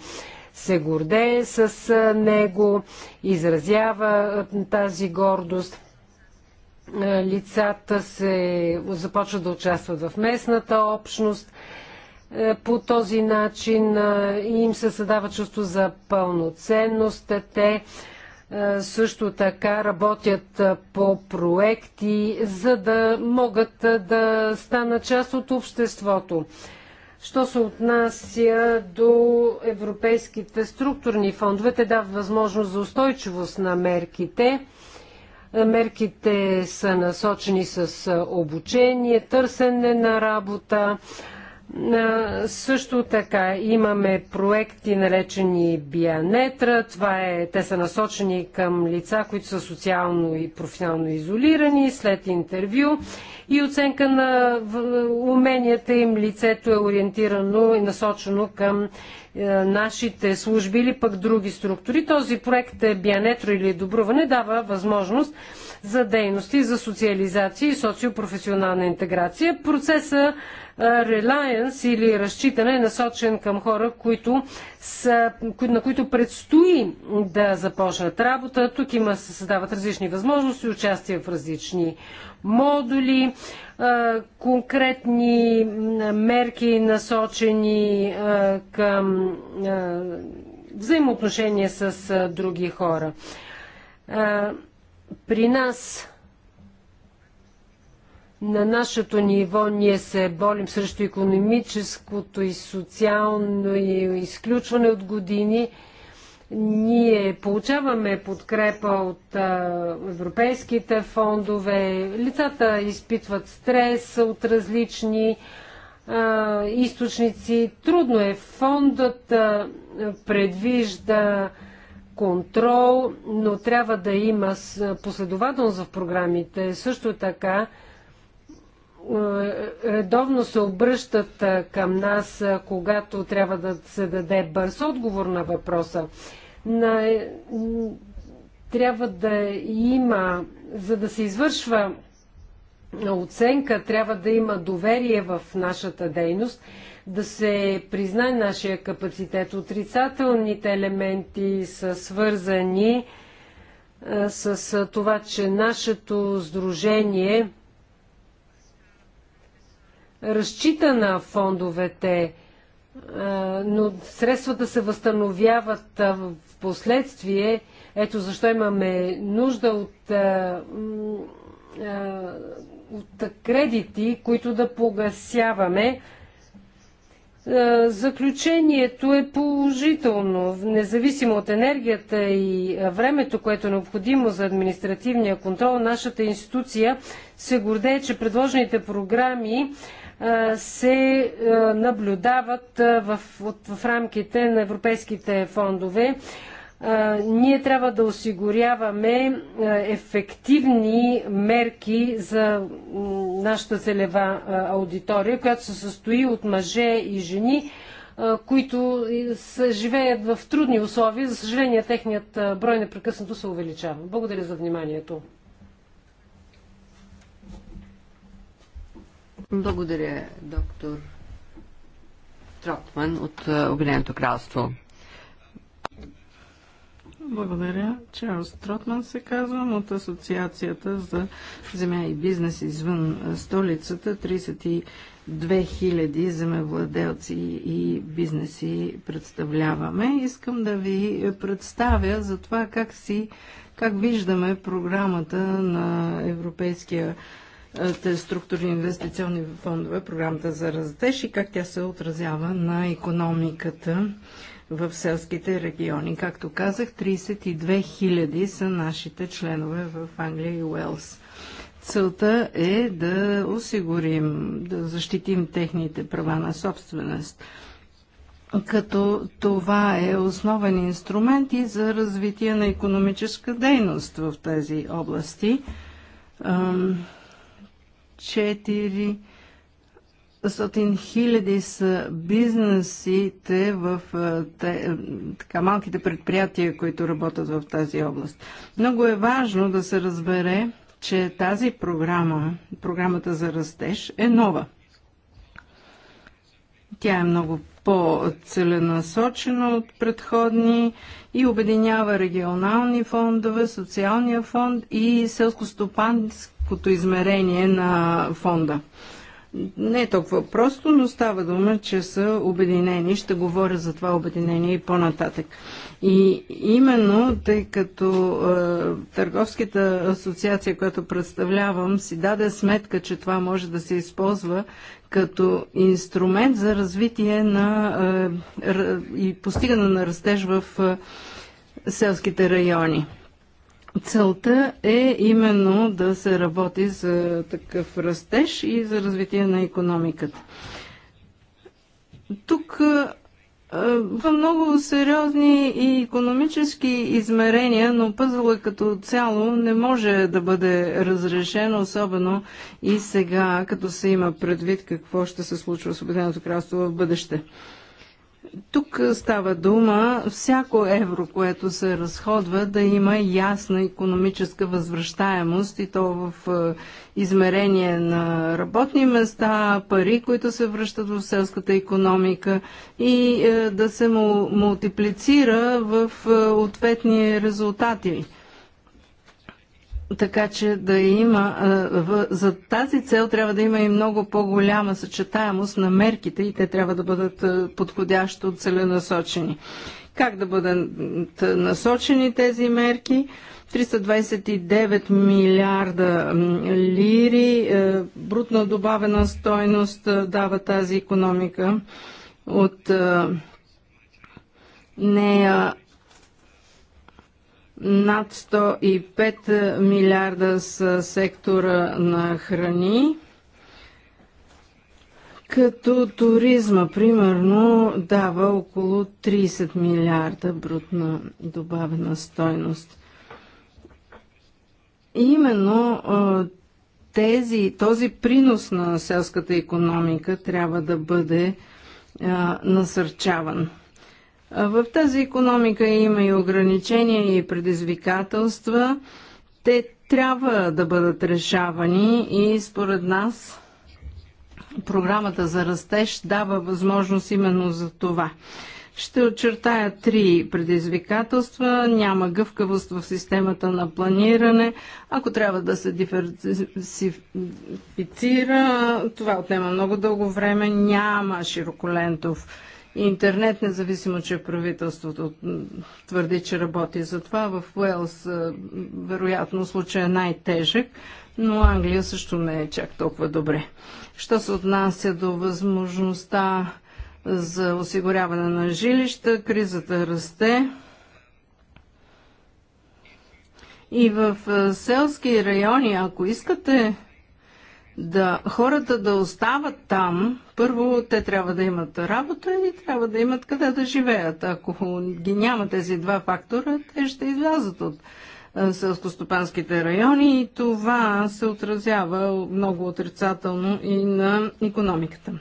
се гордее с него, изразява тази гордост. Лицата се започват да участват в местната общност. По този начин им се създава чувство за пълноценност. Те също така работят по проекти, за да могат да станат част от обществото. Що се отнася до европейските структурни фондове, те дават възможност за устойчивост на мерките. Мерките са насочени с обучение, търсене на работа. Също така имаме проекти, наречени Бианетра. Това е, те са насочени към лица, които са социално и професионално изолирани след интервю и оценка на уменията им. Лицето е ориентирано и насочено към е, нашите служби или пък други структури. Този проект е Бианетро или Добруване дава възможност за дейности за социализация и социопрофесионална интеграция. Процеса релайенс или разчитане е насочен към хора, които са, на които предстои да започнат работа. Тук има, се създават различни възможности, участие в различни модули, конкретни мерки насочени към взаимоотношения с други хора. При нас на нашето ниво ние се болим срещу економическото и социално и изключване от години. Ние получаваме подкрепа от европейските фондове. Лицата изпитват стрес от различни а, източници. Трудно е. Фондът а, предвижда контрол, но трябва да има последователност в програмите. Също така, е, редовно се обръщат е, към нас, е, когато трябва да се даде бърз отговор на въпроса. На... Трябва да има, за да се извършва оценка, трябва да има доверие в нашата дейност, да се признае нашия капацитет. Отрицателните елементи са свързани с това, че нашето сдружение разчита на фондовете, но средствата се възстановяват в последствие. Ето защо имаме нужда от, от кредити, които да погасяваме. Заключението е положително. Независимо от енергията и времето, което е необходимо за административния контрол, нашата институция се гордее, че предложените програми се наблюдават в, в рамките на европейските фондове ние трябва да осигуряваме ефективни мерки за нашата целева аудитория, която се състои от мъже и жени, които живеят в трудни условия. За съжаление, техният брой непрекъснато се увеличава. Благодаря за вниманието. Благодаря, доктор Тротман от Обединеното кралство. Благодаря. Чарлз Тротман се казвам от Асоциацията за земя и бизнес извън столицата. 32 000 земевладелци и бизнеси представляваме. Искам да ви представя за това как, си, как виждаме програмата на Европейския съюз те структурни инвестиционни фондове, програмата за растеж и как тя се отразява на економиката в селските региони. Както казах, 32 000 са нашите членове в Англия и Уелс. Целта е да осигурим, да защитим техните права на собственост като това е основен инструмент и за развитие на економическа дейност в тези области. 400 хиляди са бизнесите в те, така, малките предприятия, които работят в тази област. Много е важно да се разбере, че тази програма, програмата за растеж, е нова. Тя е много по-целенасочена от предходни и обединява регионални фондове, социалния фонд и селско-стопански като измерение на фонда. Не е толкова просто, но става дума, че са обединени. Ще говоря за това обединение и по-нататък. И именно, тъй като е, Търговската асоциация, която представлявам, си даде сметка, че това може да се използва като инструмент за развитие на, е, и постигане на растеж в е, селските райони. Целта е именно да се работи за такъв растеж и за развитие на економиката. Тук в много сериозни и економически измерения, но пъзъла като цяло не може да бъде разрешен, особено и сега, като се има предвид какво ще се случва с Обединеното кралство в бъдеще. Тук става дума всяко евро, което се разходва, да има ясна економическа възвръщаемост и то в измерение на работни места, пари, които се връщат в селската економика и да се му мултиплицира в ответни резултати така че да има, за тази цел трябва да има и много по-голяма съчетаемост на мерките и те трябва да бъдат подходящо целенасочени. Как да бъдат насочени тези мерки? 329 милиарда лири, брутна добавена стойност дава тази економика от нея над 105 милиарда са сектора на храни. Като туризма, примерно, дава около 30 милиарда брутна добавена стойност. именно тези, този принос на селската економика трябва да бъде а, насърчаван. В тази економика има и ограничения и предизвикателства. Те трябва да бъдат решавани и според нас програмата за растеж дава възможност именно за това. Ще очертая три предизвикателства. Няма гъвкавост в системата на планиране. Ако трябва да се диверсифицира, това отнема много дълго време. Няма широколентов интернет, независимо, че правителството твърди, че работи за това. В Уелс, е, вероятно, случай е най-тежък, но Англия също не е чак толкова добре. Що се отнася до възможността за осигуряване на жилища, кризата расте. И в е, селски райони, ако искате да хората да остават там, първо те трябва да имат работа и трябва да имат къде да живеят. Ако ги няма тези два фактора, те ще излязат от селско-стопанските райони и това се отразява много отрицателно и на економиката.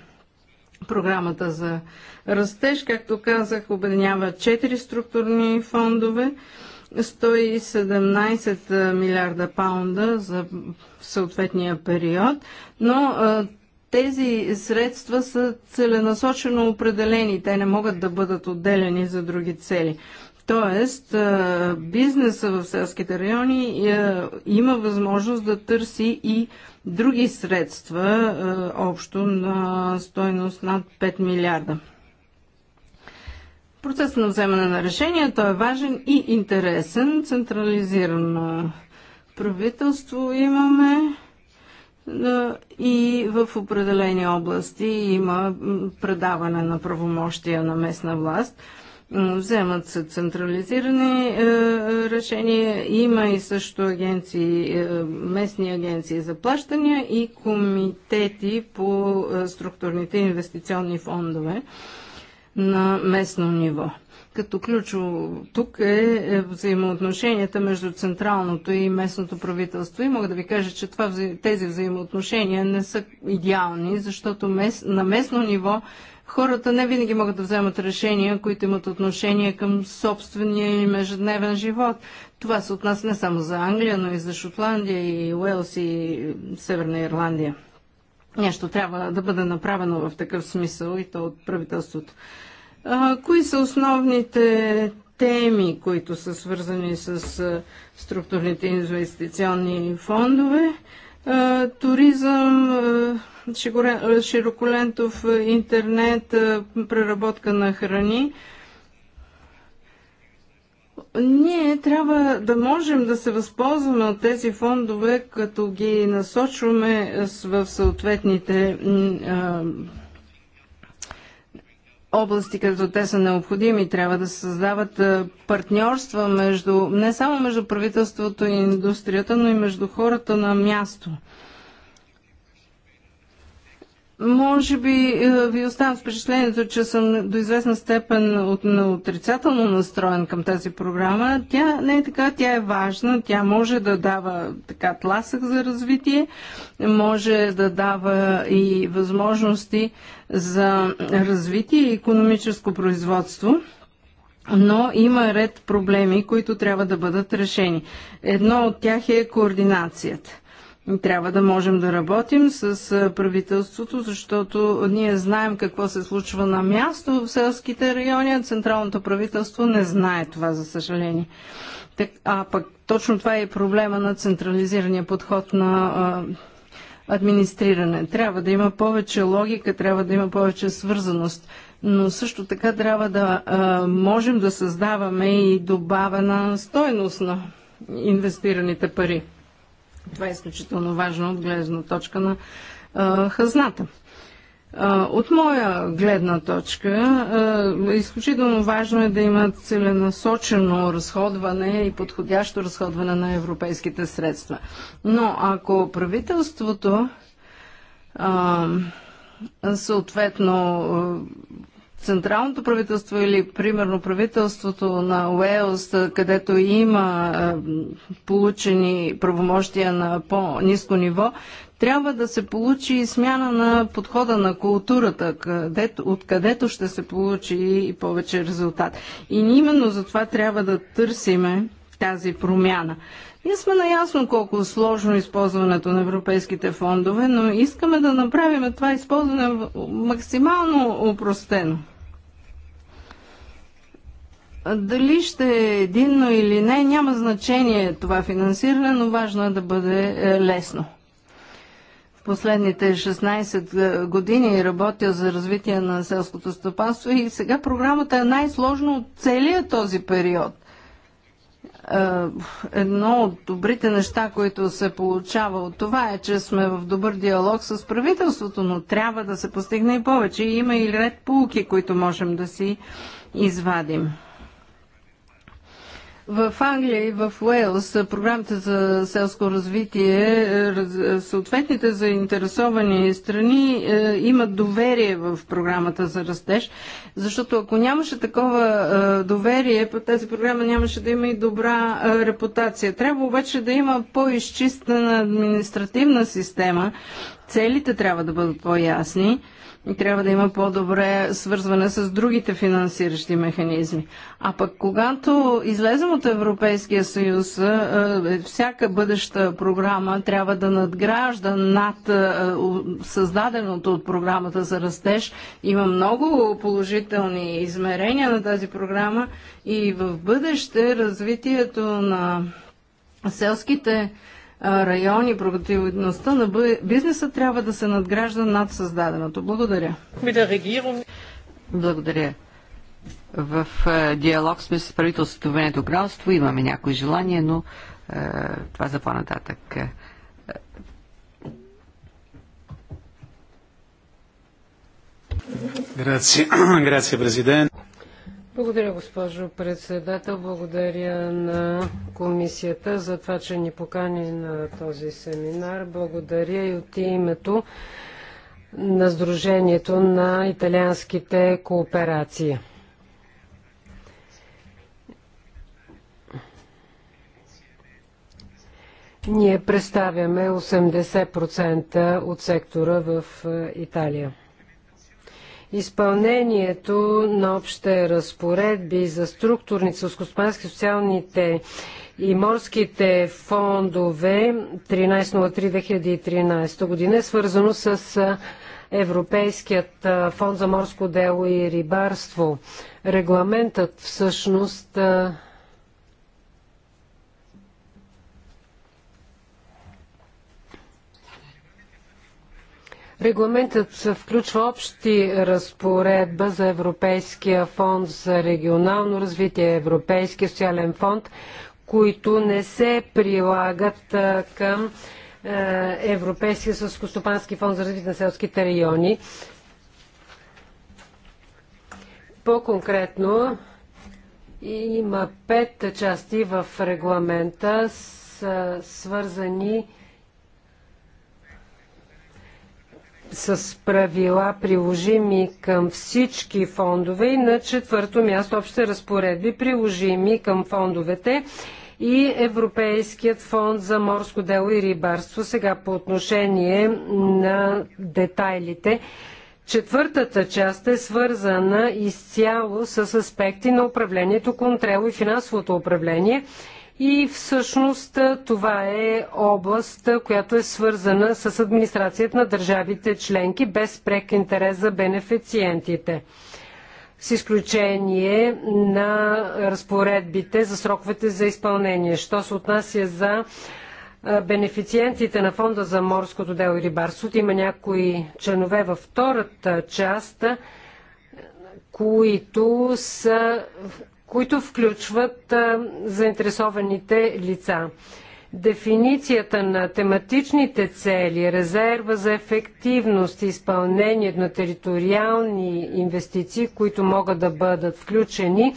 Програмата за растеж, както казах, обединява четири структурни фондове – 117 милиарда паунда за съответния период, но тези средства са целенасочено определени. Те не могат да бъдат отделени за други цели. Тоест, бизнеса в селските райони има възможност да търси и други средства, общо на стойност над 5 милиарда. Процесът на вземане на решения, той е важен и интересен. Централизирано правителство имаме и в определени области има предаване на правомощия на местна власт. Вземат се централизирани е, е, решения. Има и също агенции, е, местни агенции за плащания и комитети по е, структурните инвестиционни фондове на местно ниво. Като ключово тук е, е взаимоотношенията между централното и местното правителство. И мога да ви кажа, че това, тези взаимоотношения не са идеални, защото мес, на местно ниво хората не винаги могат да вземат решения, които имат отношение към собствения им ежедневен живот. Това се отнася не само за Англия, но и за Шотландия и Уелс и Северна Ирландия. Нещо трябва да бъде направено в такъв смисъл и то от правителството. А, кои са основните теми, които са свързани с структурните инвестиционни фондове? А, туризъм, а, широколентов интернет, преработка на храни – ние трябва да можем да се възползваме от тези фондове, като ги насочваме в съответните области, където те са необходими, трябва да се създават партньорства между, не само между правителството и индустрията, но и между хората на място. Може би е, ви оставам с впечатлението, че съм до известна степен от, на отрицателно настроен към тази програма. Тя не е така, тя е важна, тя може да дава така тласък за развитие, може да дава и възможности за развитие и економическо производство но има ред проблеми, които трябва да бъдат решени. Едно от тях е координацията. Трябва да можем да работим с правителството, защото ние знаем какво се случва на място в селските райони, а централното правителство не знае това, за съжаление. А пък точно това е проблема на централизирания подход на а, администриране. Трябва да има повече логика, трябва да има повече свързаност, но също така трябва да а, можем да създаваме и добавена стойност на инвестираните пари. Това е изключително важно от гледна точка на а, хазната. От моя гледна точка, изключително важно е да има целенасочено разходване и подходящо разходване на европейските средства. Но ако правителството съответно централното правителство или примерно правителството на Уелс, където има получени правомощия на по-низко ниво, трябва да се получи смяна на подхода на културата, където, откъдето ще се получи и повече резултат. И именно за това трябва да търсиме тази промяна. Ние сме наясно колко сложно е използването на европейските фондове, но искаме да направим това използване максимално упростено. Дали ще е единно или не, няма значение това финансиране, но важно е да бъде е, лесно. В последните 16 е, години работя за развитие на селското стопанство и сега програмата е най сложно от целия този период – е, едно от добрите неща, които се получава от това е, че сме в добър диалог с правителството, но трябва да се постигне и повече. има и ред полки, които можем да си извадим. В Англия и в Уелс програмата за селско развитие, съответните заинтересовани страни е, имат доверие в програмата за растеж, защото ако нямаше такова е, доверие, по тази програма нямаше да има и добра е, репутация. Трябва обаче да има по-изчистена административна система, целите трябва да бъдат по-ясни трябва да има по-добре свързване с другите финансиращи механизми. А пък когато излезем от Европейския съюз, всяка бъдеща програма трябва да надгражда над създаденото от програмата за растеж. Има много положителни измерения на тази програма и в бъдеще развитието на селските райони, продуктивността на бизнеса трябва да се надгражда над създаденото. Благодаря. Благодаря. В диалог сме с правителството Венето кралство. Имаме някои желания, но това за по-нататък. Grazie, grazie Presidente. Благодаря, госпожо председател. Благодаря на комисията за това, че ни покани на този семинар. Благодаря и от името на Сдружението на италианските кооперации. Ние представяме 80% от сектора в е, Италия изпълнението на общите разпоредби за структурни, сълскоспански, социалните и морските фондове 1303-2013 година е свързано с Европейският фонд за морско дело и рибарство. Регламентът всъщност Регламентът включва общи разпоредба за Европейския фонд за регионално развитие, Европейския социален фонд, които не се прилагат към Европейския съскостопански фонд за развитие на селските райони. По-конкретно има пет части в регламента, свързани с с правила приложими към всички фондове и на четвърто място общите разпоредби приложими към фондовете и Европейският фонд за морско дело и рибарство. Сега по отношение на детайлите. Четвъртата част е свързана изцяло с аспекти на управлението, контрел и финансовото управление. И всъщност това е област, която е свързана с администрацията на държавите членки без прек интерес за бенефициентите с изключение на разпоредбите за сроковете за изпълнение. Що се отнася за бенефициентите на Фонда за морското дело и рибарство. има някои членове във втората част, които са които включват заинтересованите лица. Дефиницията на тематичните цели, резерва за ефективност и изпълнение на териториални инвестиции, които могат да бъдат включени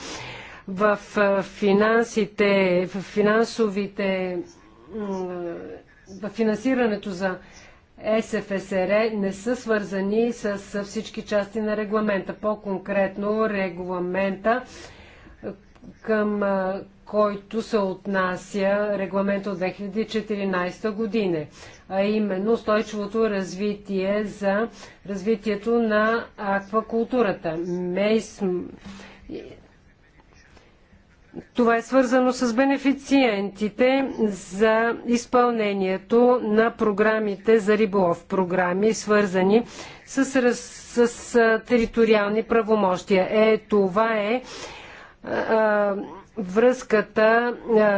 в, финансите, в финансовите в финансирането за СФСР не са свързани с всички части на регламента. По-конкретно регламента към който се отнася регламент от 2014 година, а именно устойчивото развитие за развитието на аквакултурата. Мейс... Това е свързано с бенефициентите за изпълнението на програмите за риболов. Програми, свързани с, с, с териториални правомощия. Е, това е връзката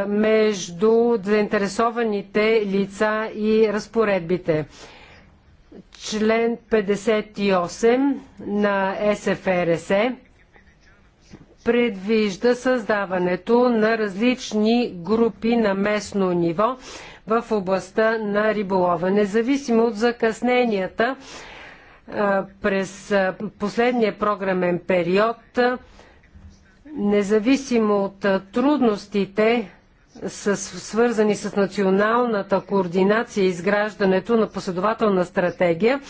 между заинтересованите лица и разпоредбите. Член 58 на СФРС предвижда създаването на различни групи на местно ниво в областта на риболова. Независимо от закъсненията през последния програмен период, Независимо от трудностите, с, свързани с националната координация и изграждането на последователна стратегия,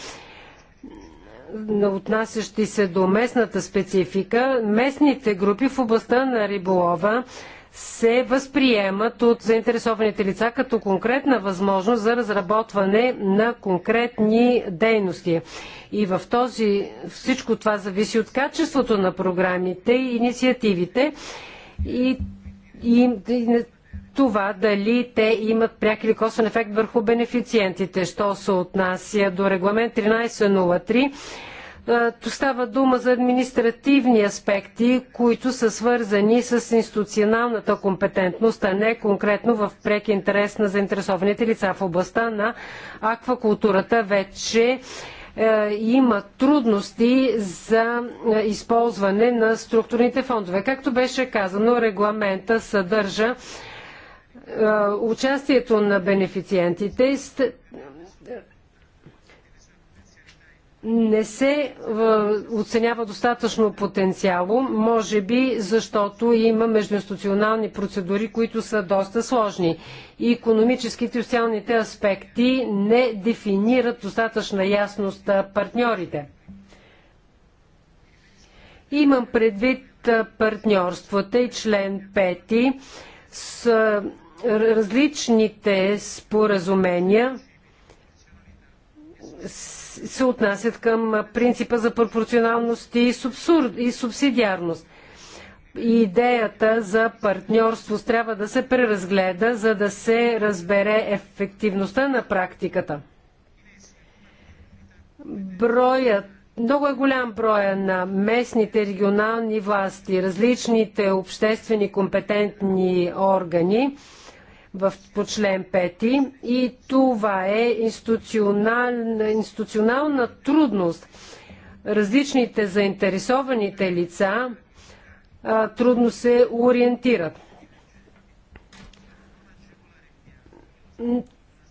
отнасящи се до местната специфика, местните групи в областта на риболова се възприемат от заинтересованите лица като конкретна възможност за разработване на конкретни дейности. И в този всичко това зависи от качеството на програмите и инициативите и, и, и това дали те имат пряк или косвен ефект върху бенефициентите. Що се отнася до регламент 1303, то става дума за административни аспекти, които са свързани с институционалната компетентност, а не конкретно в прек интерес на заинтересованите лица. В областта на аквакултурата вече е, има трудности за е, използване на структурните фондове. Както беше казано, регламента съдържа е, участието на бенефициентите не се е, оценява достатъчно потенциало, може би защото има междуинституционални процедури, които са доста сложни. И економическите и социалните аспекти не дефинират достатъчна ясност е, партньорите. Имам предвид е, партньорствата и член 5 с различните споразумения – се отнасят към принципа за пропорционалност и, субсур... и субсидиарност. Идеята за партньорство трябва да се преразгледа, за да се разбере ефективността на практиката. Броят много е голям броя на местните регионални власти, различните обществени компетентни органи в, по член 5 и това е институционална, институционална трудност. Различните заинтересованите лица а, трудно се ориентират.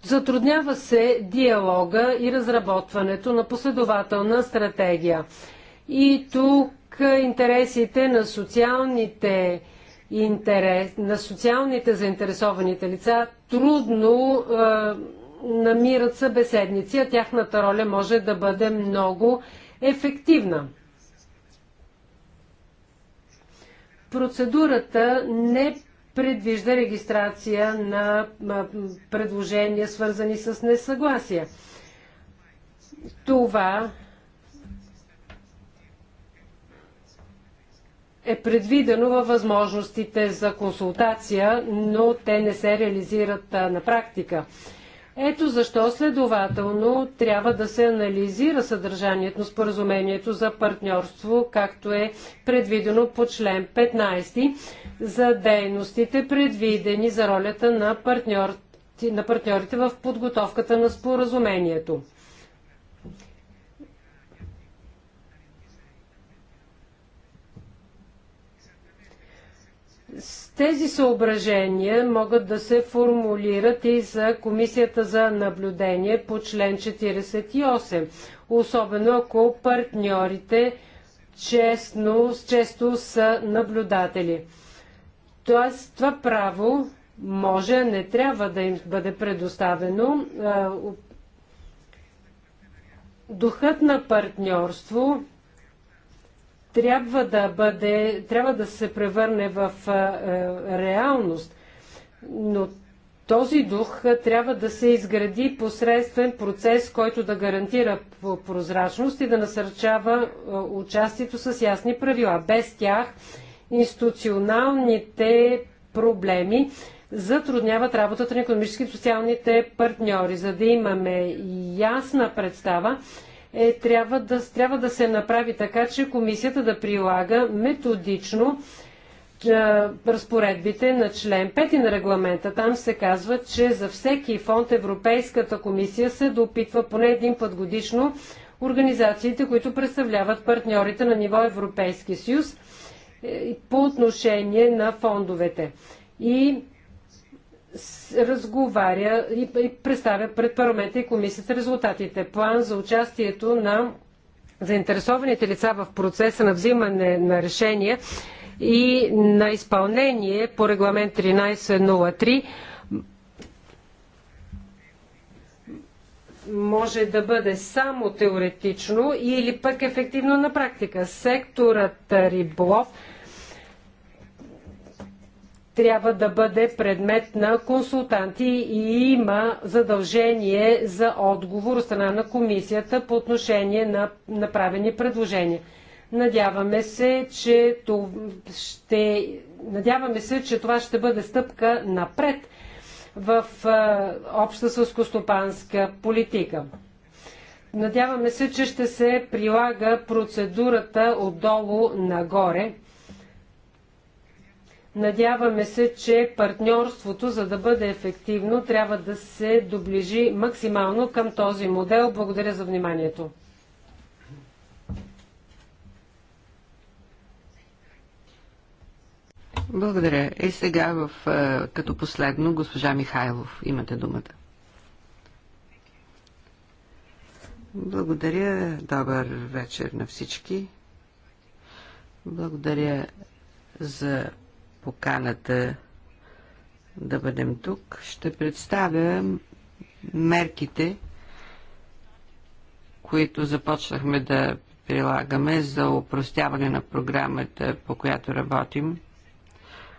Затруднява се диалога и разработването на последователна стратегия. И тук интересите на социалните интерес, на социалните заинтересованите лица трудно е, намират събеседници, а тяхната роля може да бъде много ефективна. Процедурата не предвижда регистрация на предложения, свързани с несъгласие. Това е предвидено във възможностите за консултация, но те не се реализират на практика. Ето защо следователно трябва да се анализира съдържанието на споразумението за партньорство, както е предвидено по член 15 за дейностите, предвидени за ролята на, партньорите в подготовката на споразумението. Тези съображения могат да се формулират и за Комисията за наблюдение по член 48, особено ако партньорите честно, често са наблюдатели. Тоест, това право може, не трябва да им бъде предоставено. Духът на партньорство трябва да, бъде, трябва да се превърне в реалност. Но този дух трябва да се изгради посредствен процес, който да гарантира прозрачност и да насърчава участието с ясни правила. Без тях институционалните проблеми затрудняват работата на економически и социалните партньори. За да имаме ясна представа, е, трябва, да, трябва да се направи така, че комисията да прилага методично разпоредбите на член 5 на регламента. Там се казва, че за всеки фонд Европейската комисия се допитва поне един път годишно организациите, които представляват партньорите на ниво Европейски съюз е, по отношение на фондовете. И разговаря и, и представя пред парламента и комисията резултатите. План за участието на заинтересованите лица в процеса на взимане на решения и на изпълнение по регламент 1303 може да бъде само теоретично или пък ефективно на практика. Секторът риболов трябва да бъде предмет на консултанти и има задължение за отговор от страна на комисията по отношение на направени предложения. Надяваме се, че ще, надяваме се, че това ще бъде стъпка напред в обща съскостопанска политика. Надяваме се, че ще се прилага процедурата отдолу нагоре Надяваме се, че партньорството, за да бъде ефективно, трябва да се доближи максимално към този модел. Благодаря за вниманието. Благодаря. И сега в, е, като последно госпожа Михайлов. Имате думата. Благодаря. Добър вечер на всички. Благодаря за поканата да бъдем тук. Ще представя мерките, които започнахме да прилагаме за упростяване на програмата, по която работим,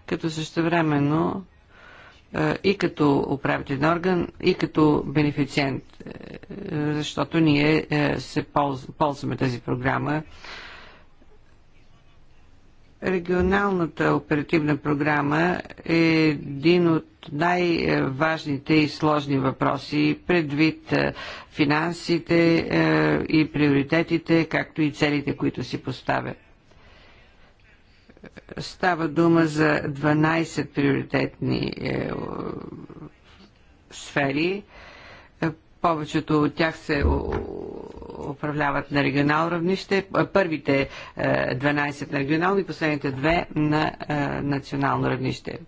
като същевременно е, и като управителен орган, и като бенефициент, е, защото ние е, се ползваме тази програма Регионалната оперативна програма е един от най-важните и сложни въпроси предвид е, финансите е, и приоритетите, както и целите, които си поставя. Става дума за 12 приоритетни е, сфери. Повечето от тях се управляват на регионално равнище, първите 12 е, на регионално и последните две на е, национално равнище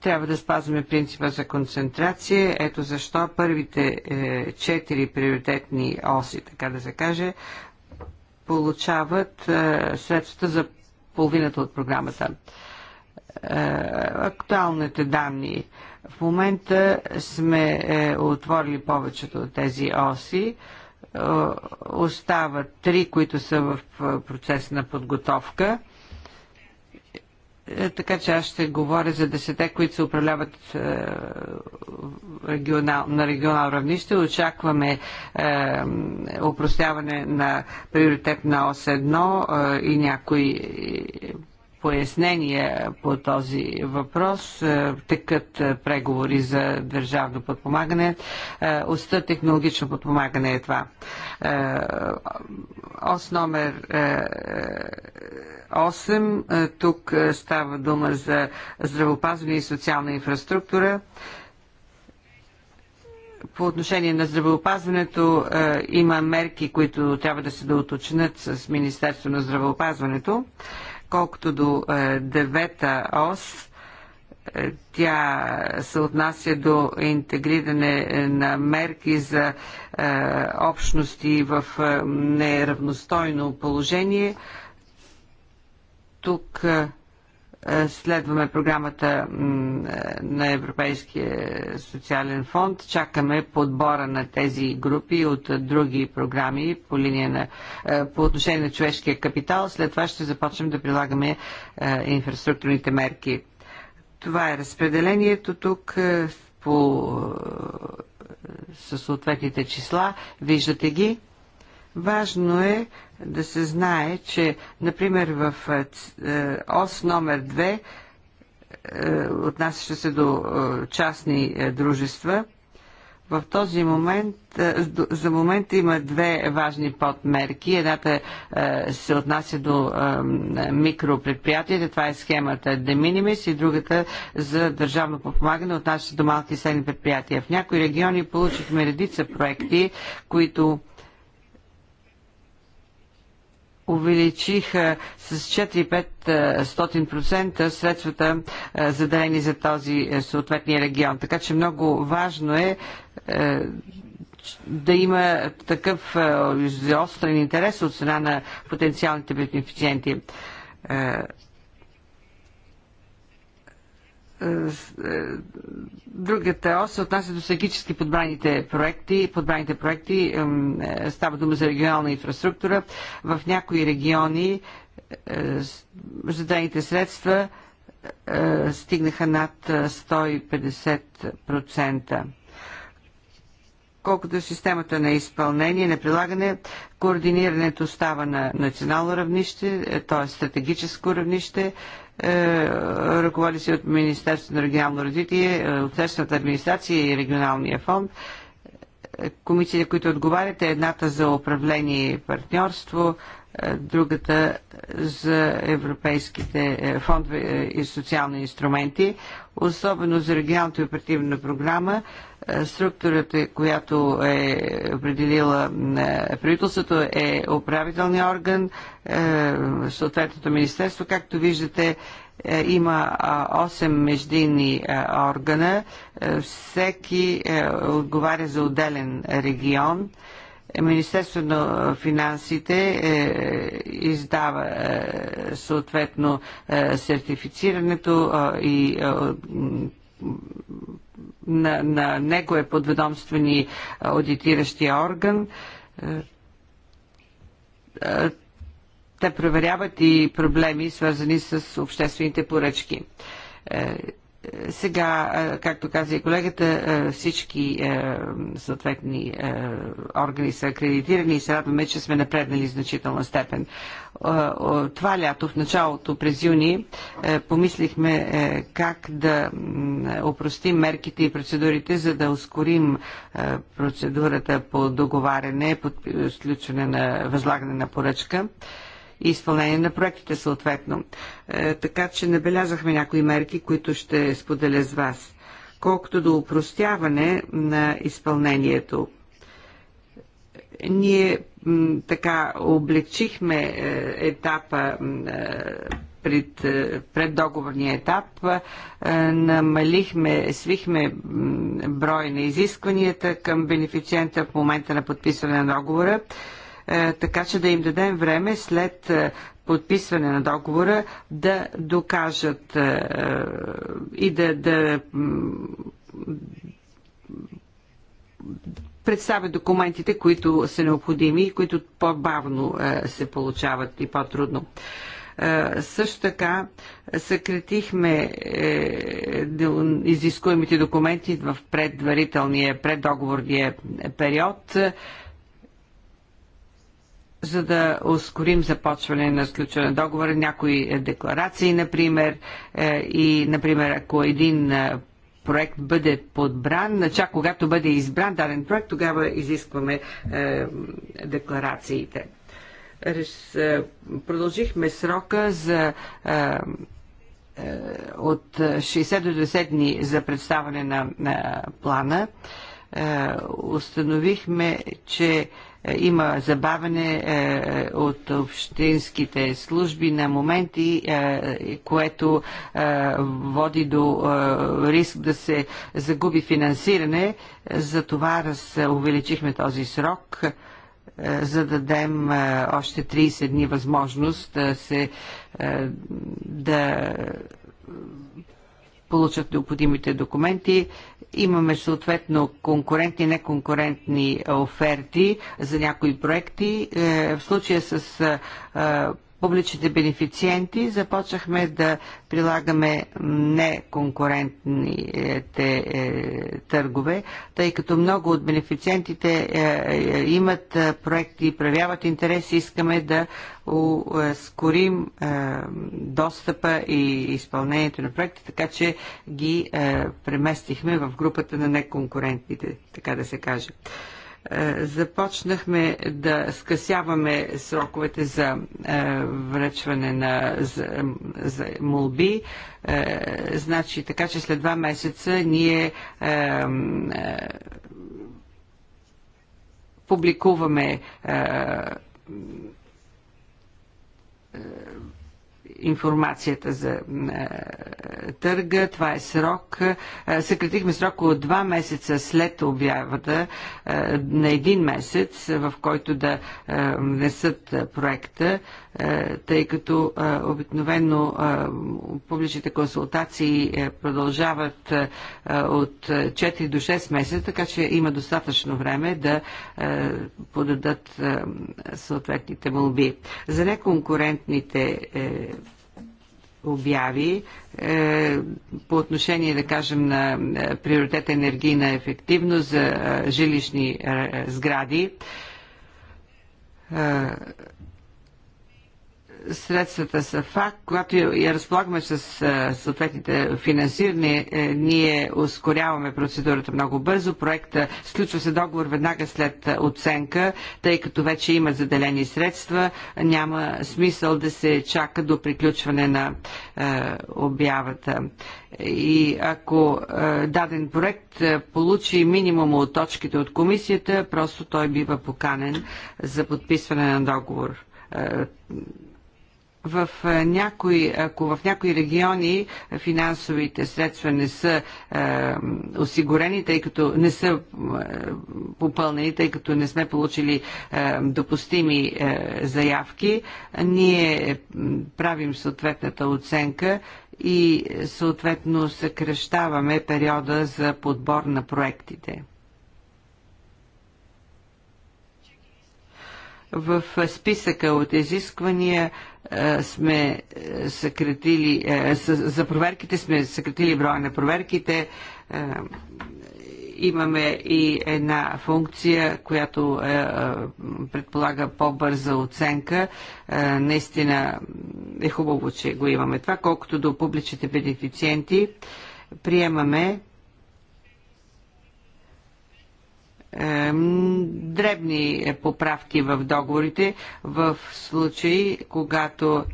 трябва да спазваме принципа за концентрация. Ето защо първите е, четири приоритетни оси, така да се каже, получават средствата за половината от програмата. актуалните данни. В момента сме отворили повечето от тези оси. Е, Остават три, които са в е, процес на подготовка. Е, така че аз ще говоря за десете, които се управляват регионал, на регионално равнище. Очакваме е, упростяване на приоритет на ОС-1 е, и някои пояснения по този въпрос. Е, текат е, преговори за държавно подпомагане. Е, оста технологично подпомагане е това. Ос номер 8. Тук става дума за здравопазване и социална инфраструктура по отношение на здравеопазването е, има мерки, които трябва да се доуточнят с Министерство на здравеопазването. Колкото до е, девета ос, е, тя се отнася до интегриране е, на мерки за общности в неравностойно положение. Тук е, следваме програмата е, на Европейския социален фонд. Чакаме подбора на тези групи от други програми по, линия на, е, по отношение на човешкия капитал. След това ще започнем да прилагаме инфраструктурните мерки. Това е разпределението тук по, със съответните числа. Виждате ги. Важно е да се знае, че, например, в е, е, ОС номер 2, е, отнасяща се до частни дружества, в този момент, за момента има две важни подмерки. Едната се отнася до микропредприятията, това е схемата De Minimis, и другата за държавно подпомагане, отнася до малки и средни предприятия. В някои региони получихме редица проекти, които увеличиха с 4-500% средствата заделени за този съответния регион. Така че много важно е да има такъв заострен интерес от страна на потенциалните бенефициенти. Е, е, другата ос се отнася до стратегически подбраните проекти. Подбраните проекти е, става дума за регионална инфраструктура. В някои региони зададените средства стигнаха над 150%. Колкото системата на изпълнение, на прилагане, координирането става на национално равнище, т.е. стратегическо равнище, е, ръководи се от Министерството на регионално развитие, е, обществената администрация и регионалния фонд. Е, комисиите, които отговаряте, едната за управление и партньорство, е, другата за европейските е, фондове е, и социални инструменти, особено за регионалната оперативна програма. Структурата, която е определила правителството е управителния орган, съответното министерство. Както виждате, има 8 междинни органа. Всеки отговаря за отделен регион. Министерството на финансите е, издава е, съответно е, сертифицирането и на, на него е подведомствени аудитиращия орган. Те проверяват и проблеми, свързани с обществените поръчки сега, както каза и колегата, всички съответни органи са акредитирани и се радваме, че сме напреднали значителна степен. Това лято, в началото, през юни, помислихме как да опростим мерките и процедурите, за да ускорим процедурата по договаряне, по сключване на възлагане на поръчка и изпълнение на проектите съответно. Е, така че набелязахме някои мерки, които ще споделя с вас. Колкото до упростяване на изпълнението, ние така облегчихме е, етапа е, пред, преддоговорния етап, намалихме, свихме брой на изискванията към бенефициента в момента на подписване на договора. Е, така че да им дадем време след е, подписване на договора да докажат е, и да, да представят документите, които са необходими и които по-бавно се получават и по-трудно. Също така съкретихме изискуемите документи в предварителния, преддоговорния период за да ускорим започване на сключване на договора, някои е, декларации, например, е, и, например, ако един е, проект бъде подбран, чак когато бъде избран даден проект, тогава изискваме декларациите. продължихме срока за от 60 до 90 дни за представане на, на плана. Установихме, че е, има забавене е, е, от общинските служби на моменти, което води до риск да се загуби финансиране. Затова раз увеличихме този срок за да дадем още 30 дни възможност да се да получат необходимите документи. Имаме съответно конкурентни и неконкурентни оферти за някои проекти. Е, в случая с е, публичните бенефициенти започнахме да прилагаме неконкурентните е, търгове, тъй като много от бенефициентите е, е, имат проекти и проявяват интерес искаме да ускорим достъпа и изпълнението на проекти, така че ги преместихме в групата на неконкурентните, така да се каже. Е, започнахме да скъсяваме сроковете за е, връчване на за, за молби. Е, значи, така че след два месеца ние публикуваме информацията за търга. Това е срок. Е, съкратихме срок от два месеца след обявата е, на един месец, в който да е, внесат проекта, тъй като обикновено публичните консултации продължават от 4 до 6 месеца, така че има достатъчно време да подадат съответните молби. За неконкурентните обяви е, по отношение, да кажем, на е, приоритет енергийна ефективност за е, жилищни сгради средствата са факт, когато я разполагаме с съответните финансирани, е, ние ускоряваме процедурата много бързо. Проекта сключва се договор веднага след оценка, тъй като вече има заделени средства, няма смисъл да се чака до приключване на е, обявата. И ако е, даден проект получи минимум от точките от комисията, просто той бива поканен за подписване на договор в е, някои, ако в някои региони е, финансовите средства не са е, осигурени, тъй като не са е, попълнени, тъй като не сме получили е, допустими е, заявки, ние е, правим съответната оценка и съответно съкрещаваме периода за подбор на проектите. В списъка от изисквания е, сме е, съкратили, е, за проверките сме съкратили броя на проверките. Имаме и една функция, която предполага по-бърза оценка. Наистина е хубаво, че го имаме това. Колкото до публичните бенефициенти, приемаме дребни поправки в договорите в случаи, когато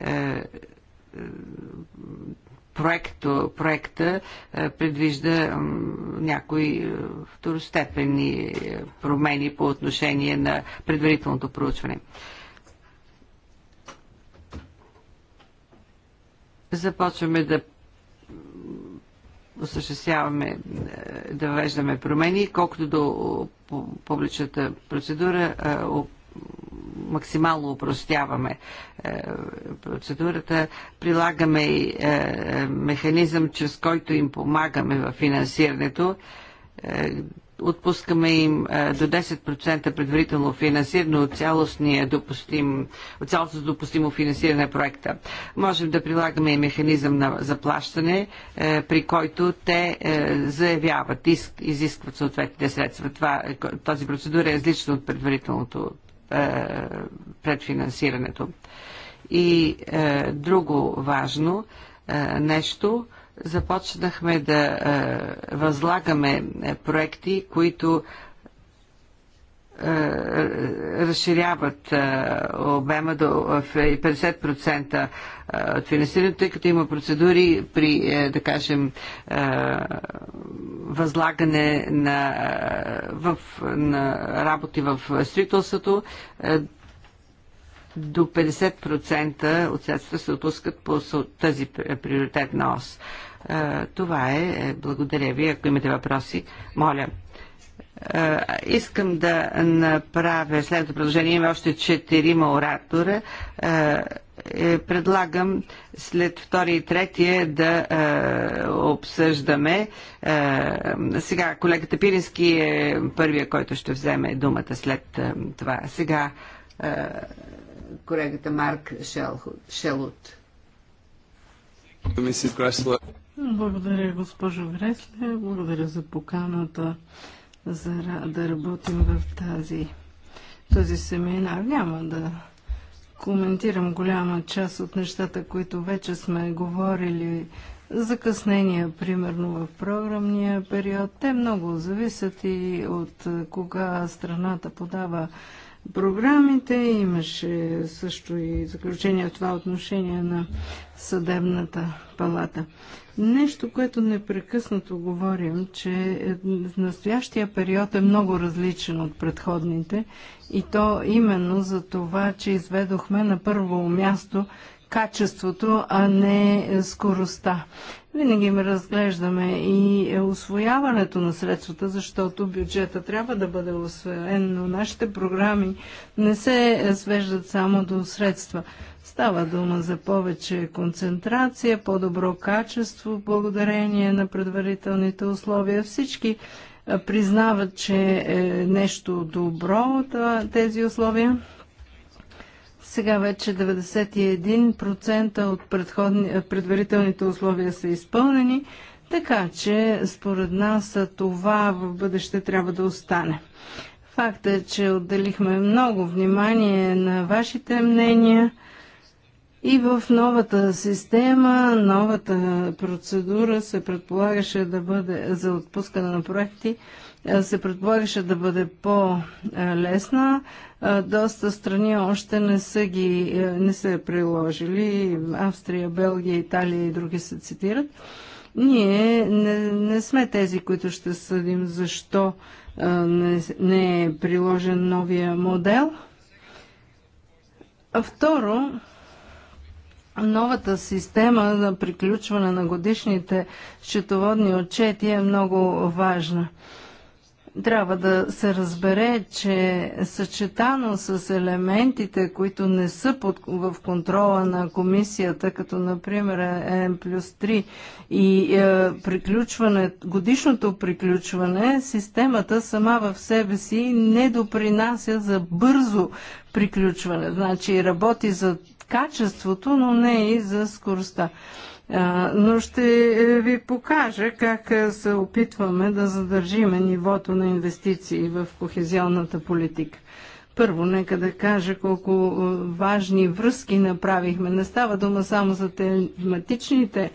е, е, проекто, проекта е, предвижда някои второстепенни промени по отношение на предварителното проучване. Започваме да осъществяваме, е, да въвеждаме промени, колкото до публичната процедура е, максимално упростяваме е, процедурата, прилагаме и механизъм, чрез който им помагаме в финансирането отпускаме им е, до 10% предварително финансиране от допустим, от цялостно допустимо финансиране на проекта. Можем да прилагаме и механизъм на заплащане, е, при който те е, заявяват, изискват съответните средства. Това, тази процедура е различна от предварителното предфинансирането. И друго важно нещо – започнахме да е, възлагаме е, проекти, които е, разширяват обема до 50% от финансирането, тъй като има процедури при, да кажем, възлагане на, в, на работи в строителството. До 50% от средства се отпускат по тази приоритетна ос. Това е, е. Благодаря ви. Ако имате въпроси, моля. Искам да направя следното предложение. Има още четирима оратора. Е, предлагам след втори и третия да обсъждаме. Сега колегата Пирински е първия, който ще вземе думата след това. Сега колегата Марк Шелхут. Шелут. Благодаря, госпожо Гресле. Благодаря за поканата за да работим в тази, този семинар. Няма да коментирам голяма част от нещата, които вече сме говорили. Закъснения, примерно в програмния период, те много зависят и от кога страната подава програмите. Имаше също и заключение в това отношение на съдебната палата. Нещо, което непрекъснато говорим, че в настоящия период е много различен от предходните и то именно за това, че изведохме на първо място качеството, а не скоростта. Винаги ме разглеждаме и освояването на средствата, защото бюджета трябва да бъде освоен, но нашите програми не се свеждат само до средства. Става дума за повече концентрация, по-добро качество, благодарение на предварителните условия. Всички признават, че е нещо добро тези условия сега вече 91% от е, предварителните условия са изпълнени, така че според нас това в бъдеще трябва да остане. Факт е, че отделихме много внимание на вашите мнения и в новата система, новата процедура се предполагаше да бъде за отпускане на проекти, е, се предполагаше да бъде по-лесна. Е, доста страни още не са ги е, не са приложили. Австрия, Белгия, Италия и други се цитират. Ние не, не сме тези, които ще съдим защо не, не е приложен новия модел. А второ, новата система за приключване на годишните счетоводни отчети е много важна трябва да се разбере, че съчетано с елементите, които не са под, в контрола на комисията, като например М плюс 3 и е, приключване, годишното приключване, системата сама в себе си не допринася за бързо приключване. Значи работи за качеството, но не и за скоростта но ще е, ви покажа как е, се опитваме да задържиме нивото на инвестиции в кохезионната политика. Първо, нека да кажа колко е, важни връзки направихме. Не става дума само за тематичните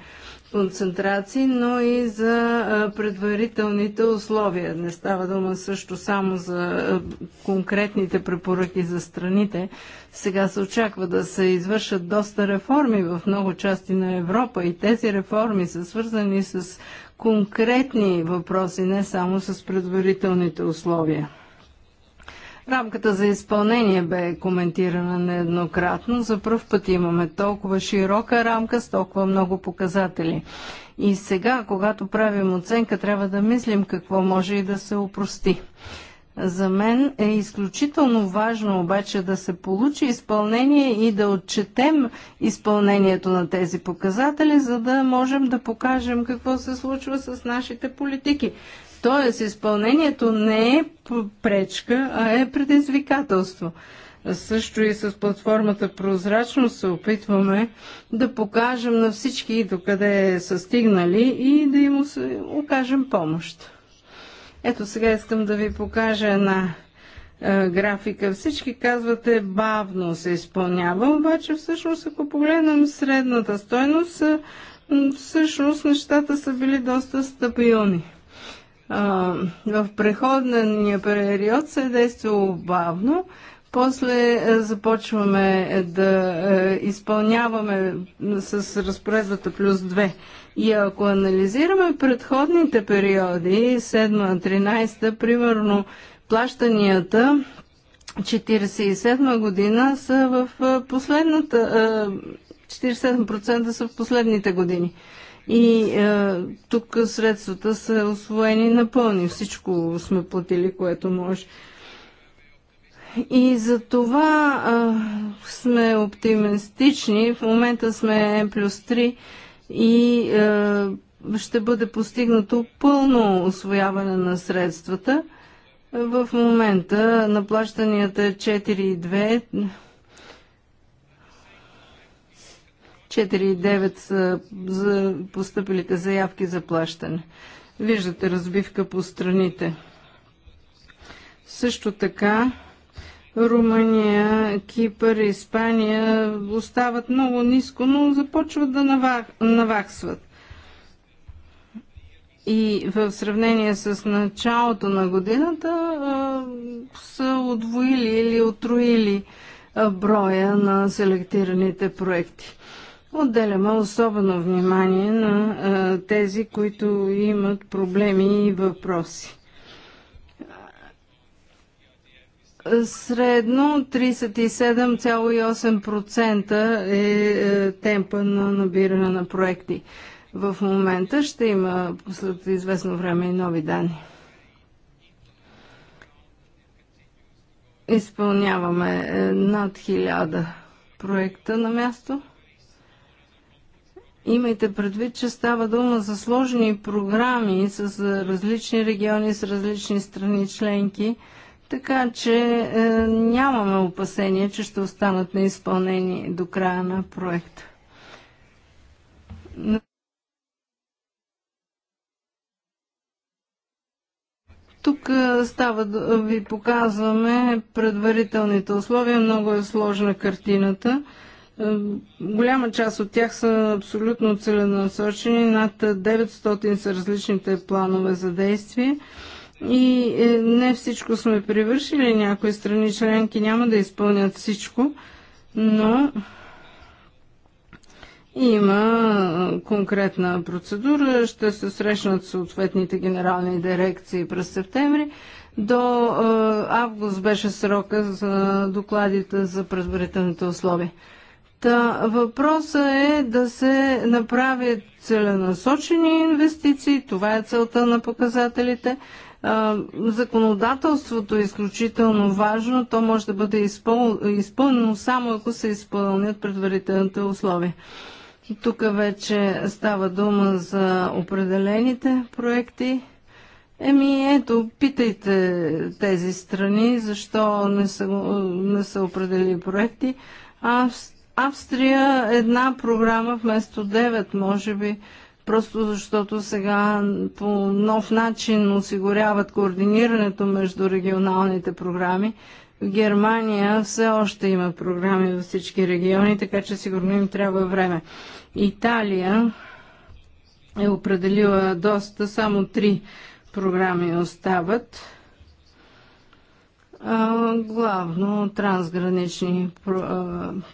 концентрации, но и за предварителните условия. Не става дума също само за конкретните препоръки за страните. Сега се очаква да се извършат доста реформи в много части на Европа и тези реформи са свързани с конкретни въпроси, не само с предварителните условия. Рамката за изпълнение бе коментирана нееднократно. За първ път имаме толкова широка рамка с толкова много показатели. И сега, когато правим оценка, трябва да мислим какво може и да се опрости. За мен е изключително важно обаче да се получи изпълнение и да отчетем изпълнението на тези показатели, за да можем да покажем какво се случва с нашите политики. Тоест, изпълнението не е пречка, а е предизвикателство. Също и с платформата Прозрачност се опитваме да покажем на всички докъде са стигнали и да им окажем помощ. Ето сега искам да ви покажа една е, графика. Всички казвате бавно се изпълнява, обаче всъщност ако погледнем средната стойност, е, всъщност нещата са били доста стабилни а, в преходния период се е действало бавно, после е, започваме е, да е, изпълняваме с разпоредбата плюс 2. И ако анализираме предходните периоди, 7-13, примерно плащанията 47 година са в последната, 47% са в последните години. И е, тук средствата са освоени напълни. Всичко сме платили, което може. И за това е, сме оптимистични. В момента сме N плюс 3 и е, ще бъде постигнато пълно освояване на средствата. Е, в момента на плащанията 4,2 е 4,9 са за поступилите заявки за плащане. Виждате разбивка по страните. Също така Румъния, Кипър, Испания остават много ниско, но започват да наваксват. И в сравнение с началото на годината са отвоили или отруили броя на селектираните проекти. Отделяме особено внимание на тези, които имат проблеми и въпроси. Средно 37,8% е, е темпа на набиране на проекти. В момента ще има след известно време и нови данни. Изпълняваме е, над 1000 проекта на място. Имайте предвид, че става дума за сложни програми с различни региони, с различни страни членки, така че е, нямаме опасение, че ще останат неизпълнени до края на проекта. Тук е, става, ви показваме предварителните условия. Много е сложна картината. Е, голяма част от тях са абсолютно целенасочени. Над 900 са различните планове за действие. И е, не всичко сме привършили. Някои страни членки няма да изпълнят всичко, но има е, конкретна процедура. Ще се срещнат съответните генерални дирекции през септември. До август беше срока за докладите за предварителните условия. Та, въпросът е да се направят целенасочени инвестиции, това е целта на показателите. Законодателството е изключително важно, то може да бъде изпъл... изпълнено само ако се изпълнят предварителните условия. Тук вече става дума за определените проекти. Еми ето, питайте тези страни, защо не са, не са определили проекти. Австрия Австрия една програма вместо 9, може би, просто защото сега по нов начин осигуряват координирането между регионалните програми. В Германия все още има програми във всички региони, така че сигурно им трябва време. Италия е определила доста, само три програми остават главно трансгранични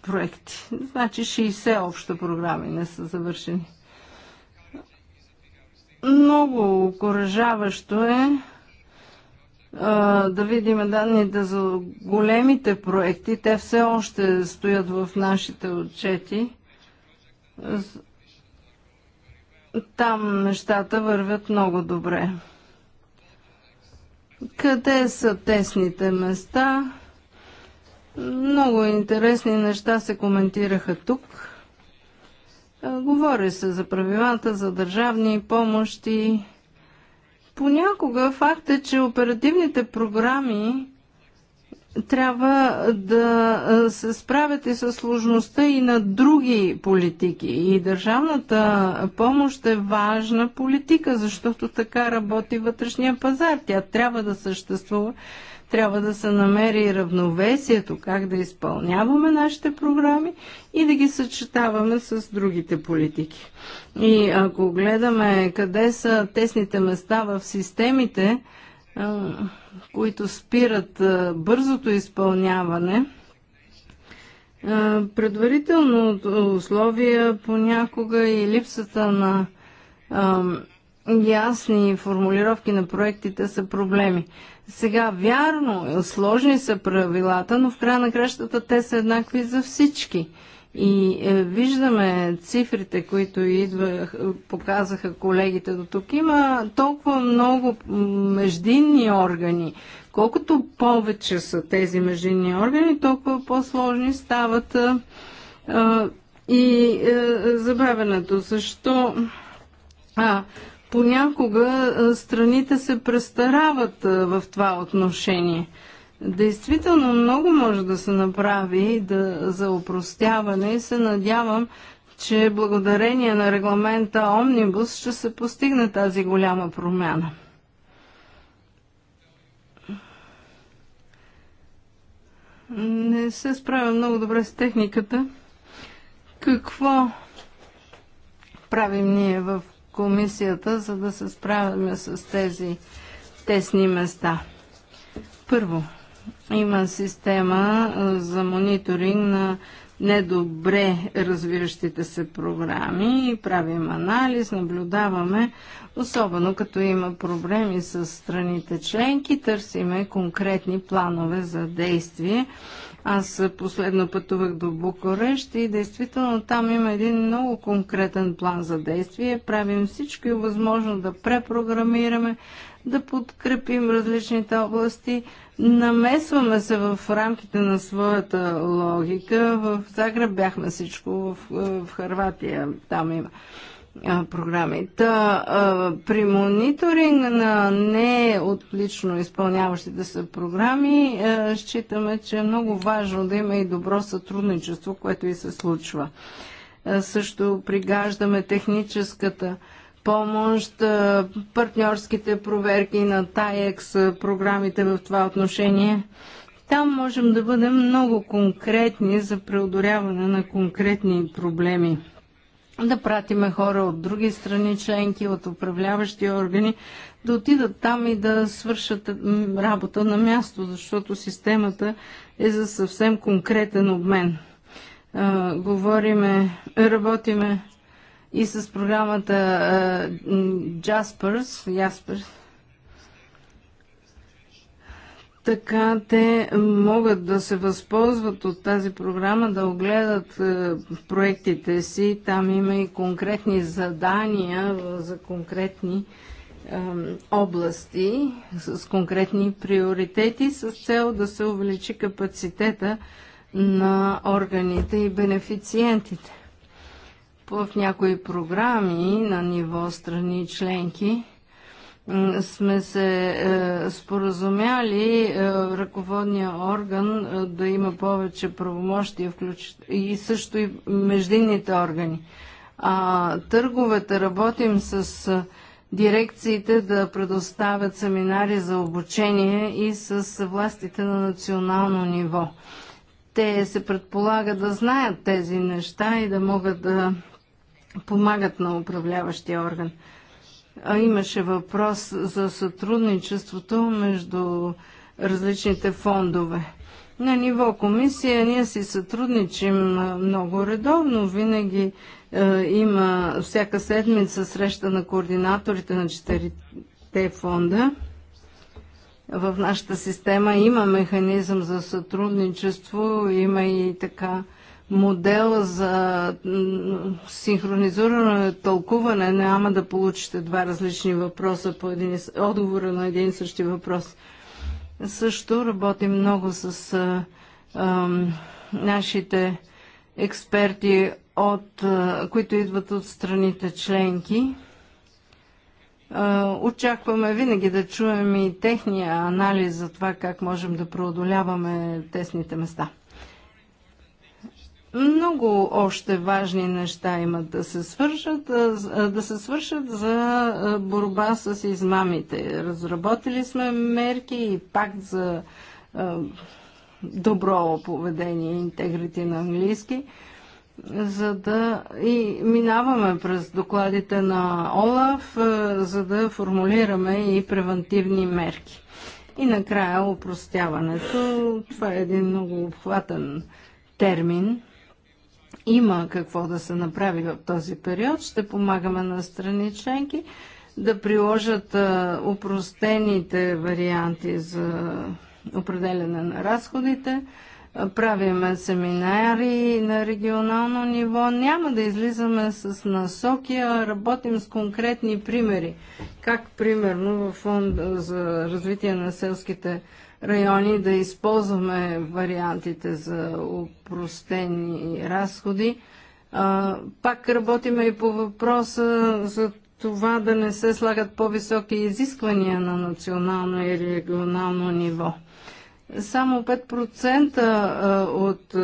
проекти. Значи 60 общо програми не са завършени. Много окоръжаващо е да видим данните за големите проекти. Те все още стоят в нашите отчети. Там нещата вървят много добре къде са тесните места. Много интересни неща се коментираха тук. Говори се за правилата за държавни помощи. Понякога факт е, че оперативните програми трябва да се справят и с сложността и на други политики. И държавната помощ е важна политика, защото така работи вътрешния пазар. Тя трябва да съществува, трябва да се намери равновесието, как да изпълняваме нашите програми и да ги съчетаваме с другите политики. И ако гледаме къде са тесните места в системите, които спират бързото изпълняване. Предварително условия понякога и липсата на ясни формулировки на проектите са проблеми. Сега, вярно, сложни са правилата, но в края на кращата те са еднакви за всички. И е, виждаме цифрите, които идва, показаха колегите до тук. Има толкова много междинни органи. Колкото повече са тези междинни органи, толкова по-сложни стават е, е и е, забавянето. Защо? А, понякога е, страните се престарават в това отношение. Действително много може да се направи да, за опростяване и се надявам, че благодарение на регламента Омнибус ще се постигне тази голяма промяна. Не се справя много добре с техниката. Какво правим ние в комисията, за да се справяме с тези тесни места? Първо, има система за мониторинг на недобре развиващите се програми и правим анализ, наблюдаваме, особено като има проблеми с страните членки, търсиме конкретни планове за действие. Аз последно пътувах до Букурещ и действително там има един много конкретен план за действие. Правим всичко възможно да препрограмираме, да подкрепим различните области – Намесваме се в рамките на своята логика. В Загреб бяхме всичко, в, е, в Харватия там има програми. Та, а, при мониторинг на не отлично изпълняващите се програми а, е, считаме, че е много важно да има и добро сътрудничество, което и се случва. А, е, също пригаждаме техническата помощ, партньорските проверки на ТАЕКС, програмите в това отношение. Там можем да бъдем много конкретни за преодоляване на конкретни проблеми. Да пратиме хора от други страни членки, от управляващи органи, да отидат там и да свършат работа на място, защото системата е за съвсем конкретен обмен. Говориме, работиме и с програмата Jaspers, Jaspers, така те могат да се възползват от тази програма, да огледат проектите си. Там има и конкретни задания за конкретни области с конкретни приоритети с цел да се увеличи капацитета на органите и бенефициентите в някои програми на ниво страни членки сме се е, споразумяли е, ръководния орган е, да има повече правомощия включ... и също и междинните органи. А търговете работим с дирекциите да предоставят семинари за обучение и с властите на национално ниво. Те се предполага да знаят тези неща и да могат да помагат на управляващия орган. А имаше въпрос за сътрудничеството между различните фондове. На ниво комисия ние си сътрудничим много редовно. Винаги е, има всяка седмица среща на координаторите на четирите фонда. В нашата система има механизъм за сътрудничество, има и така модел за синхронизирано тълкуване няма да получите два различни въпроса по един, отговора на един и същи въпрос. Също работим много с а, а, нашите експерти, от, а, които идват от страните членки. Очакваме винаги да чуем и техния анализ за това как можем да преодоляваме тесните места. Много още важни неща имат да се свършат, да се свършат за борба с измамите. Разработили сме мерки и пакт за добро поведение, и интегрити на английски, за да и минаваме през докладите на ОЛАФ, за да формулираме и превентивни мерки. И накрая упростяването. Това е един много обхватен термин има какво да се направи в този период. Ще помагаме на страни членки да приложат упростените варианти за определене на разходите. Правиме семинари на регионално ниво. Няма да излизаме с насоки, а работим с конкретни примери. Как примерно в фонд за развитие на селските райони, да използваме вариантите за упростени разходи. А, пак работиме и по въпроса за това да не се слагат по-високи изисквания на национално и регионално ниво. Само 5% от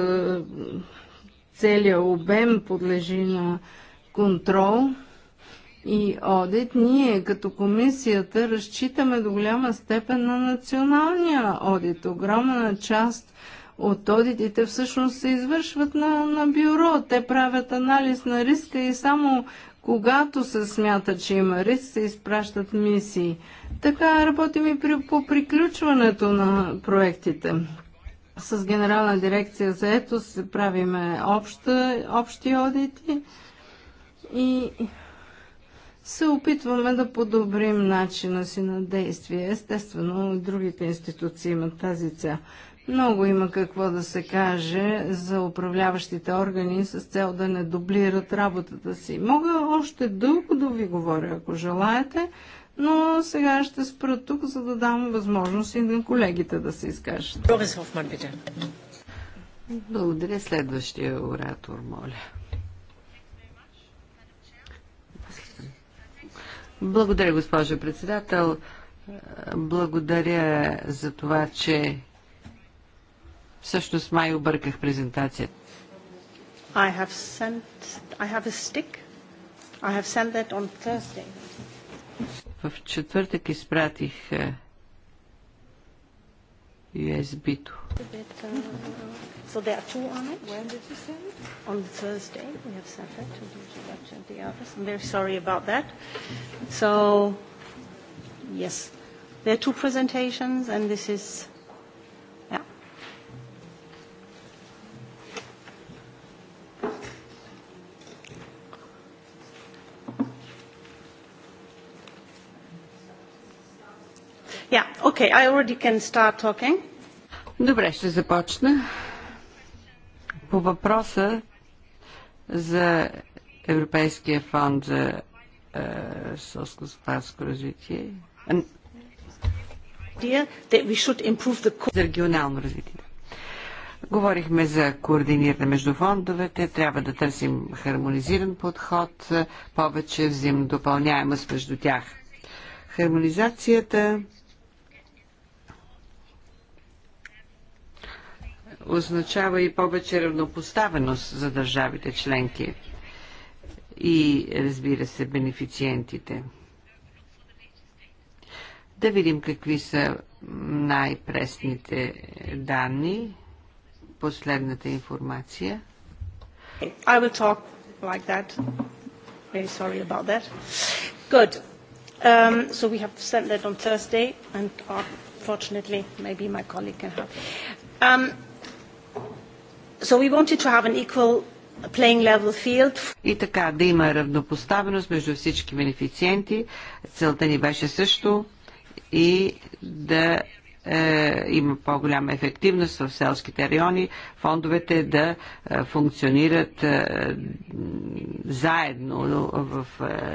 целия обем подлежи на контрол и одит, ние като комисията разчитаме до голяма степен на националния одит. Огромна част от одитите всъщност се извършват на, на бюро. Те правят анализ на риска и само когато се смята, че има риск, се изпращат мисии. Така работим и при, по приключването на проектите. С Генерална дирекция за ето правиме общи одити и се опитваме да подобрим начина си на действие. Естествено, другите институции имат тази цел. Много има какво да се каже за управляващите органи с цел да не дублират работата си. Мога още дълго да ви говоря, ако желаете, но сега ще спра тук, за да дам възможност и на колегите да се изкажат. Благодаря. Следващия оратор, моля. Благодаря, госпожо председател. Благодаря за това, че всъщност май обърках презентацията. I have sent, I have a stick. I have sent that on Thursday. В четвъртък изпратих е, USB-то. So there are two on it. When did you it? On Thursday, we have to the office. I'm very sorry about that. So, yes, there are two presentations, and this is okay i already can start talking. Добре, ще започна. По въпроса за Европейския фонд за е, сълско развитие. За регионално развитие. Говорихме за координиране между фондовете, трябва да търсим хармонизиран подход, повече взаимодопълняемост между тях. Хармонизацията означава и повече равнопоставеност за държавите членки и, разбира се, бенефициентите. Да видим какви са най-пресните данни, последната информация. I will talk like that. Very sorry about that. Good. Um, so we have sent that on Thursday, and unfortunately, uh, maybe my colleague can help. Um, So we wanted to have an equal playing level field. И така, да има равнопоставеност между всички бенефициенти. Целта ни беше също и да е, има по-голяма ефективност в селските райони, фондовете да е, функционират е, заедно в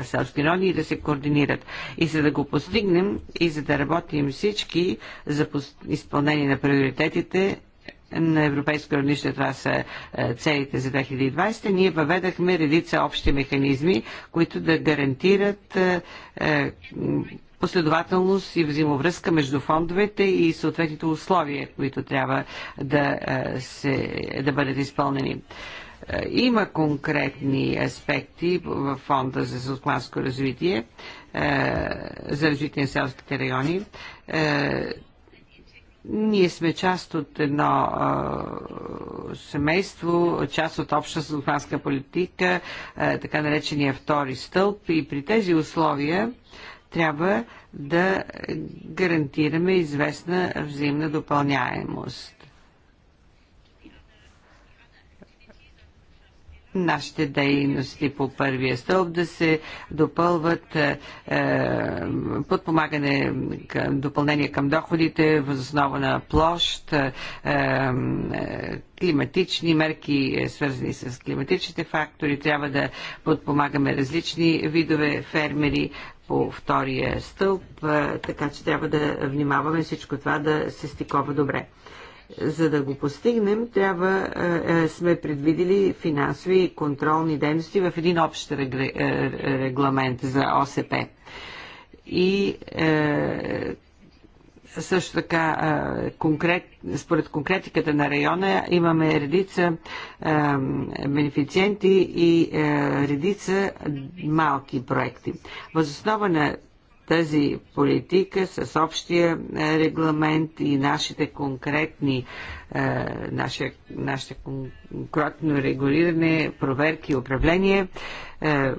е, селски райони и да се координират. И за да го постигнем и за да работим всички за изпълнение на приоритетите, на европейско равнище, това са е, целите за 2020, ние въведахме редица общи механизми, които да гарантират е, е, последователност и взаимовръзка между фондовете и съответните условия, които трябва да, се, да бъдат изпълнени. Има конкретни аспекти в фонда за селско развитие, за развитие на селските райони ние сме част от едно а, семейство, част от обща стопанска политика, а, така наречения втори стълб и при тези условия трябва да гарантираме известна взаимна допълняемост нашите дейности по първия стълб да се допълват е, е подпомагане, към, допълнение към доходите, възоснова на площ, е, е, климатични мерки, е, свързани с климатичните фактори. Трябва да подпомагаме различни видове фермери, по втория стълб, е, така че трябва да внимаваме всичко това да се стикова добре. За да го постигнем, трябва е, е, сме предвидили финансови и контролни дейности в един общ е, регламент за ОСП. И е, също така е, конкрет, според конкретиката на района имаме редица бенефициенти и редица малки проекти. Възоснова на тази политика с общия е, регламент и нашите конкретни е, наше, нашето конкретно регулиране, проверки и управление е,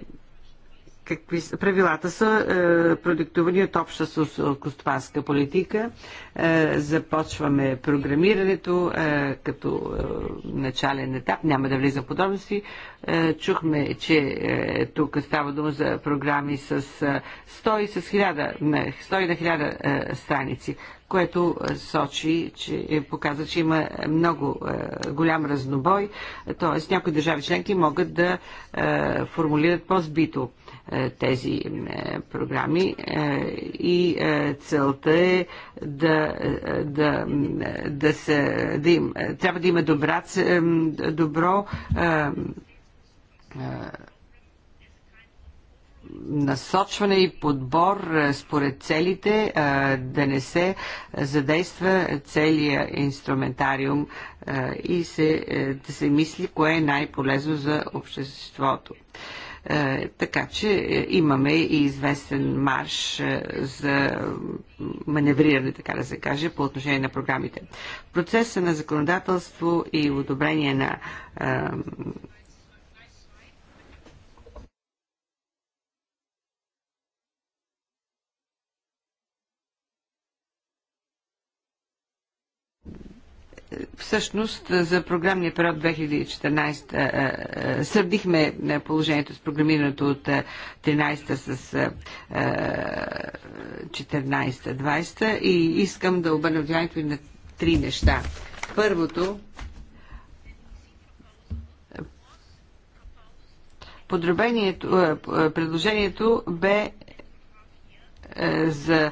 какви са правилата са е, продиктовани от обща со-костопанска политика. Е, започваме програмирането е, като е, начален етап. Няма да влизам в подробности. Е, чухме, че е, тук става дума за програми с 100 е, и с 1000, на 100 и на 1000 е, страници което сочи, че е, показва, че има много е, голям разнобой, т.е. някои държави членки могат да е, формулират по-збито е, тези е, програми е, и целта е да, да, да, се, да им, трябва да има добра, добро насочване и подбор според целите, да не се задейства целият инструментариум и се, да се мисли кое е най-полезно за обществото. Е, така че е, имаме и известен марш е, за маневриране, така да се каже, по отношение на програмите. процеса на законодателство и одобрение на всъщност за програмния период 2014 е, е, сърдихме е, положението с програмирането от 13 с 14-20 и искам да обърна вниманието и на три неща. Първото, подробението, предложението бе за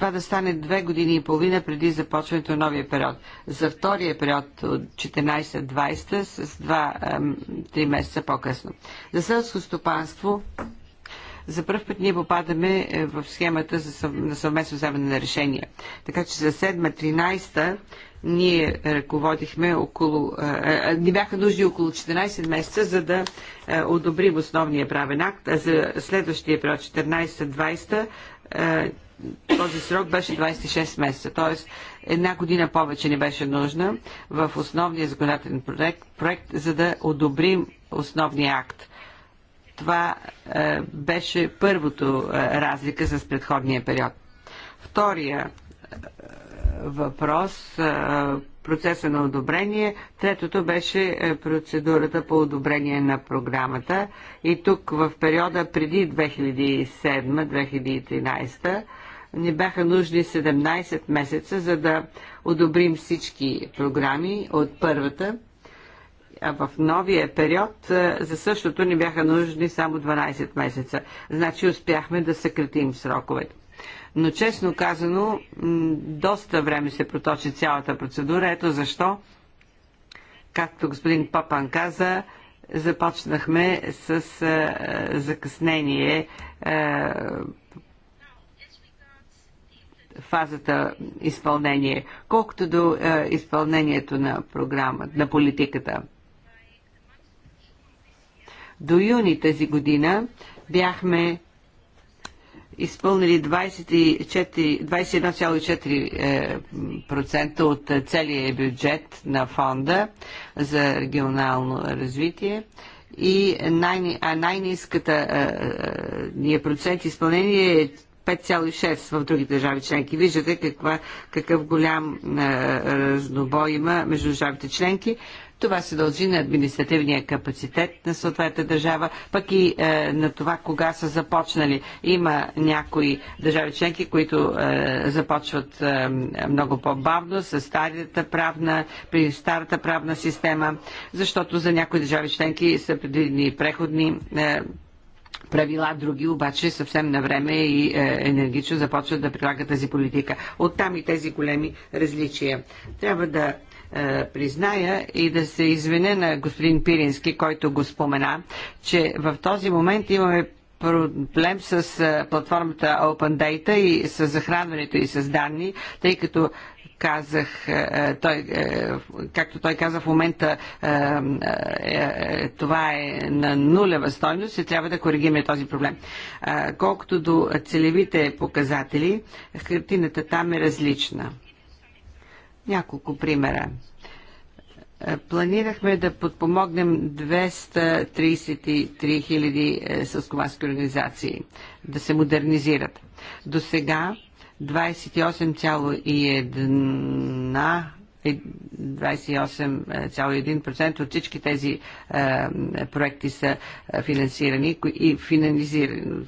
това да стане две години и половина преди започването на новия период. За втория период от 14-20 с 2-3 месеца по-късно. За селско стопанство за първ път ние попадаме е, в схемата за съв... на съвместно вземане на решения. Така че за 7-13 ние ръководихме около... А, е, е, ни бяха нужди около 14 месеца, за да а, одобрим основния правен акт, а за следващия период 14-20 този срок беше 26 месеца, т.е. една година повече не беше нужна в основния законодателен проект, проект за да одобрим основния акт. Това е, беше първото е, разлика с предходния период. Втория е, въпрос е, процеса на одобрение. Третото беше е, процедурата по одобрение на програмата. И тук в периода преди 2007-2013 ни бяха нужни 17 месеца, за да одобрим всички програми от първата. А в новия период е, за същото ни бяха нужни само 12 месеца. Значи успяхме да съкратим сроковете. Но честно казано, доста време се проточи цялата процедура. Ето защо, както господин Папан каза, започнахме с е, закъснение е, фазата изпълнение, колкото до е, изпълнението на програмата, на политиката. До юни тази година бяхме изпълнили 21,4% е, от целия бюджет на фонда за регионално развитие и най- а най-низката ни е, е, е процент изпълнение е 5,6 в други държави членки. Виждате каква, какъв голям а, разнобой има между държавите членки. Това се дължи на административния капацитет на съответната държава, пък и е, на това кога са започнали. Има някои държави членки, които е, започват е, много по-бавно с старата правна, при старата правна система, защото за някои държави членки са предвидени преходни е, правила, други обаче съвсем на време и е, енергично започват да прилагат тази политика. Оттам и тези големи различия. Трябва да е, призная и да се извиня на господин Пирински, който го спомена, че в този момент имаме проблем с е, платформата Open Data и с захранването и с данни, тъй като казах, е, е, той, е, както той каза в момента, това е на нулева стойност и трябва да коригираме този проблем. Колкото до целевите показатели, картината там е различна. Няколко примера. Планирахме да подпомогнем 233 000 съскомански организации да се модернизират. До сега 28,1 от всички тези е, проекти са е, финансирани и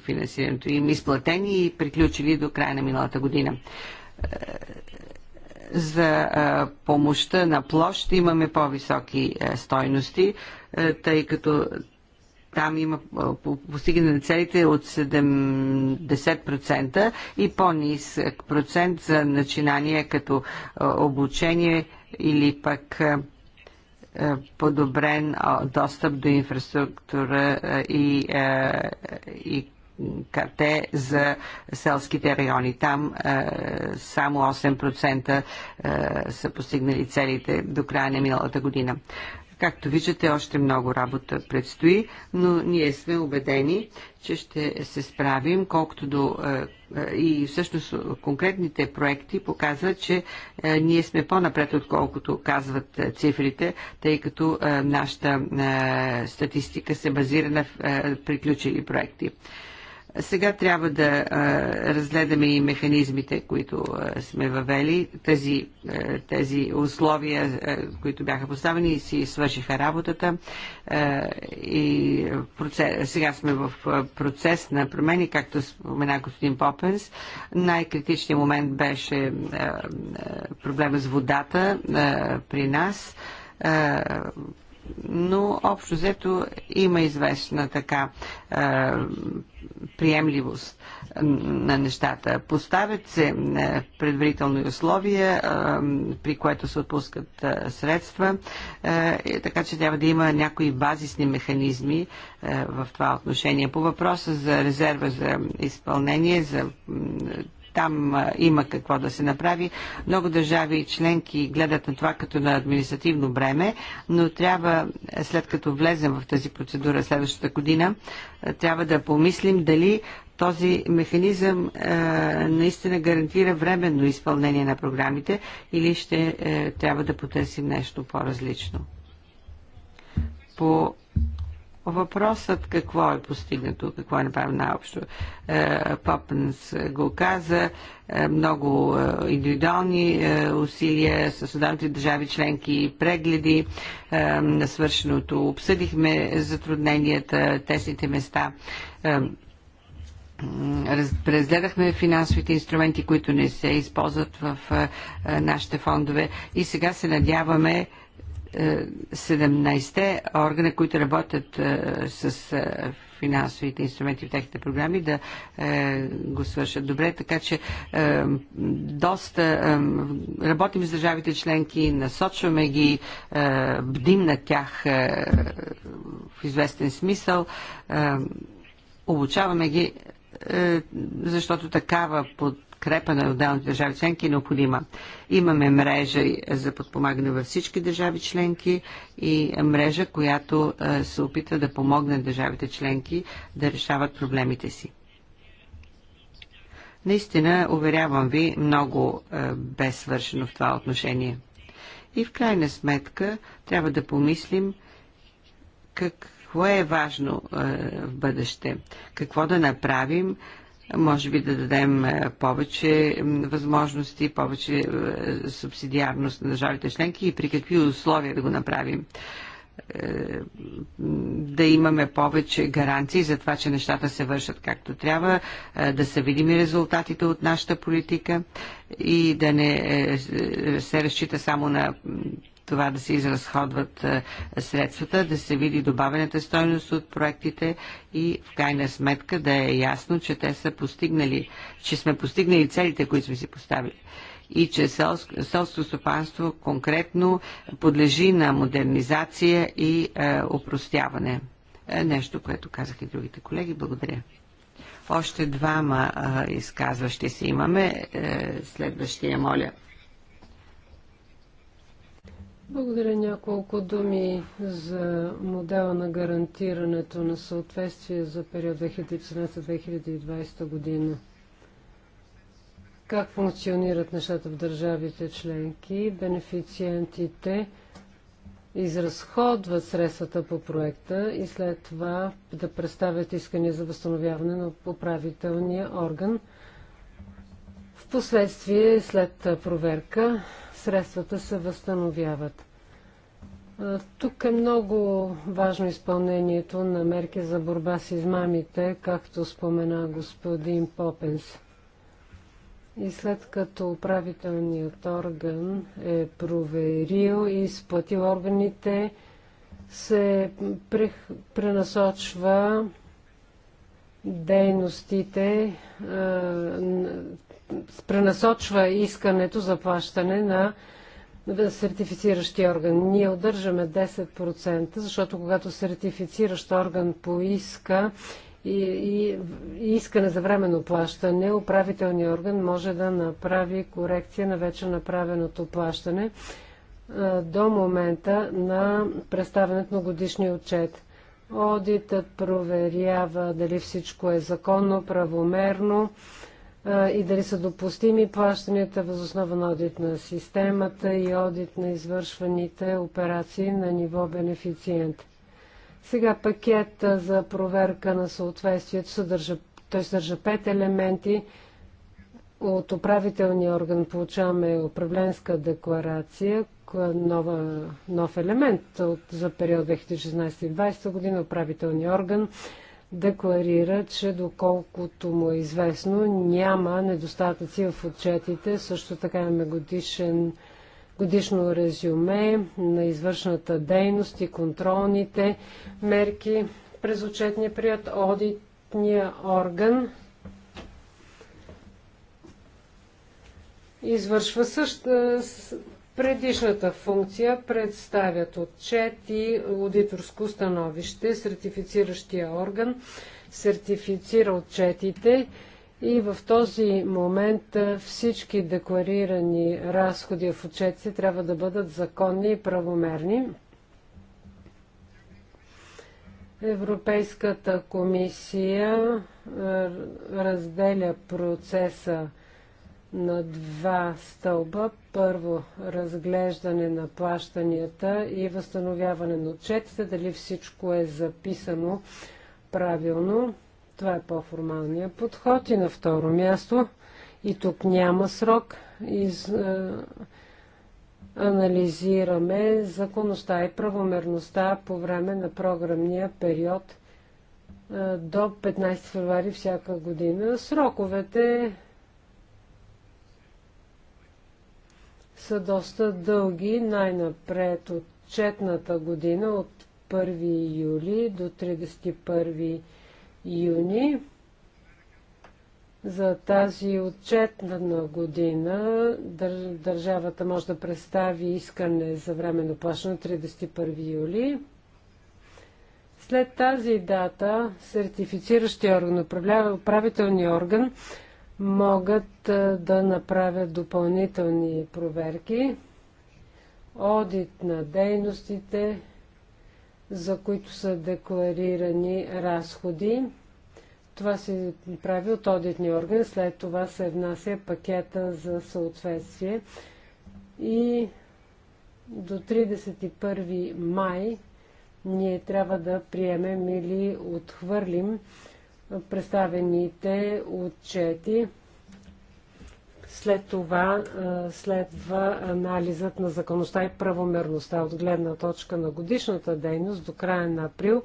финансирането им изплатени и приключили до края на миналата година. Е, за е, помощта на площ имаме по-високи е, стойности, е, тъй като там има постигане на целите от 70% и по-нисък процент за начинания като обучение или пък подобрен достъп до инфраструктура и, и карте за селските райони. Там само 8% са постигнали целите до края на миналата година. Както виждате, още много работа предстои, но ние сме убедени, че ще се справим, колкото до е, е, и всъщност конкретните проекти показват, че е, ние сме по-напред, отколкото казват цифрите, тъй като нашата статистика се базира на приключили проекти. Сега трябва да а, разгледаме и механизмите, които а, сме въвели. Тези, а, тези условия, а, които бяха поставени, си свършиха работата. А, и процес, сега сме в процес на промени, както спомена господин Попенс. Най-критичният момент беше а, проблема с водата а, при нас но общо взето има известна така е, приемливост на нещата. Поставят се е, предварителни условия, е, при което се отпускат е, средства, е, така че трябва да има някои базисни механизми е, в това отношение. По въпроса за резерва за изпълнение, за там има какво да се направи. Много държави и членки гледат на това като на административно бреме, но трябва, след като влезем в тази процедура следващата година, трябва да помислим дали този механизъм е, наистина гарантира временно изпълнение на програмите или ще е, трябва да потърсим нещо по-различно. По Въпросът какво е постигнато, какво е направено най-общо. Е, Попенс го каза, е, много е, индивидуални усилия с отделните държави членки, прегледи на свършеното. Обсъдихме затрудненията, тесните места разгледахме финансовите инструменти, които не се използват в нашите фондове и сега се надяваме 17-те органа, които работят е, с е, финансовите инструменти в техните програми, да е, го свършат добре. Така че доста работим с държавите членки, насочваме ги, бдим на тях в известен смисъл, обучаваме ги защото такава под подкрепа на отделните държави членки е необходима. Имаме мрежа за подпомагане във всички държави членки и мрежа, която се опитва да помогне държавите членки да решават проблемите си. Наистина, уверявам ви, много бе свършено в това отношение. И в крайна сметка трябва да помислим какво е важно в бъдеще, какво да направим, може би да дадем е, повече възможности, повече е, субсидиарност на държавите членки и при какви условия да го направим. Е, да имаме повече гаранции за това, че нещата се вършат както трябва, да са видими резултатите от нашата политика и да не се разчита само на това да се изразходват е, средствата, да се види добавената стойност от проектите и в крайна сметка да е ясно, че те са постигнали, че сме постигнали целите, които сме си поставили и че селско стопанство конкретно подлежи на модернизация и е, упростяване. Е, нещо, което казах и другите колеги. Благодаря. Още двама е, изказващи се имаме. Е, следващия, моля. Благодаря няколко думи за модела на гарантирането на съответствие за период 2017-2020 година. Как функционират нещата в държавите членки? Бенефициентите изразходват средствата по проекта и след това да представят искания за възстановяване на управителния орган. Впоследствие, след проверка, средствата се възстановяват. Тук е много важно изпълнението на мерки за борба с измамите, както спомена господин Попенс. И след като управителният орган е проверил и изплатил органите, се пренасочва дейностите, пренасочва искането за плащане на сертифициращия орган. Ние удържаме 10%, защото когато сертифициращ орган поиска и, и, искане за временно плащане, управителният орган може да направи корекция на вече направеното плащане до момента на представенето на годишния отчет. Одитът проверява дали всичко е законно, правомерно, и дали са допустими плащанията въз основа на одит на системата и одит на извършваните операции на ниво бенефициент. Сега пакет за проверка на съответствието съдържа, той съдържа пет елементи. От управителния орган получаваме управленска декларация, е нова, нов елемент от, за период 2016-2020 година, управителния орган декларира, че доколкото му е известно, няма недостатъци в отчетите. Също така имаме годишен, годишно резюме на извършната дейност и контролните мерки през отчетния период, одитния орган извършва също, Предишната функция представят отчет и аудиторско становище. Сертифициращия орган сертифицира отчетите и в този момент всички декларирани разходи в отчетите трябва да бъдат законни и правомерни. Европейската комисия разделя процеса на два стълба. Първо, разглеждане на плащанията и възстановяване на отчетите, дали всичко е записано правилно. Това е по-формалният подход. И на второ място, и тук няма срок, из, е, анализираме законността и правомерността по време на програмния период е, – до 15 февруари всяка година. Сроковете са доста дълги. Най-напред от четната година, от 1 юли до 31 юни. За тази отчетна година държавата може да представи искане за временно плащане 31 юли. След тази дата сертифициращия орган, управителния орган, могат да направят допълнителни проверки, одит на дейностите, за които са декларирани разходи. Това се прави от одитния орган, след това се внася пакета за съответствие и до 31 май ние трябва да приемем или отхвърлим представените отчети. След това следва анализът на законността и правомерността от гледна точка на годишната дейност до края на април.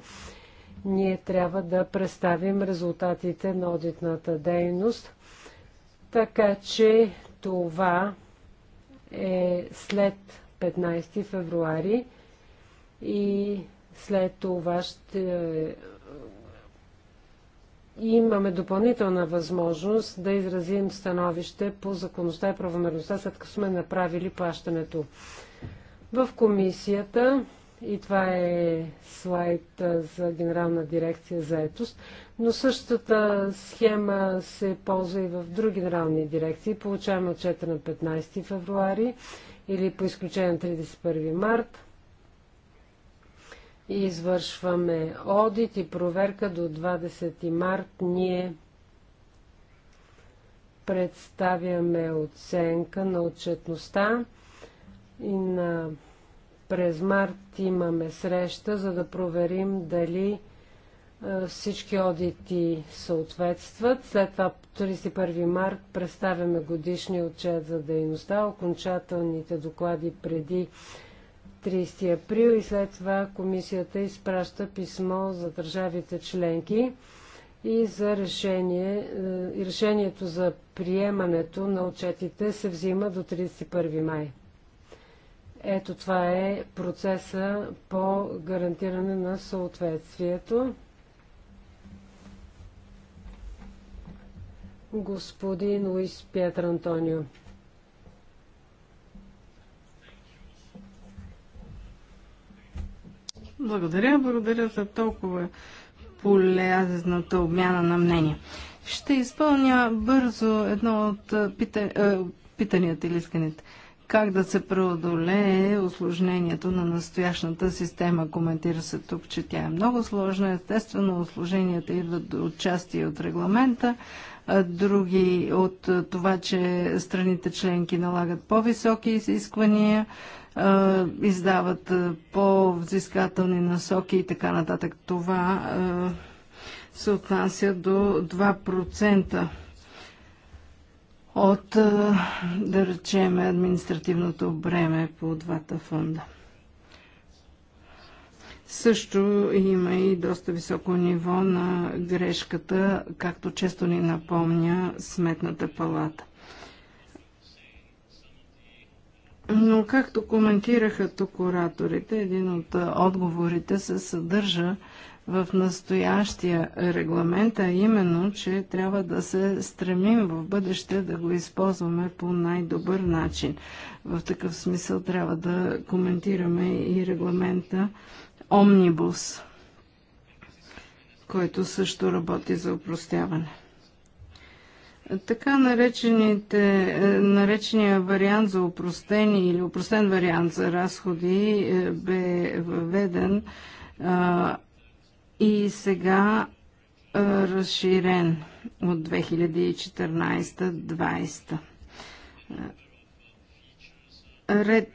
Ние трябва да представим резултатите на одитната дейност. Така че това е след 15 февруари и след това ще имаме допълнителна възможност да изразим становище по законността и правомерността, след като сме направили плащането. В комисията, и това е слайд за Генерална дирекция за етост, но същата схема се ползва и в други генерални дирекции. Получаваме отчета на 15 февруари или по изключение на 31 март и извършваме одит и проверка до 20 март. Ние представяме оценка на отчетността и на през март имаме среща, за да проверим дали всички одити съответстват. След това 31 март представяме годишния отчет за дейността, окончателните доклади преди 30 април и след това комисията изпраща писмо за държавите членки и за решение. Е, и решението за приемането на отчетите се взима до 31 май. Ето това е процеса по гарантиране на съответствието. Господин Луис Пьетър Антонио. Благодаря, благодаря за толкова полезната обмяна на мнение. Ще изпълня бързо едно от пита... питанията или исканите. Как да се преодолее осложнението на настоящната система? Коментира се тук, че тя е много сложна. Естествено, осложненията идват от части от регламента, други от това, че страните членки налагат по-високи изисквания издават по-взискателни насоки и така нататък. Това се отнася до 2% от, да речем, административното бреме по двата фонда. Също има и доста високо ниво на грешката, както често ни напомня Сметната палата. Но както коментираха тук ораторите, един от отговорите се съдържа в настоящия регламент, а именно, че трябва да се стремим в бъдеще да го използваме по най-добър начин. В такъв смисъл трябва да коментираме и регламента Омнибус, който също работи за упростяване. Така наречените, е, наречения вариант за упростени или упростен вариант за разходи е, бе въведен а, и сега а, разширен от 2014-2020 ред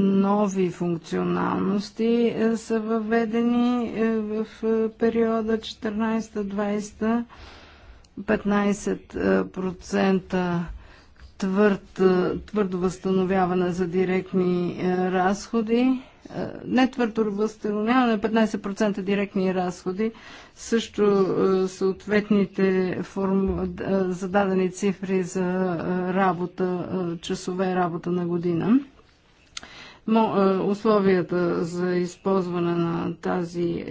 нови функционалности е, са въведени в периода 14-20 15% твърд, твърдо възстановяване за директни разходи, не твърдо възстановяване, 15% директни разходи, също съответните форм... зададени цифри за работа, часове работа на година. условията за използване на тази,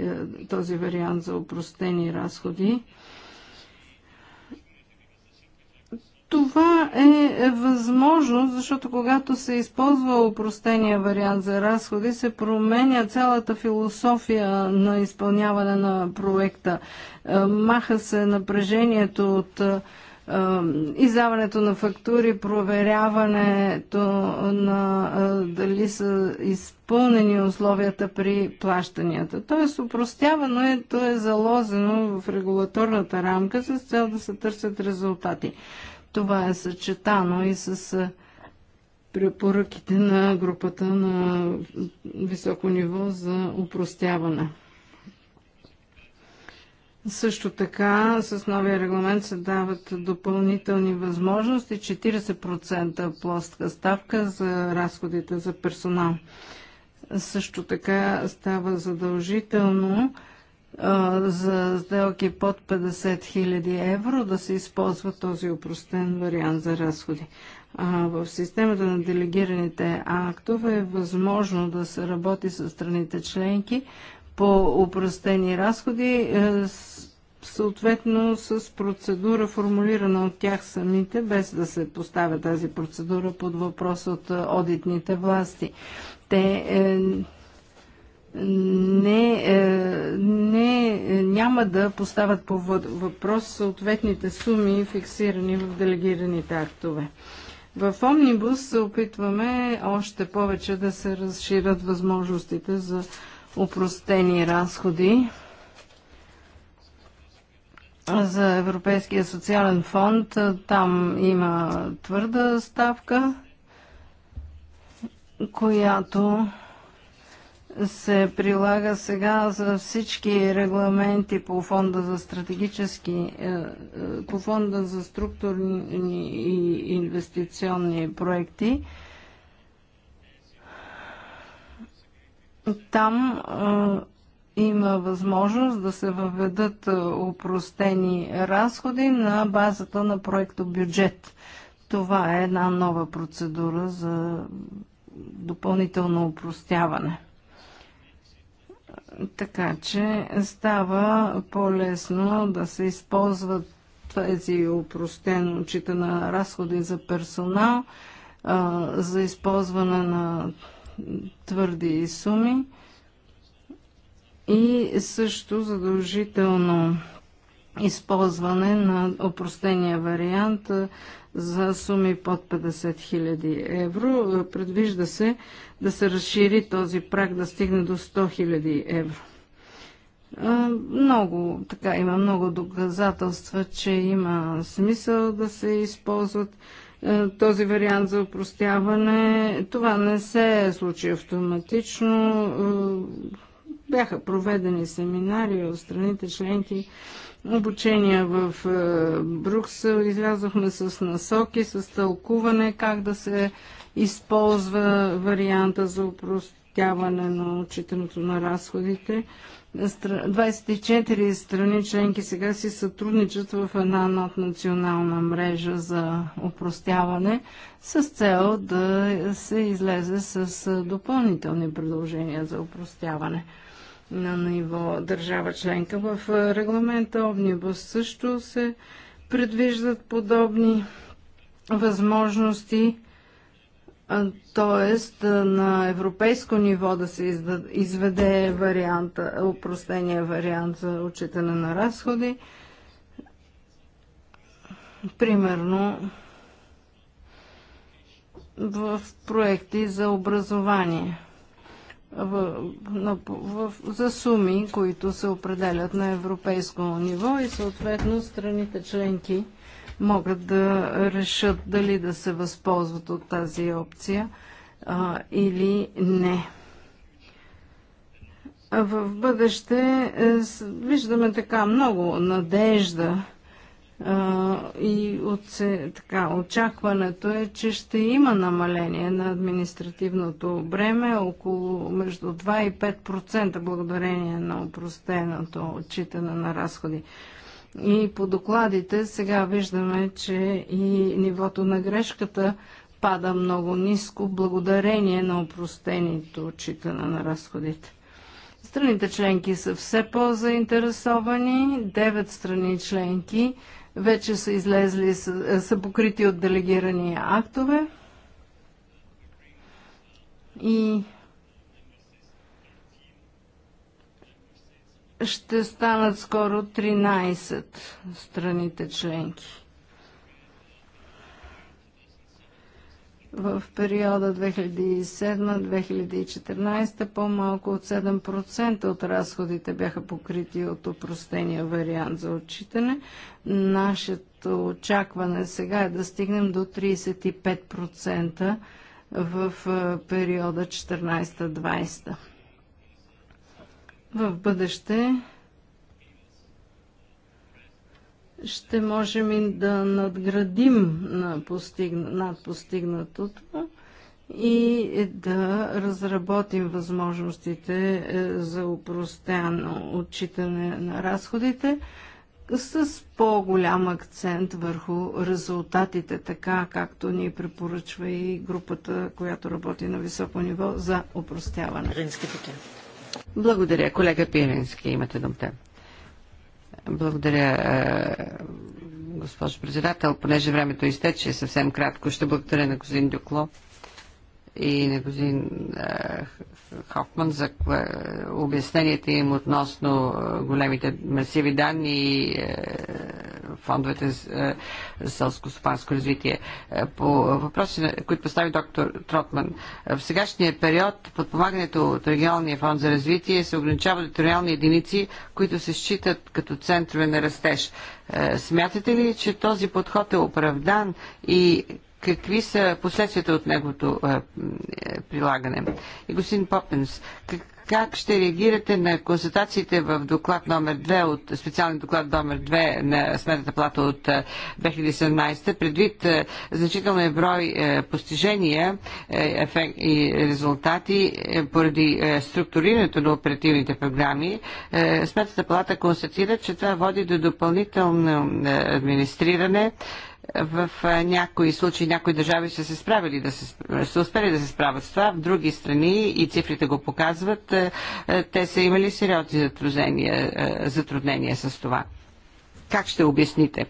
този вариант за упростени разходи Това е възможно, защото когато се използва упростения вариант за разходи, се променя цялата философия на изпълняване на проекта. Е, маха се напрежението от е, издаването на фактури, проверяването на е, дали са изпълнени условията при плащанията. Тоест, упростявано е, то е залозено в регулаторната рамка с цел да се търсят резултати. Това е съчетано и с препоръките на групата на високо ниво за упростяване. Също така с новия регламент се дават допълнителни възможности 40% плостка ставка за разходите за персонал. Също така става задължително за сделки под 50 000 евро да се използва този упростен вариант за разходи. в системата на делегираните актове е възможно да се работи с страните членки по упростени разходи, е, съответно с процедура формулирана от тях самите, без да се поставя тази процедура под въпрос от е, одитните власти. Те е, не, е, не, е, няма да поставят по въпрос съответните суми, фиксирани в делегираните актове. В Омнибус се опитваме още повече да се разширят възможностите за упростени разходи за Европейския социален фонд. Там има твърда ставка, която се прилага сега за всички регламенти по фонда за стратегически, е, е, по фонда за структурни и инвестиционни проекти. Там е, има възможност да се въведат упростени разходи на базата на проекто бюджет. Това е една нова процедура за допълнително упростяване. Така че става по-лесно да се използват тези упростено очите на разходи за персонал, а, за използване на твърди суми и също задължително използване на опростения вариант за суми под 50 000 евро. Предвижда се да се разшири този прак да стигне до 100 000 евро. Много, така, има много доказателства, че има смисъл да се използват този вариант за упростяване. Това не се е случи автоматично. Бяха проведени семинари от страните членки обучение в е, Бруксел. излязохме с насоки, с тълкуване как да се използва варианта за упростяване на отчитането на разходите. 24 страни членки сега си сътрудничат в една наднационална мрежа за упростяване с цел да се излезе с е, допълнителни предложения за упростяване на ниво държава членка. В е, регламента Омнибус също се предвиждат подобни възможности, т.е. на европейско ниво да се изведе варианта, упростения вариант за отчитане на разходи. Примерно в проекти за образование в, на, в, за суми, които се определят на европейско ниво и съответно страните членки могат да решат дали да се възползват от тази опция а, или не. В бъдеще е, виждаме така много надежда и от, така, очакването е, че ще има намаление на административното бреме около между 2 и 5% благодарение на упростеното отчитане на разходи. И по докладите сега виждаме, че и нивото на грешката пада много ниско благодарение на упростеното отчитане на разходите. Страните членки са все по-заинтересовани. Девет страни членки вече са излезли, са, е, са покрити от делегирани актове. И ще станат скоро 13 страните членки. в периода 2007-2014 по-малко от 7% от разходите бяха покрити от упростения вариант за отчитане. Нашето очакване сега е да стигнем до 35% в периода 2014 20 В бъдеще ще можем и да надградим на постигна, над постигнатото и да разработим възможностите е, за упростяно отчитане на разходите с по-голям акцент върху резултатите, така както ни препоръчва и групата, която работи на високо ниво за упростяване. Благодаря, колега Пирински. Имате думата. Благодаря, е, госпожо председател. Понеже времето изтече съвсем кратко, ще благодаря на господин Дюкло и на господин Хофман за обясненията им относно големите масиви данни и фондовете за селско супанско развитие. По въпроси, които постави доктор Тротман, в сегашния период подпомагането от Регионалния фонд за развитие се ограничава до териториални единици, които се считат като центрове на растеж. Смятате ли, че този подход е оправдан и какви са последствията от неговото е, прилагане. И господин Попенс, как, как ще реагирате на констатациите в доклад номер 2 от специален доклад номер 2 на Сметната плата от 2017 предвид значителния брой постижения и резултати поради структурирането на оперативните програми. Сметната плата констатира, че това води до допълнително администриране в някои случаи някои държави са се справили да се, са успели да се справят с това, в други страни и цифрите го показват, те са имали сериозни затруднения, затруднения с това. Как ще обясните?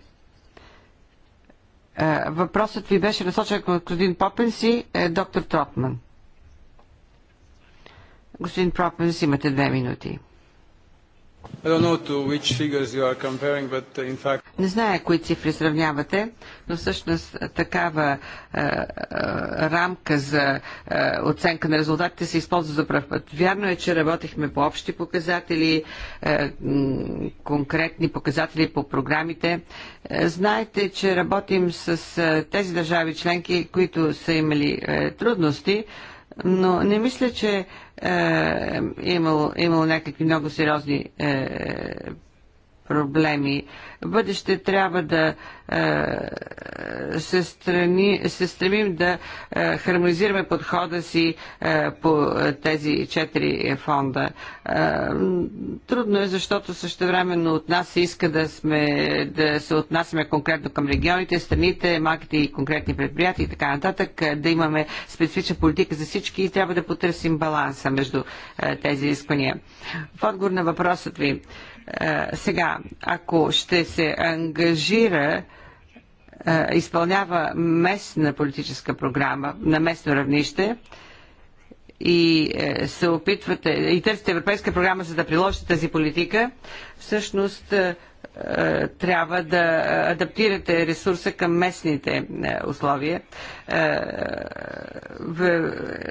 Въпросът ви беше насочен към господин Попенси, доктор Тропман. Господин Пропенс, имате две минути. Uh, не знае кои цифри сравнявате, но всъщност такава е, е, рамка за е, оценка на резултатите се използва за пръв път. Вярно е, че работихме по общи показатели, конкретни показатели по програмите. Е, знаете, че работим с тези държави членки, които са имали е, трудности, но не мисля, че е имало, имало някакви много сериозни е, проблеми. В бъдеще трябва да е, се, страни, се стремим да е, хармонизираме подхода си е, по тези четири фонда. трудно е, защото същевременно от нас се иска да, сме, да се отнасяме конкретно към регионите, страните, малките и конкретни предприятия и така нататък, да имаме специфична политика за всички и трябва да потърсим баланса между тези изисквания. В отговор на въпросът ви, е, сега, ако ще се ангажира е, изпълнява местна политическа програма на местно равнище и е, се опитвате и търсите европейска програма, за да приложите тази политика, всъщност е, трябва да адаптирате ресурса към местните е, условия. Е,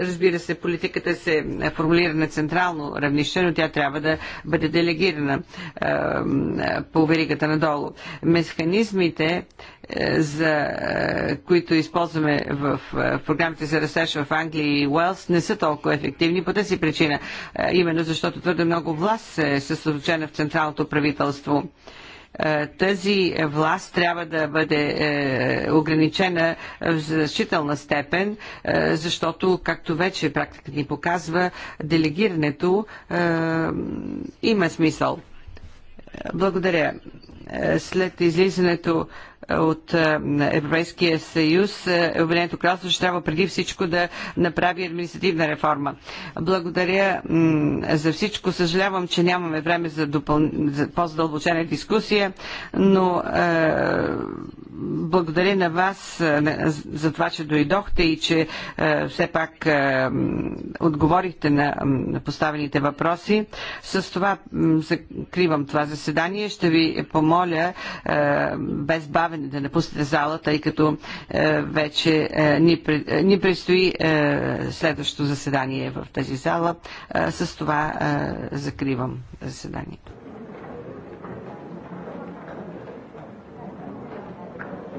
разбира се, политиката се формулира на централно равнище, но тя трябва да бъде делегирана по веригата надолу. Механизмите за които използваме в програмите за растеж в Англия и Уелс, не са толкова ефективни по тази причина, именно защото твърде много власт е съсредоточена в централното правителство. Е, тази власт трябва да бъде е, ограничена в значителна степен, е, защото, както вече практиката ни показва, делегирането има смисъл. Благодаря. След излизането от е, Европейския съюз, е, Обединеното кралство ще трябва преди всичко да направи административна реформа. Благодаря за всичко. Съжалявам, че нямаме време за, допъл... за по-задълбочена дискусия, но е, благодаря на вас е, за това, че дойдохте и че е, все пак е, отговорихте на, на поставените въпроси. С това е, закривам това заседание. Ще ви помоля е, без бавен принуждавани да напуснете зала, тъй като е, вече е, ни, е, ни предстои е, следващото заседание в тази зала. Е, с това е, закривам заседанието.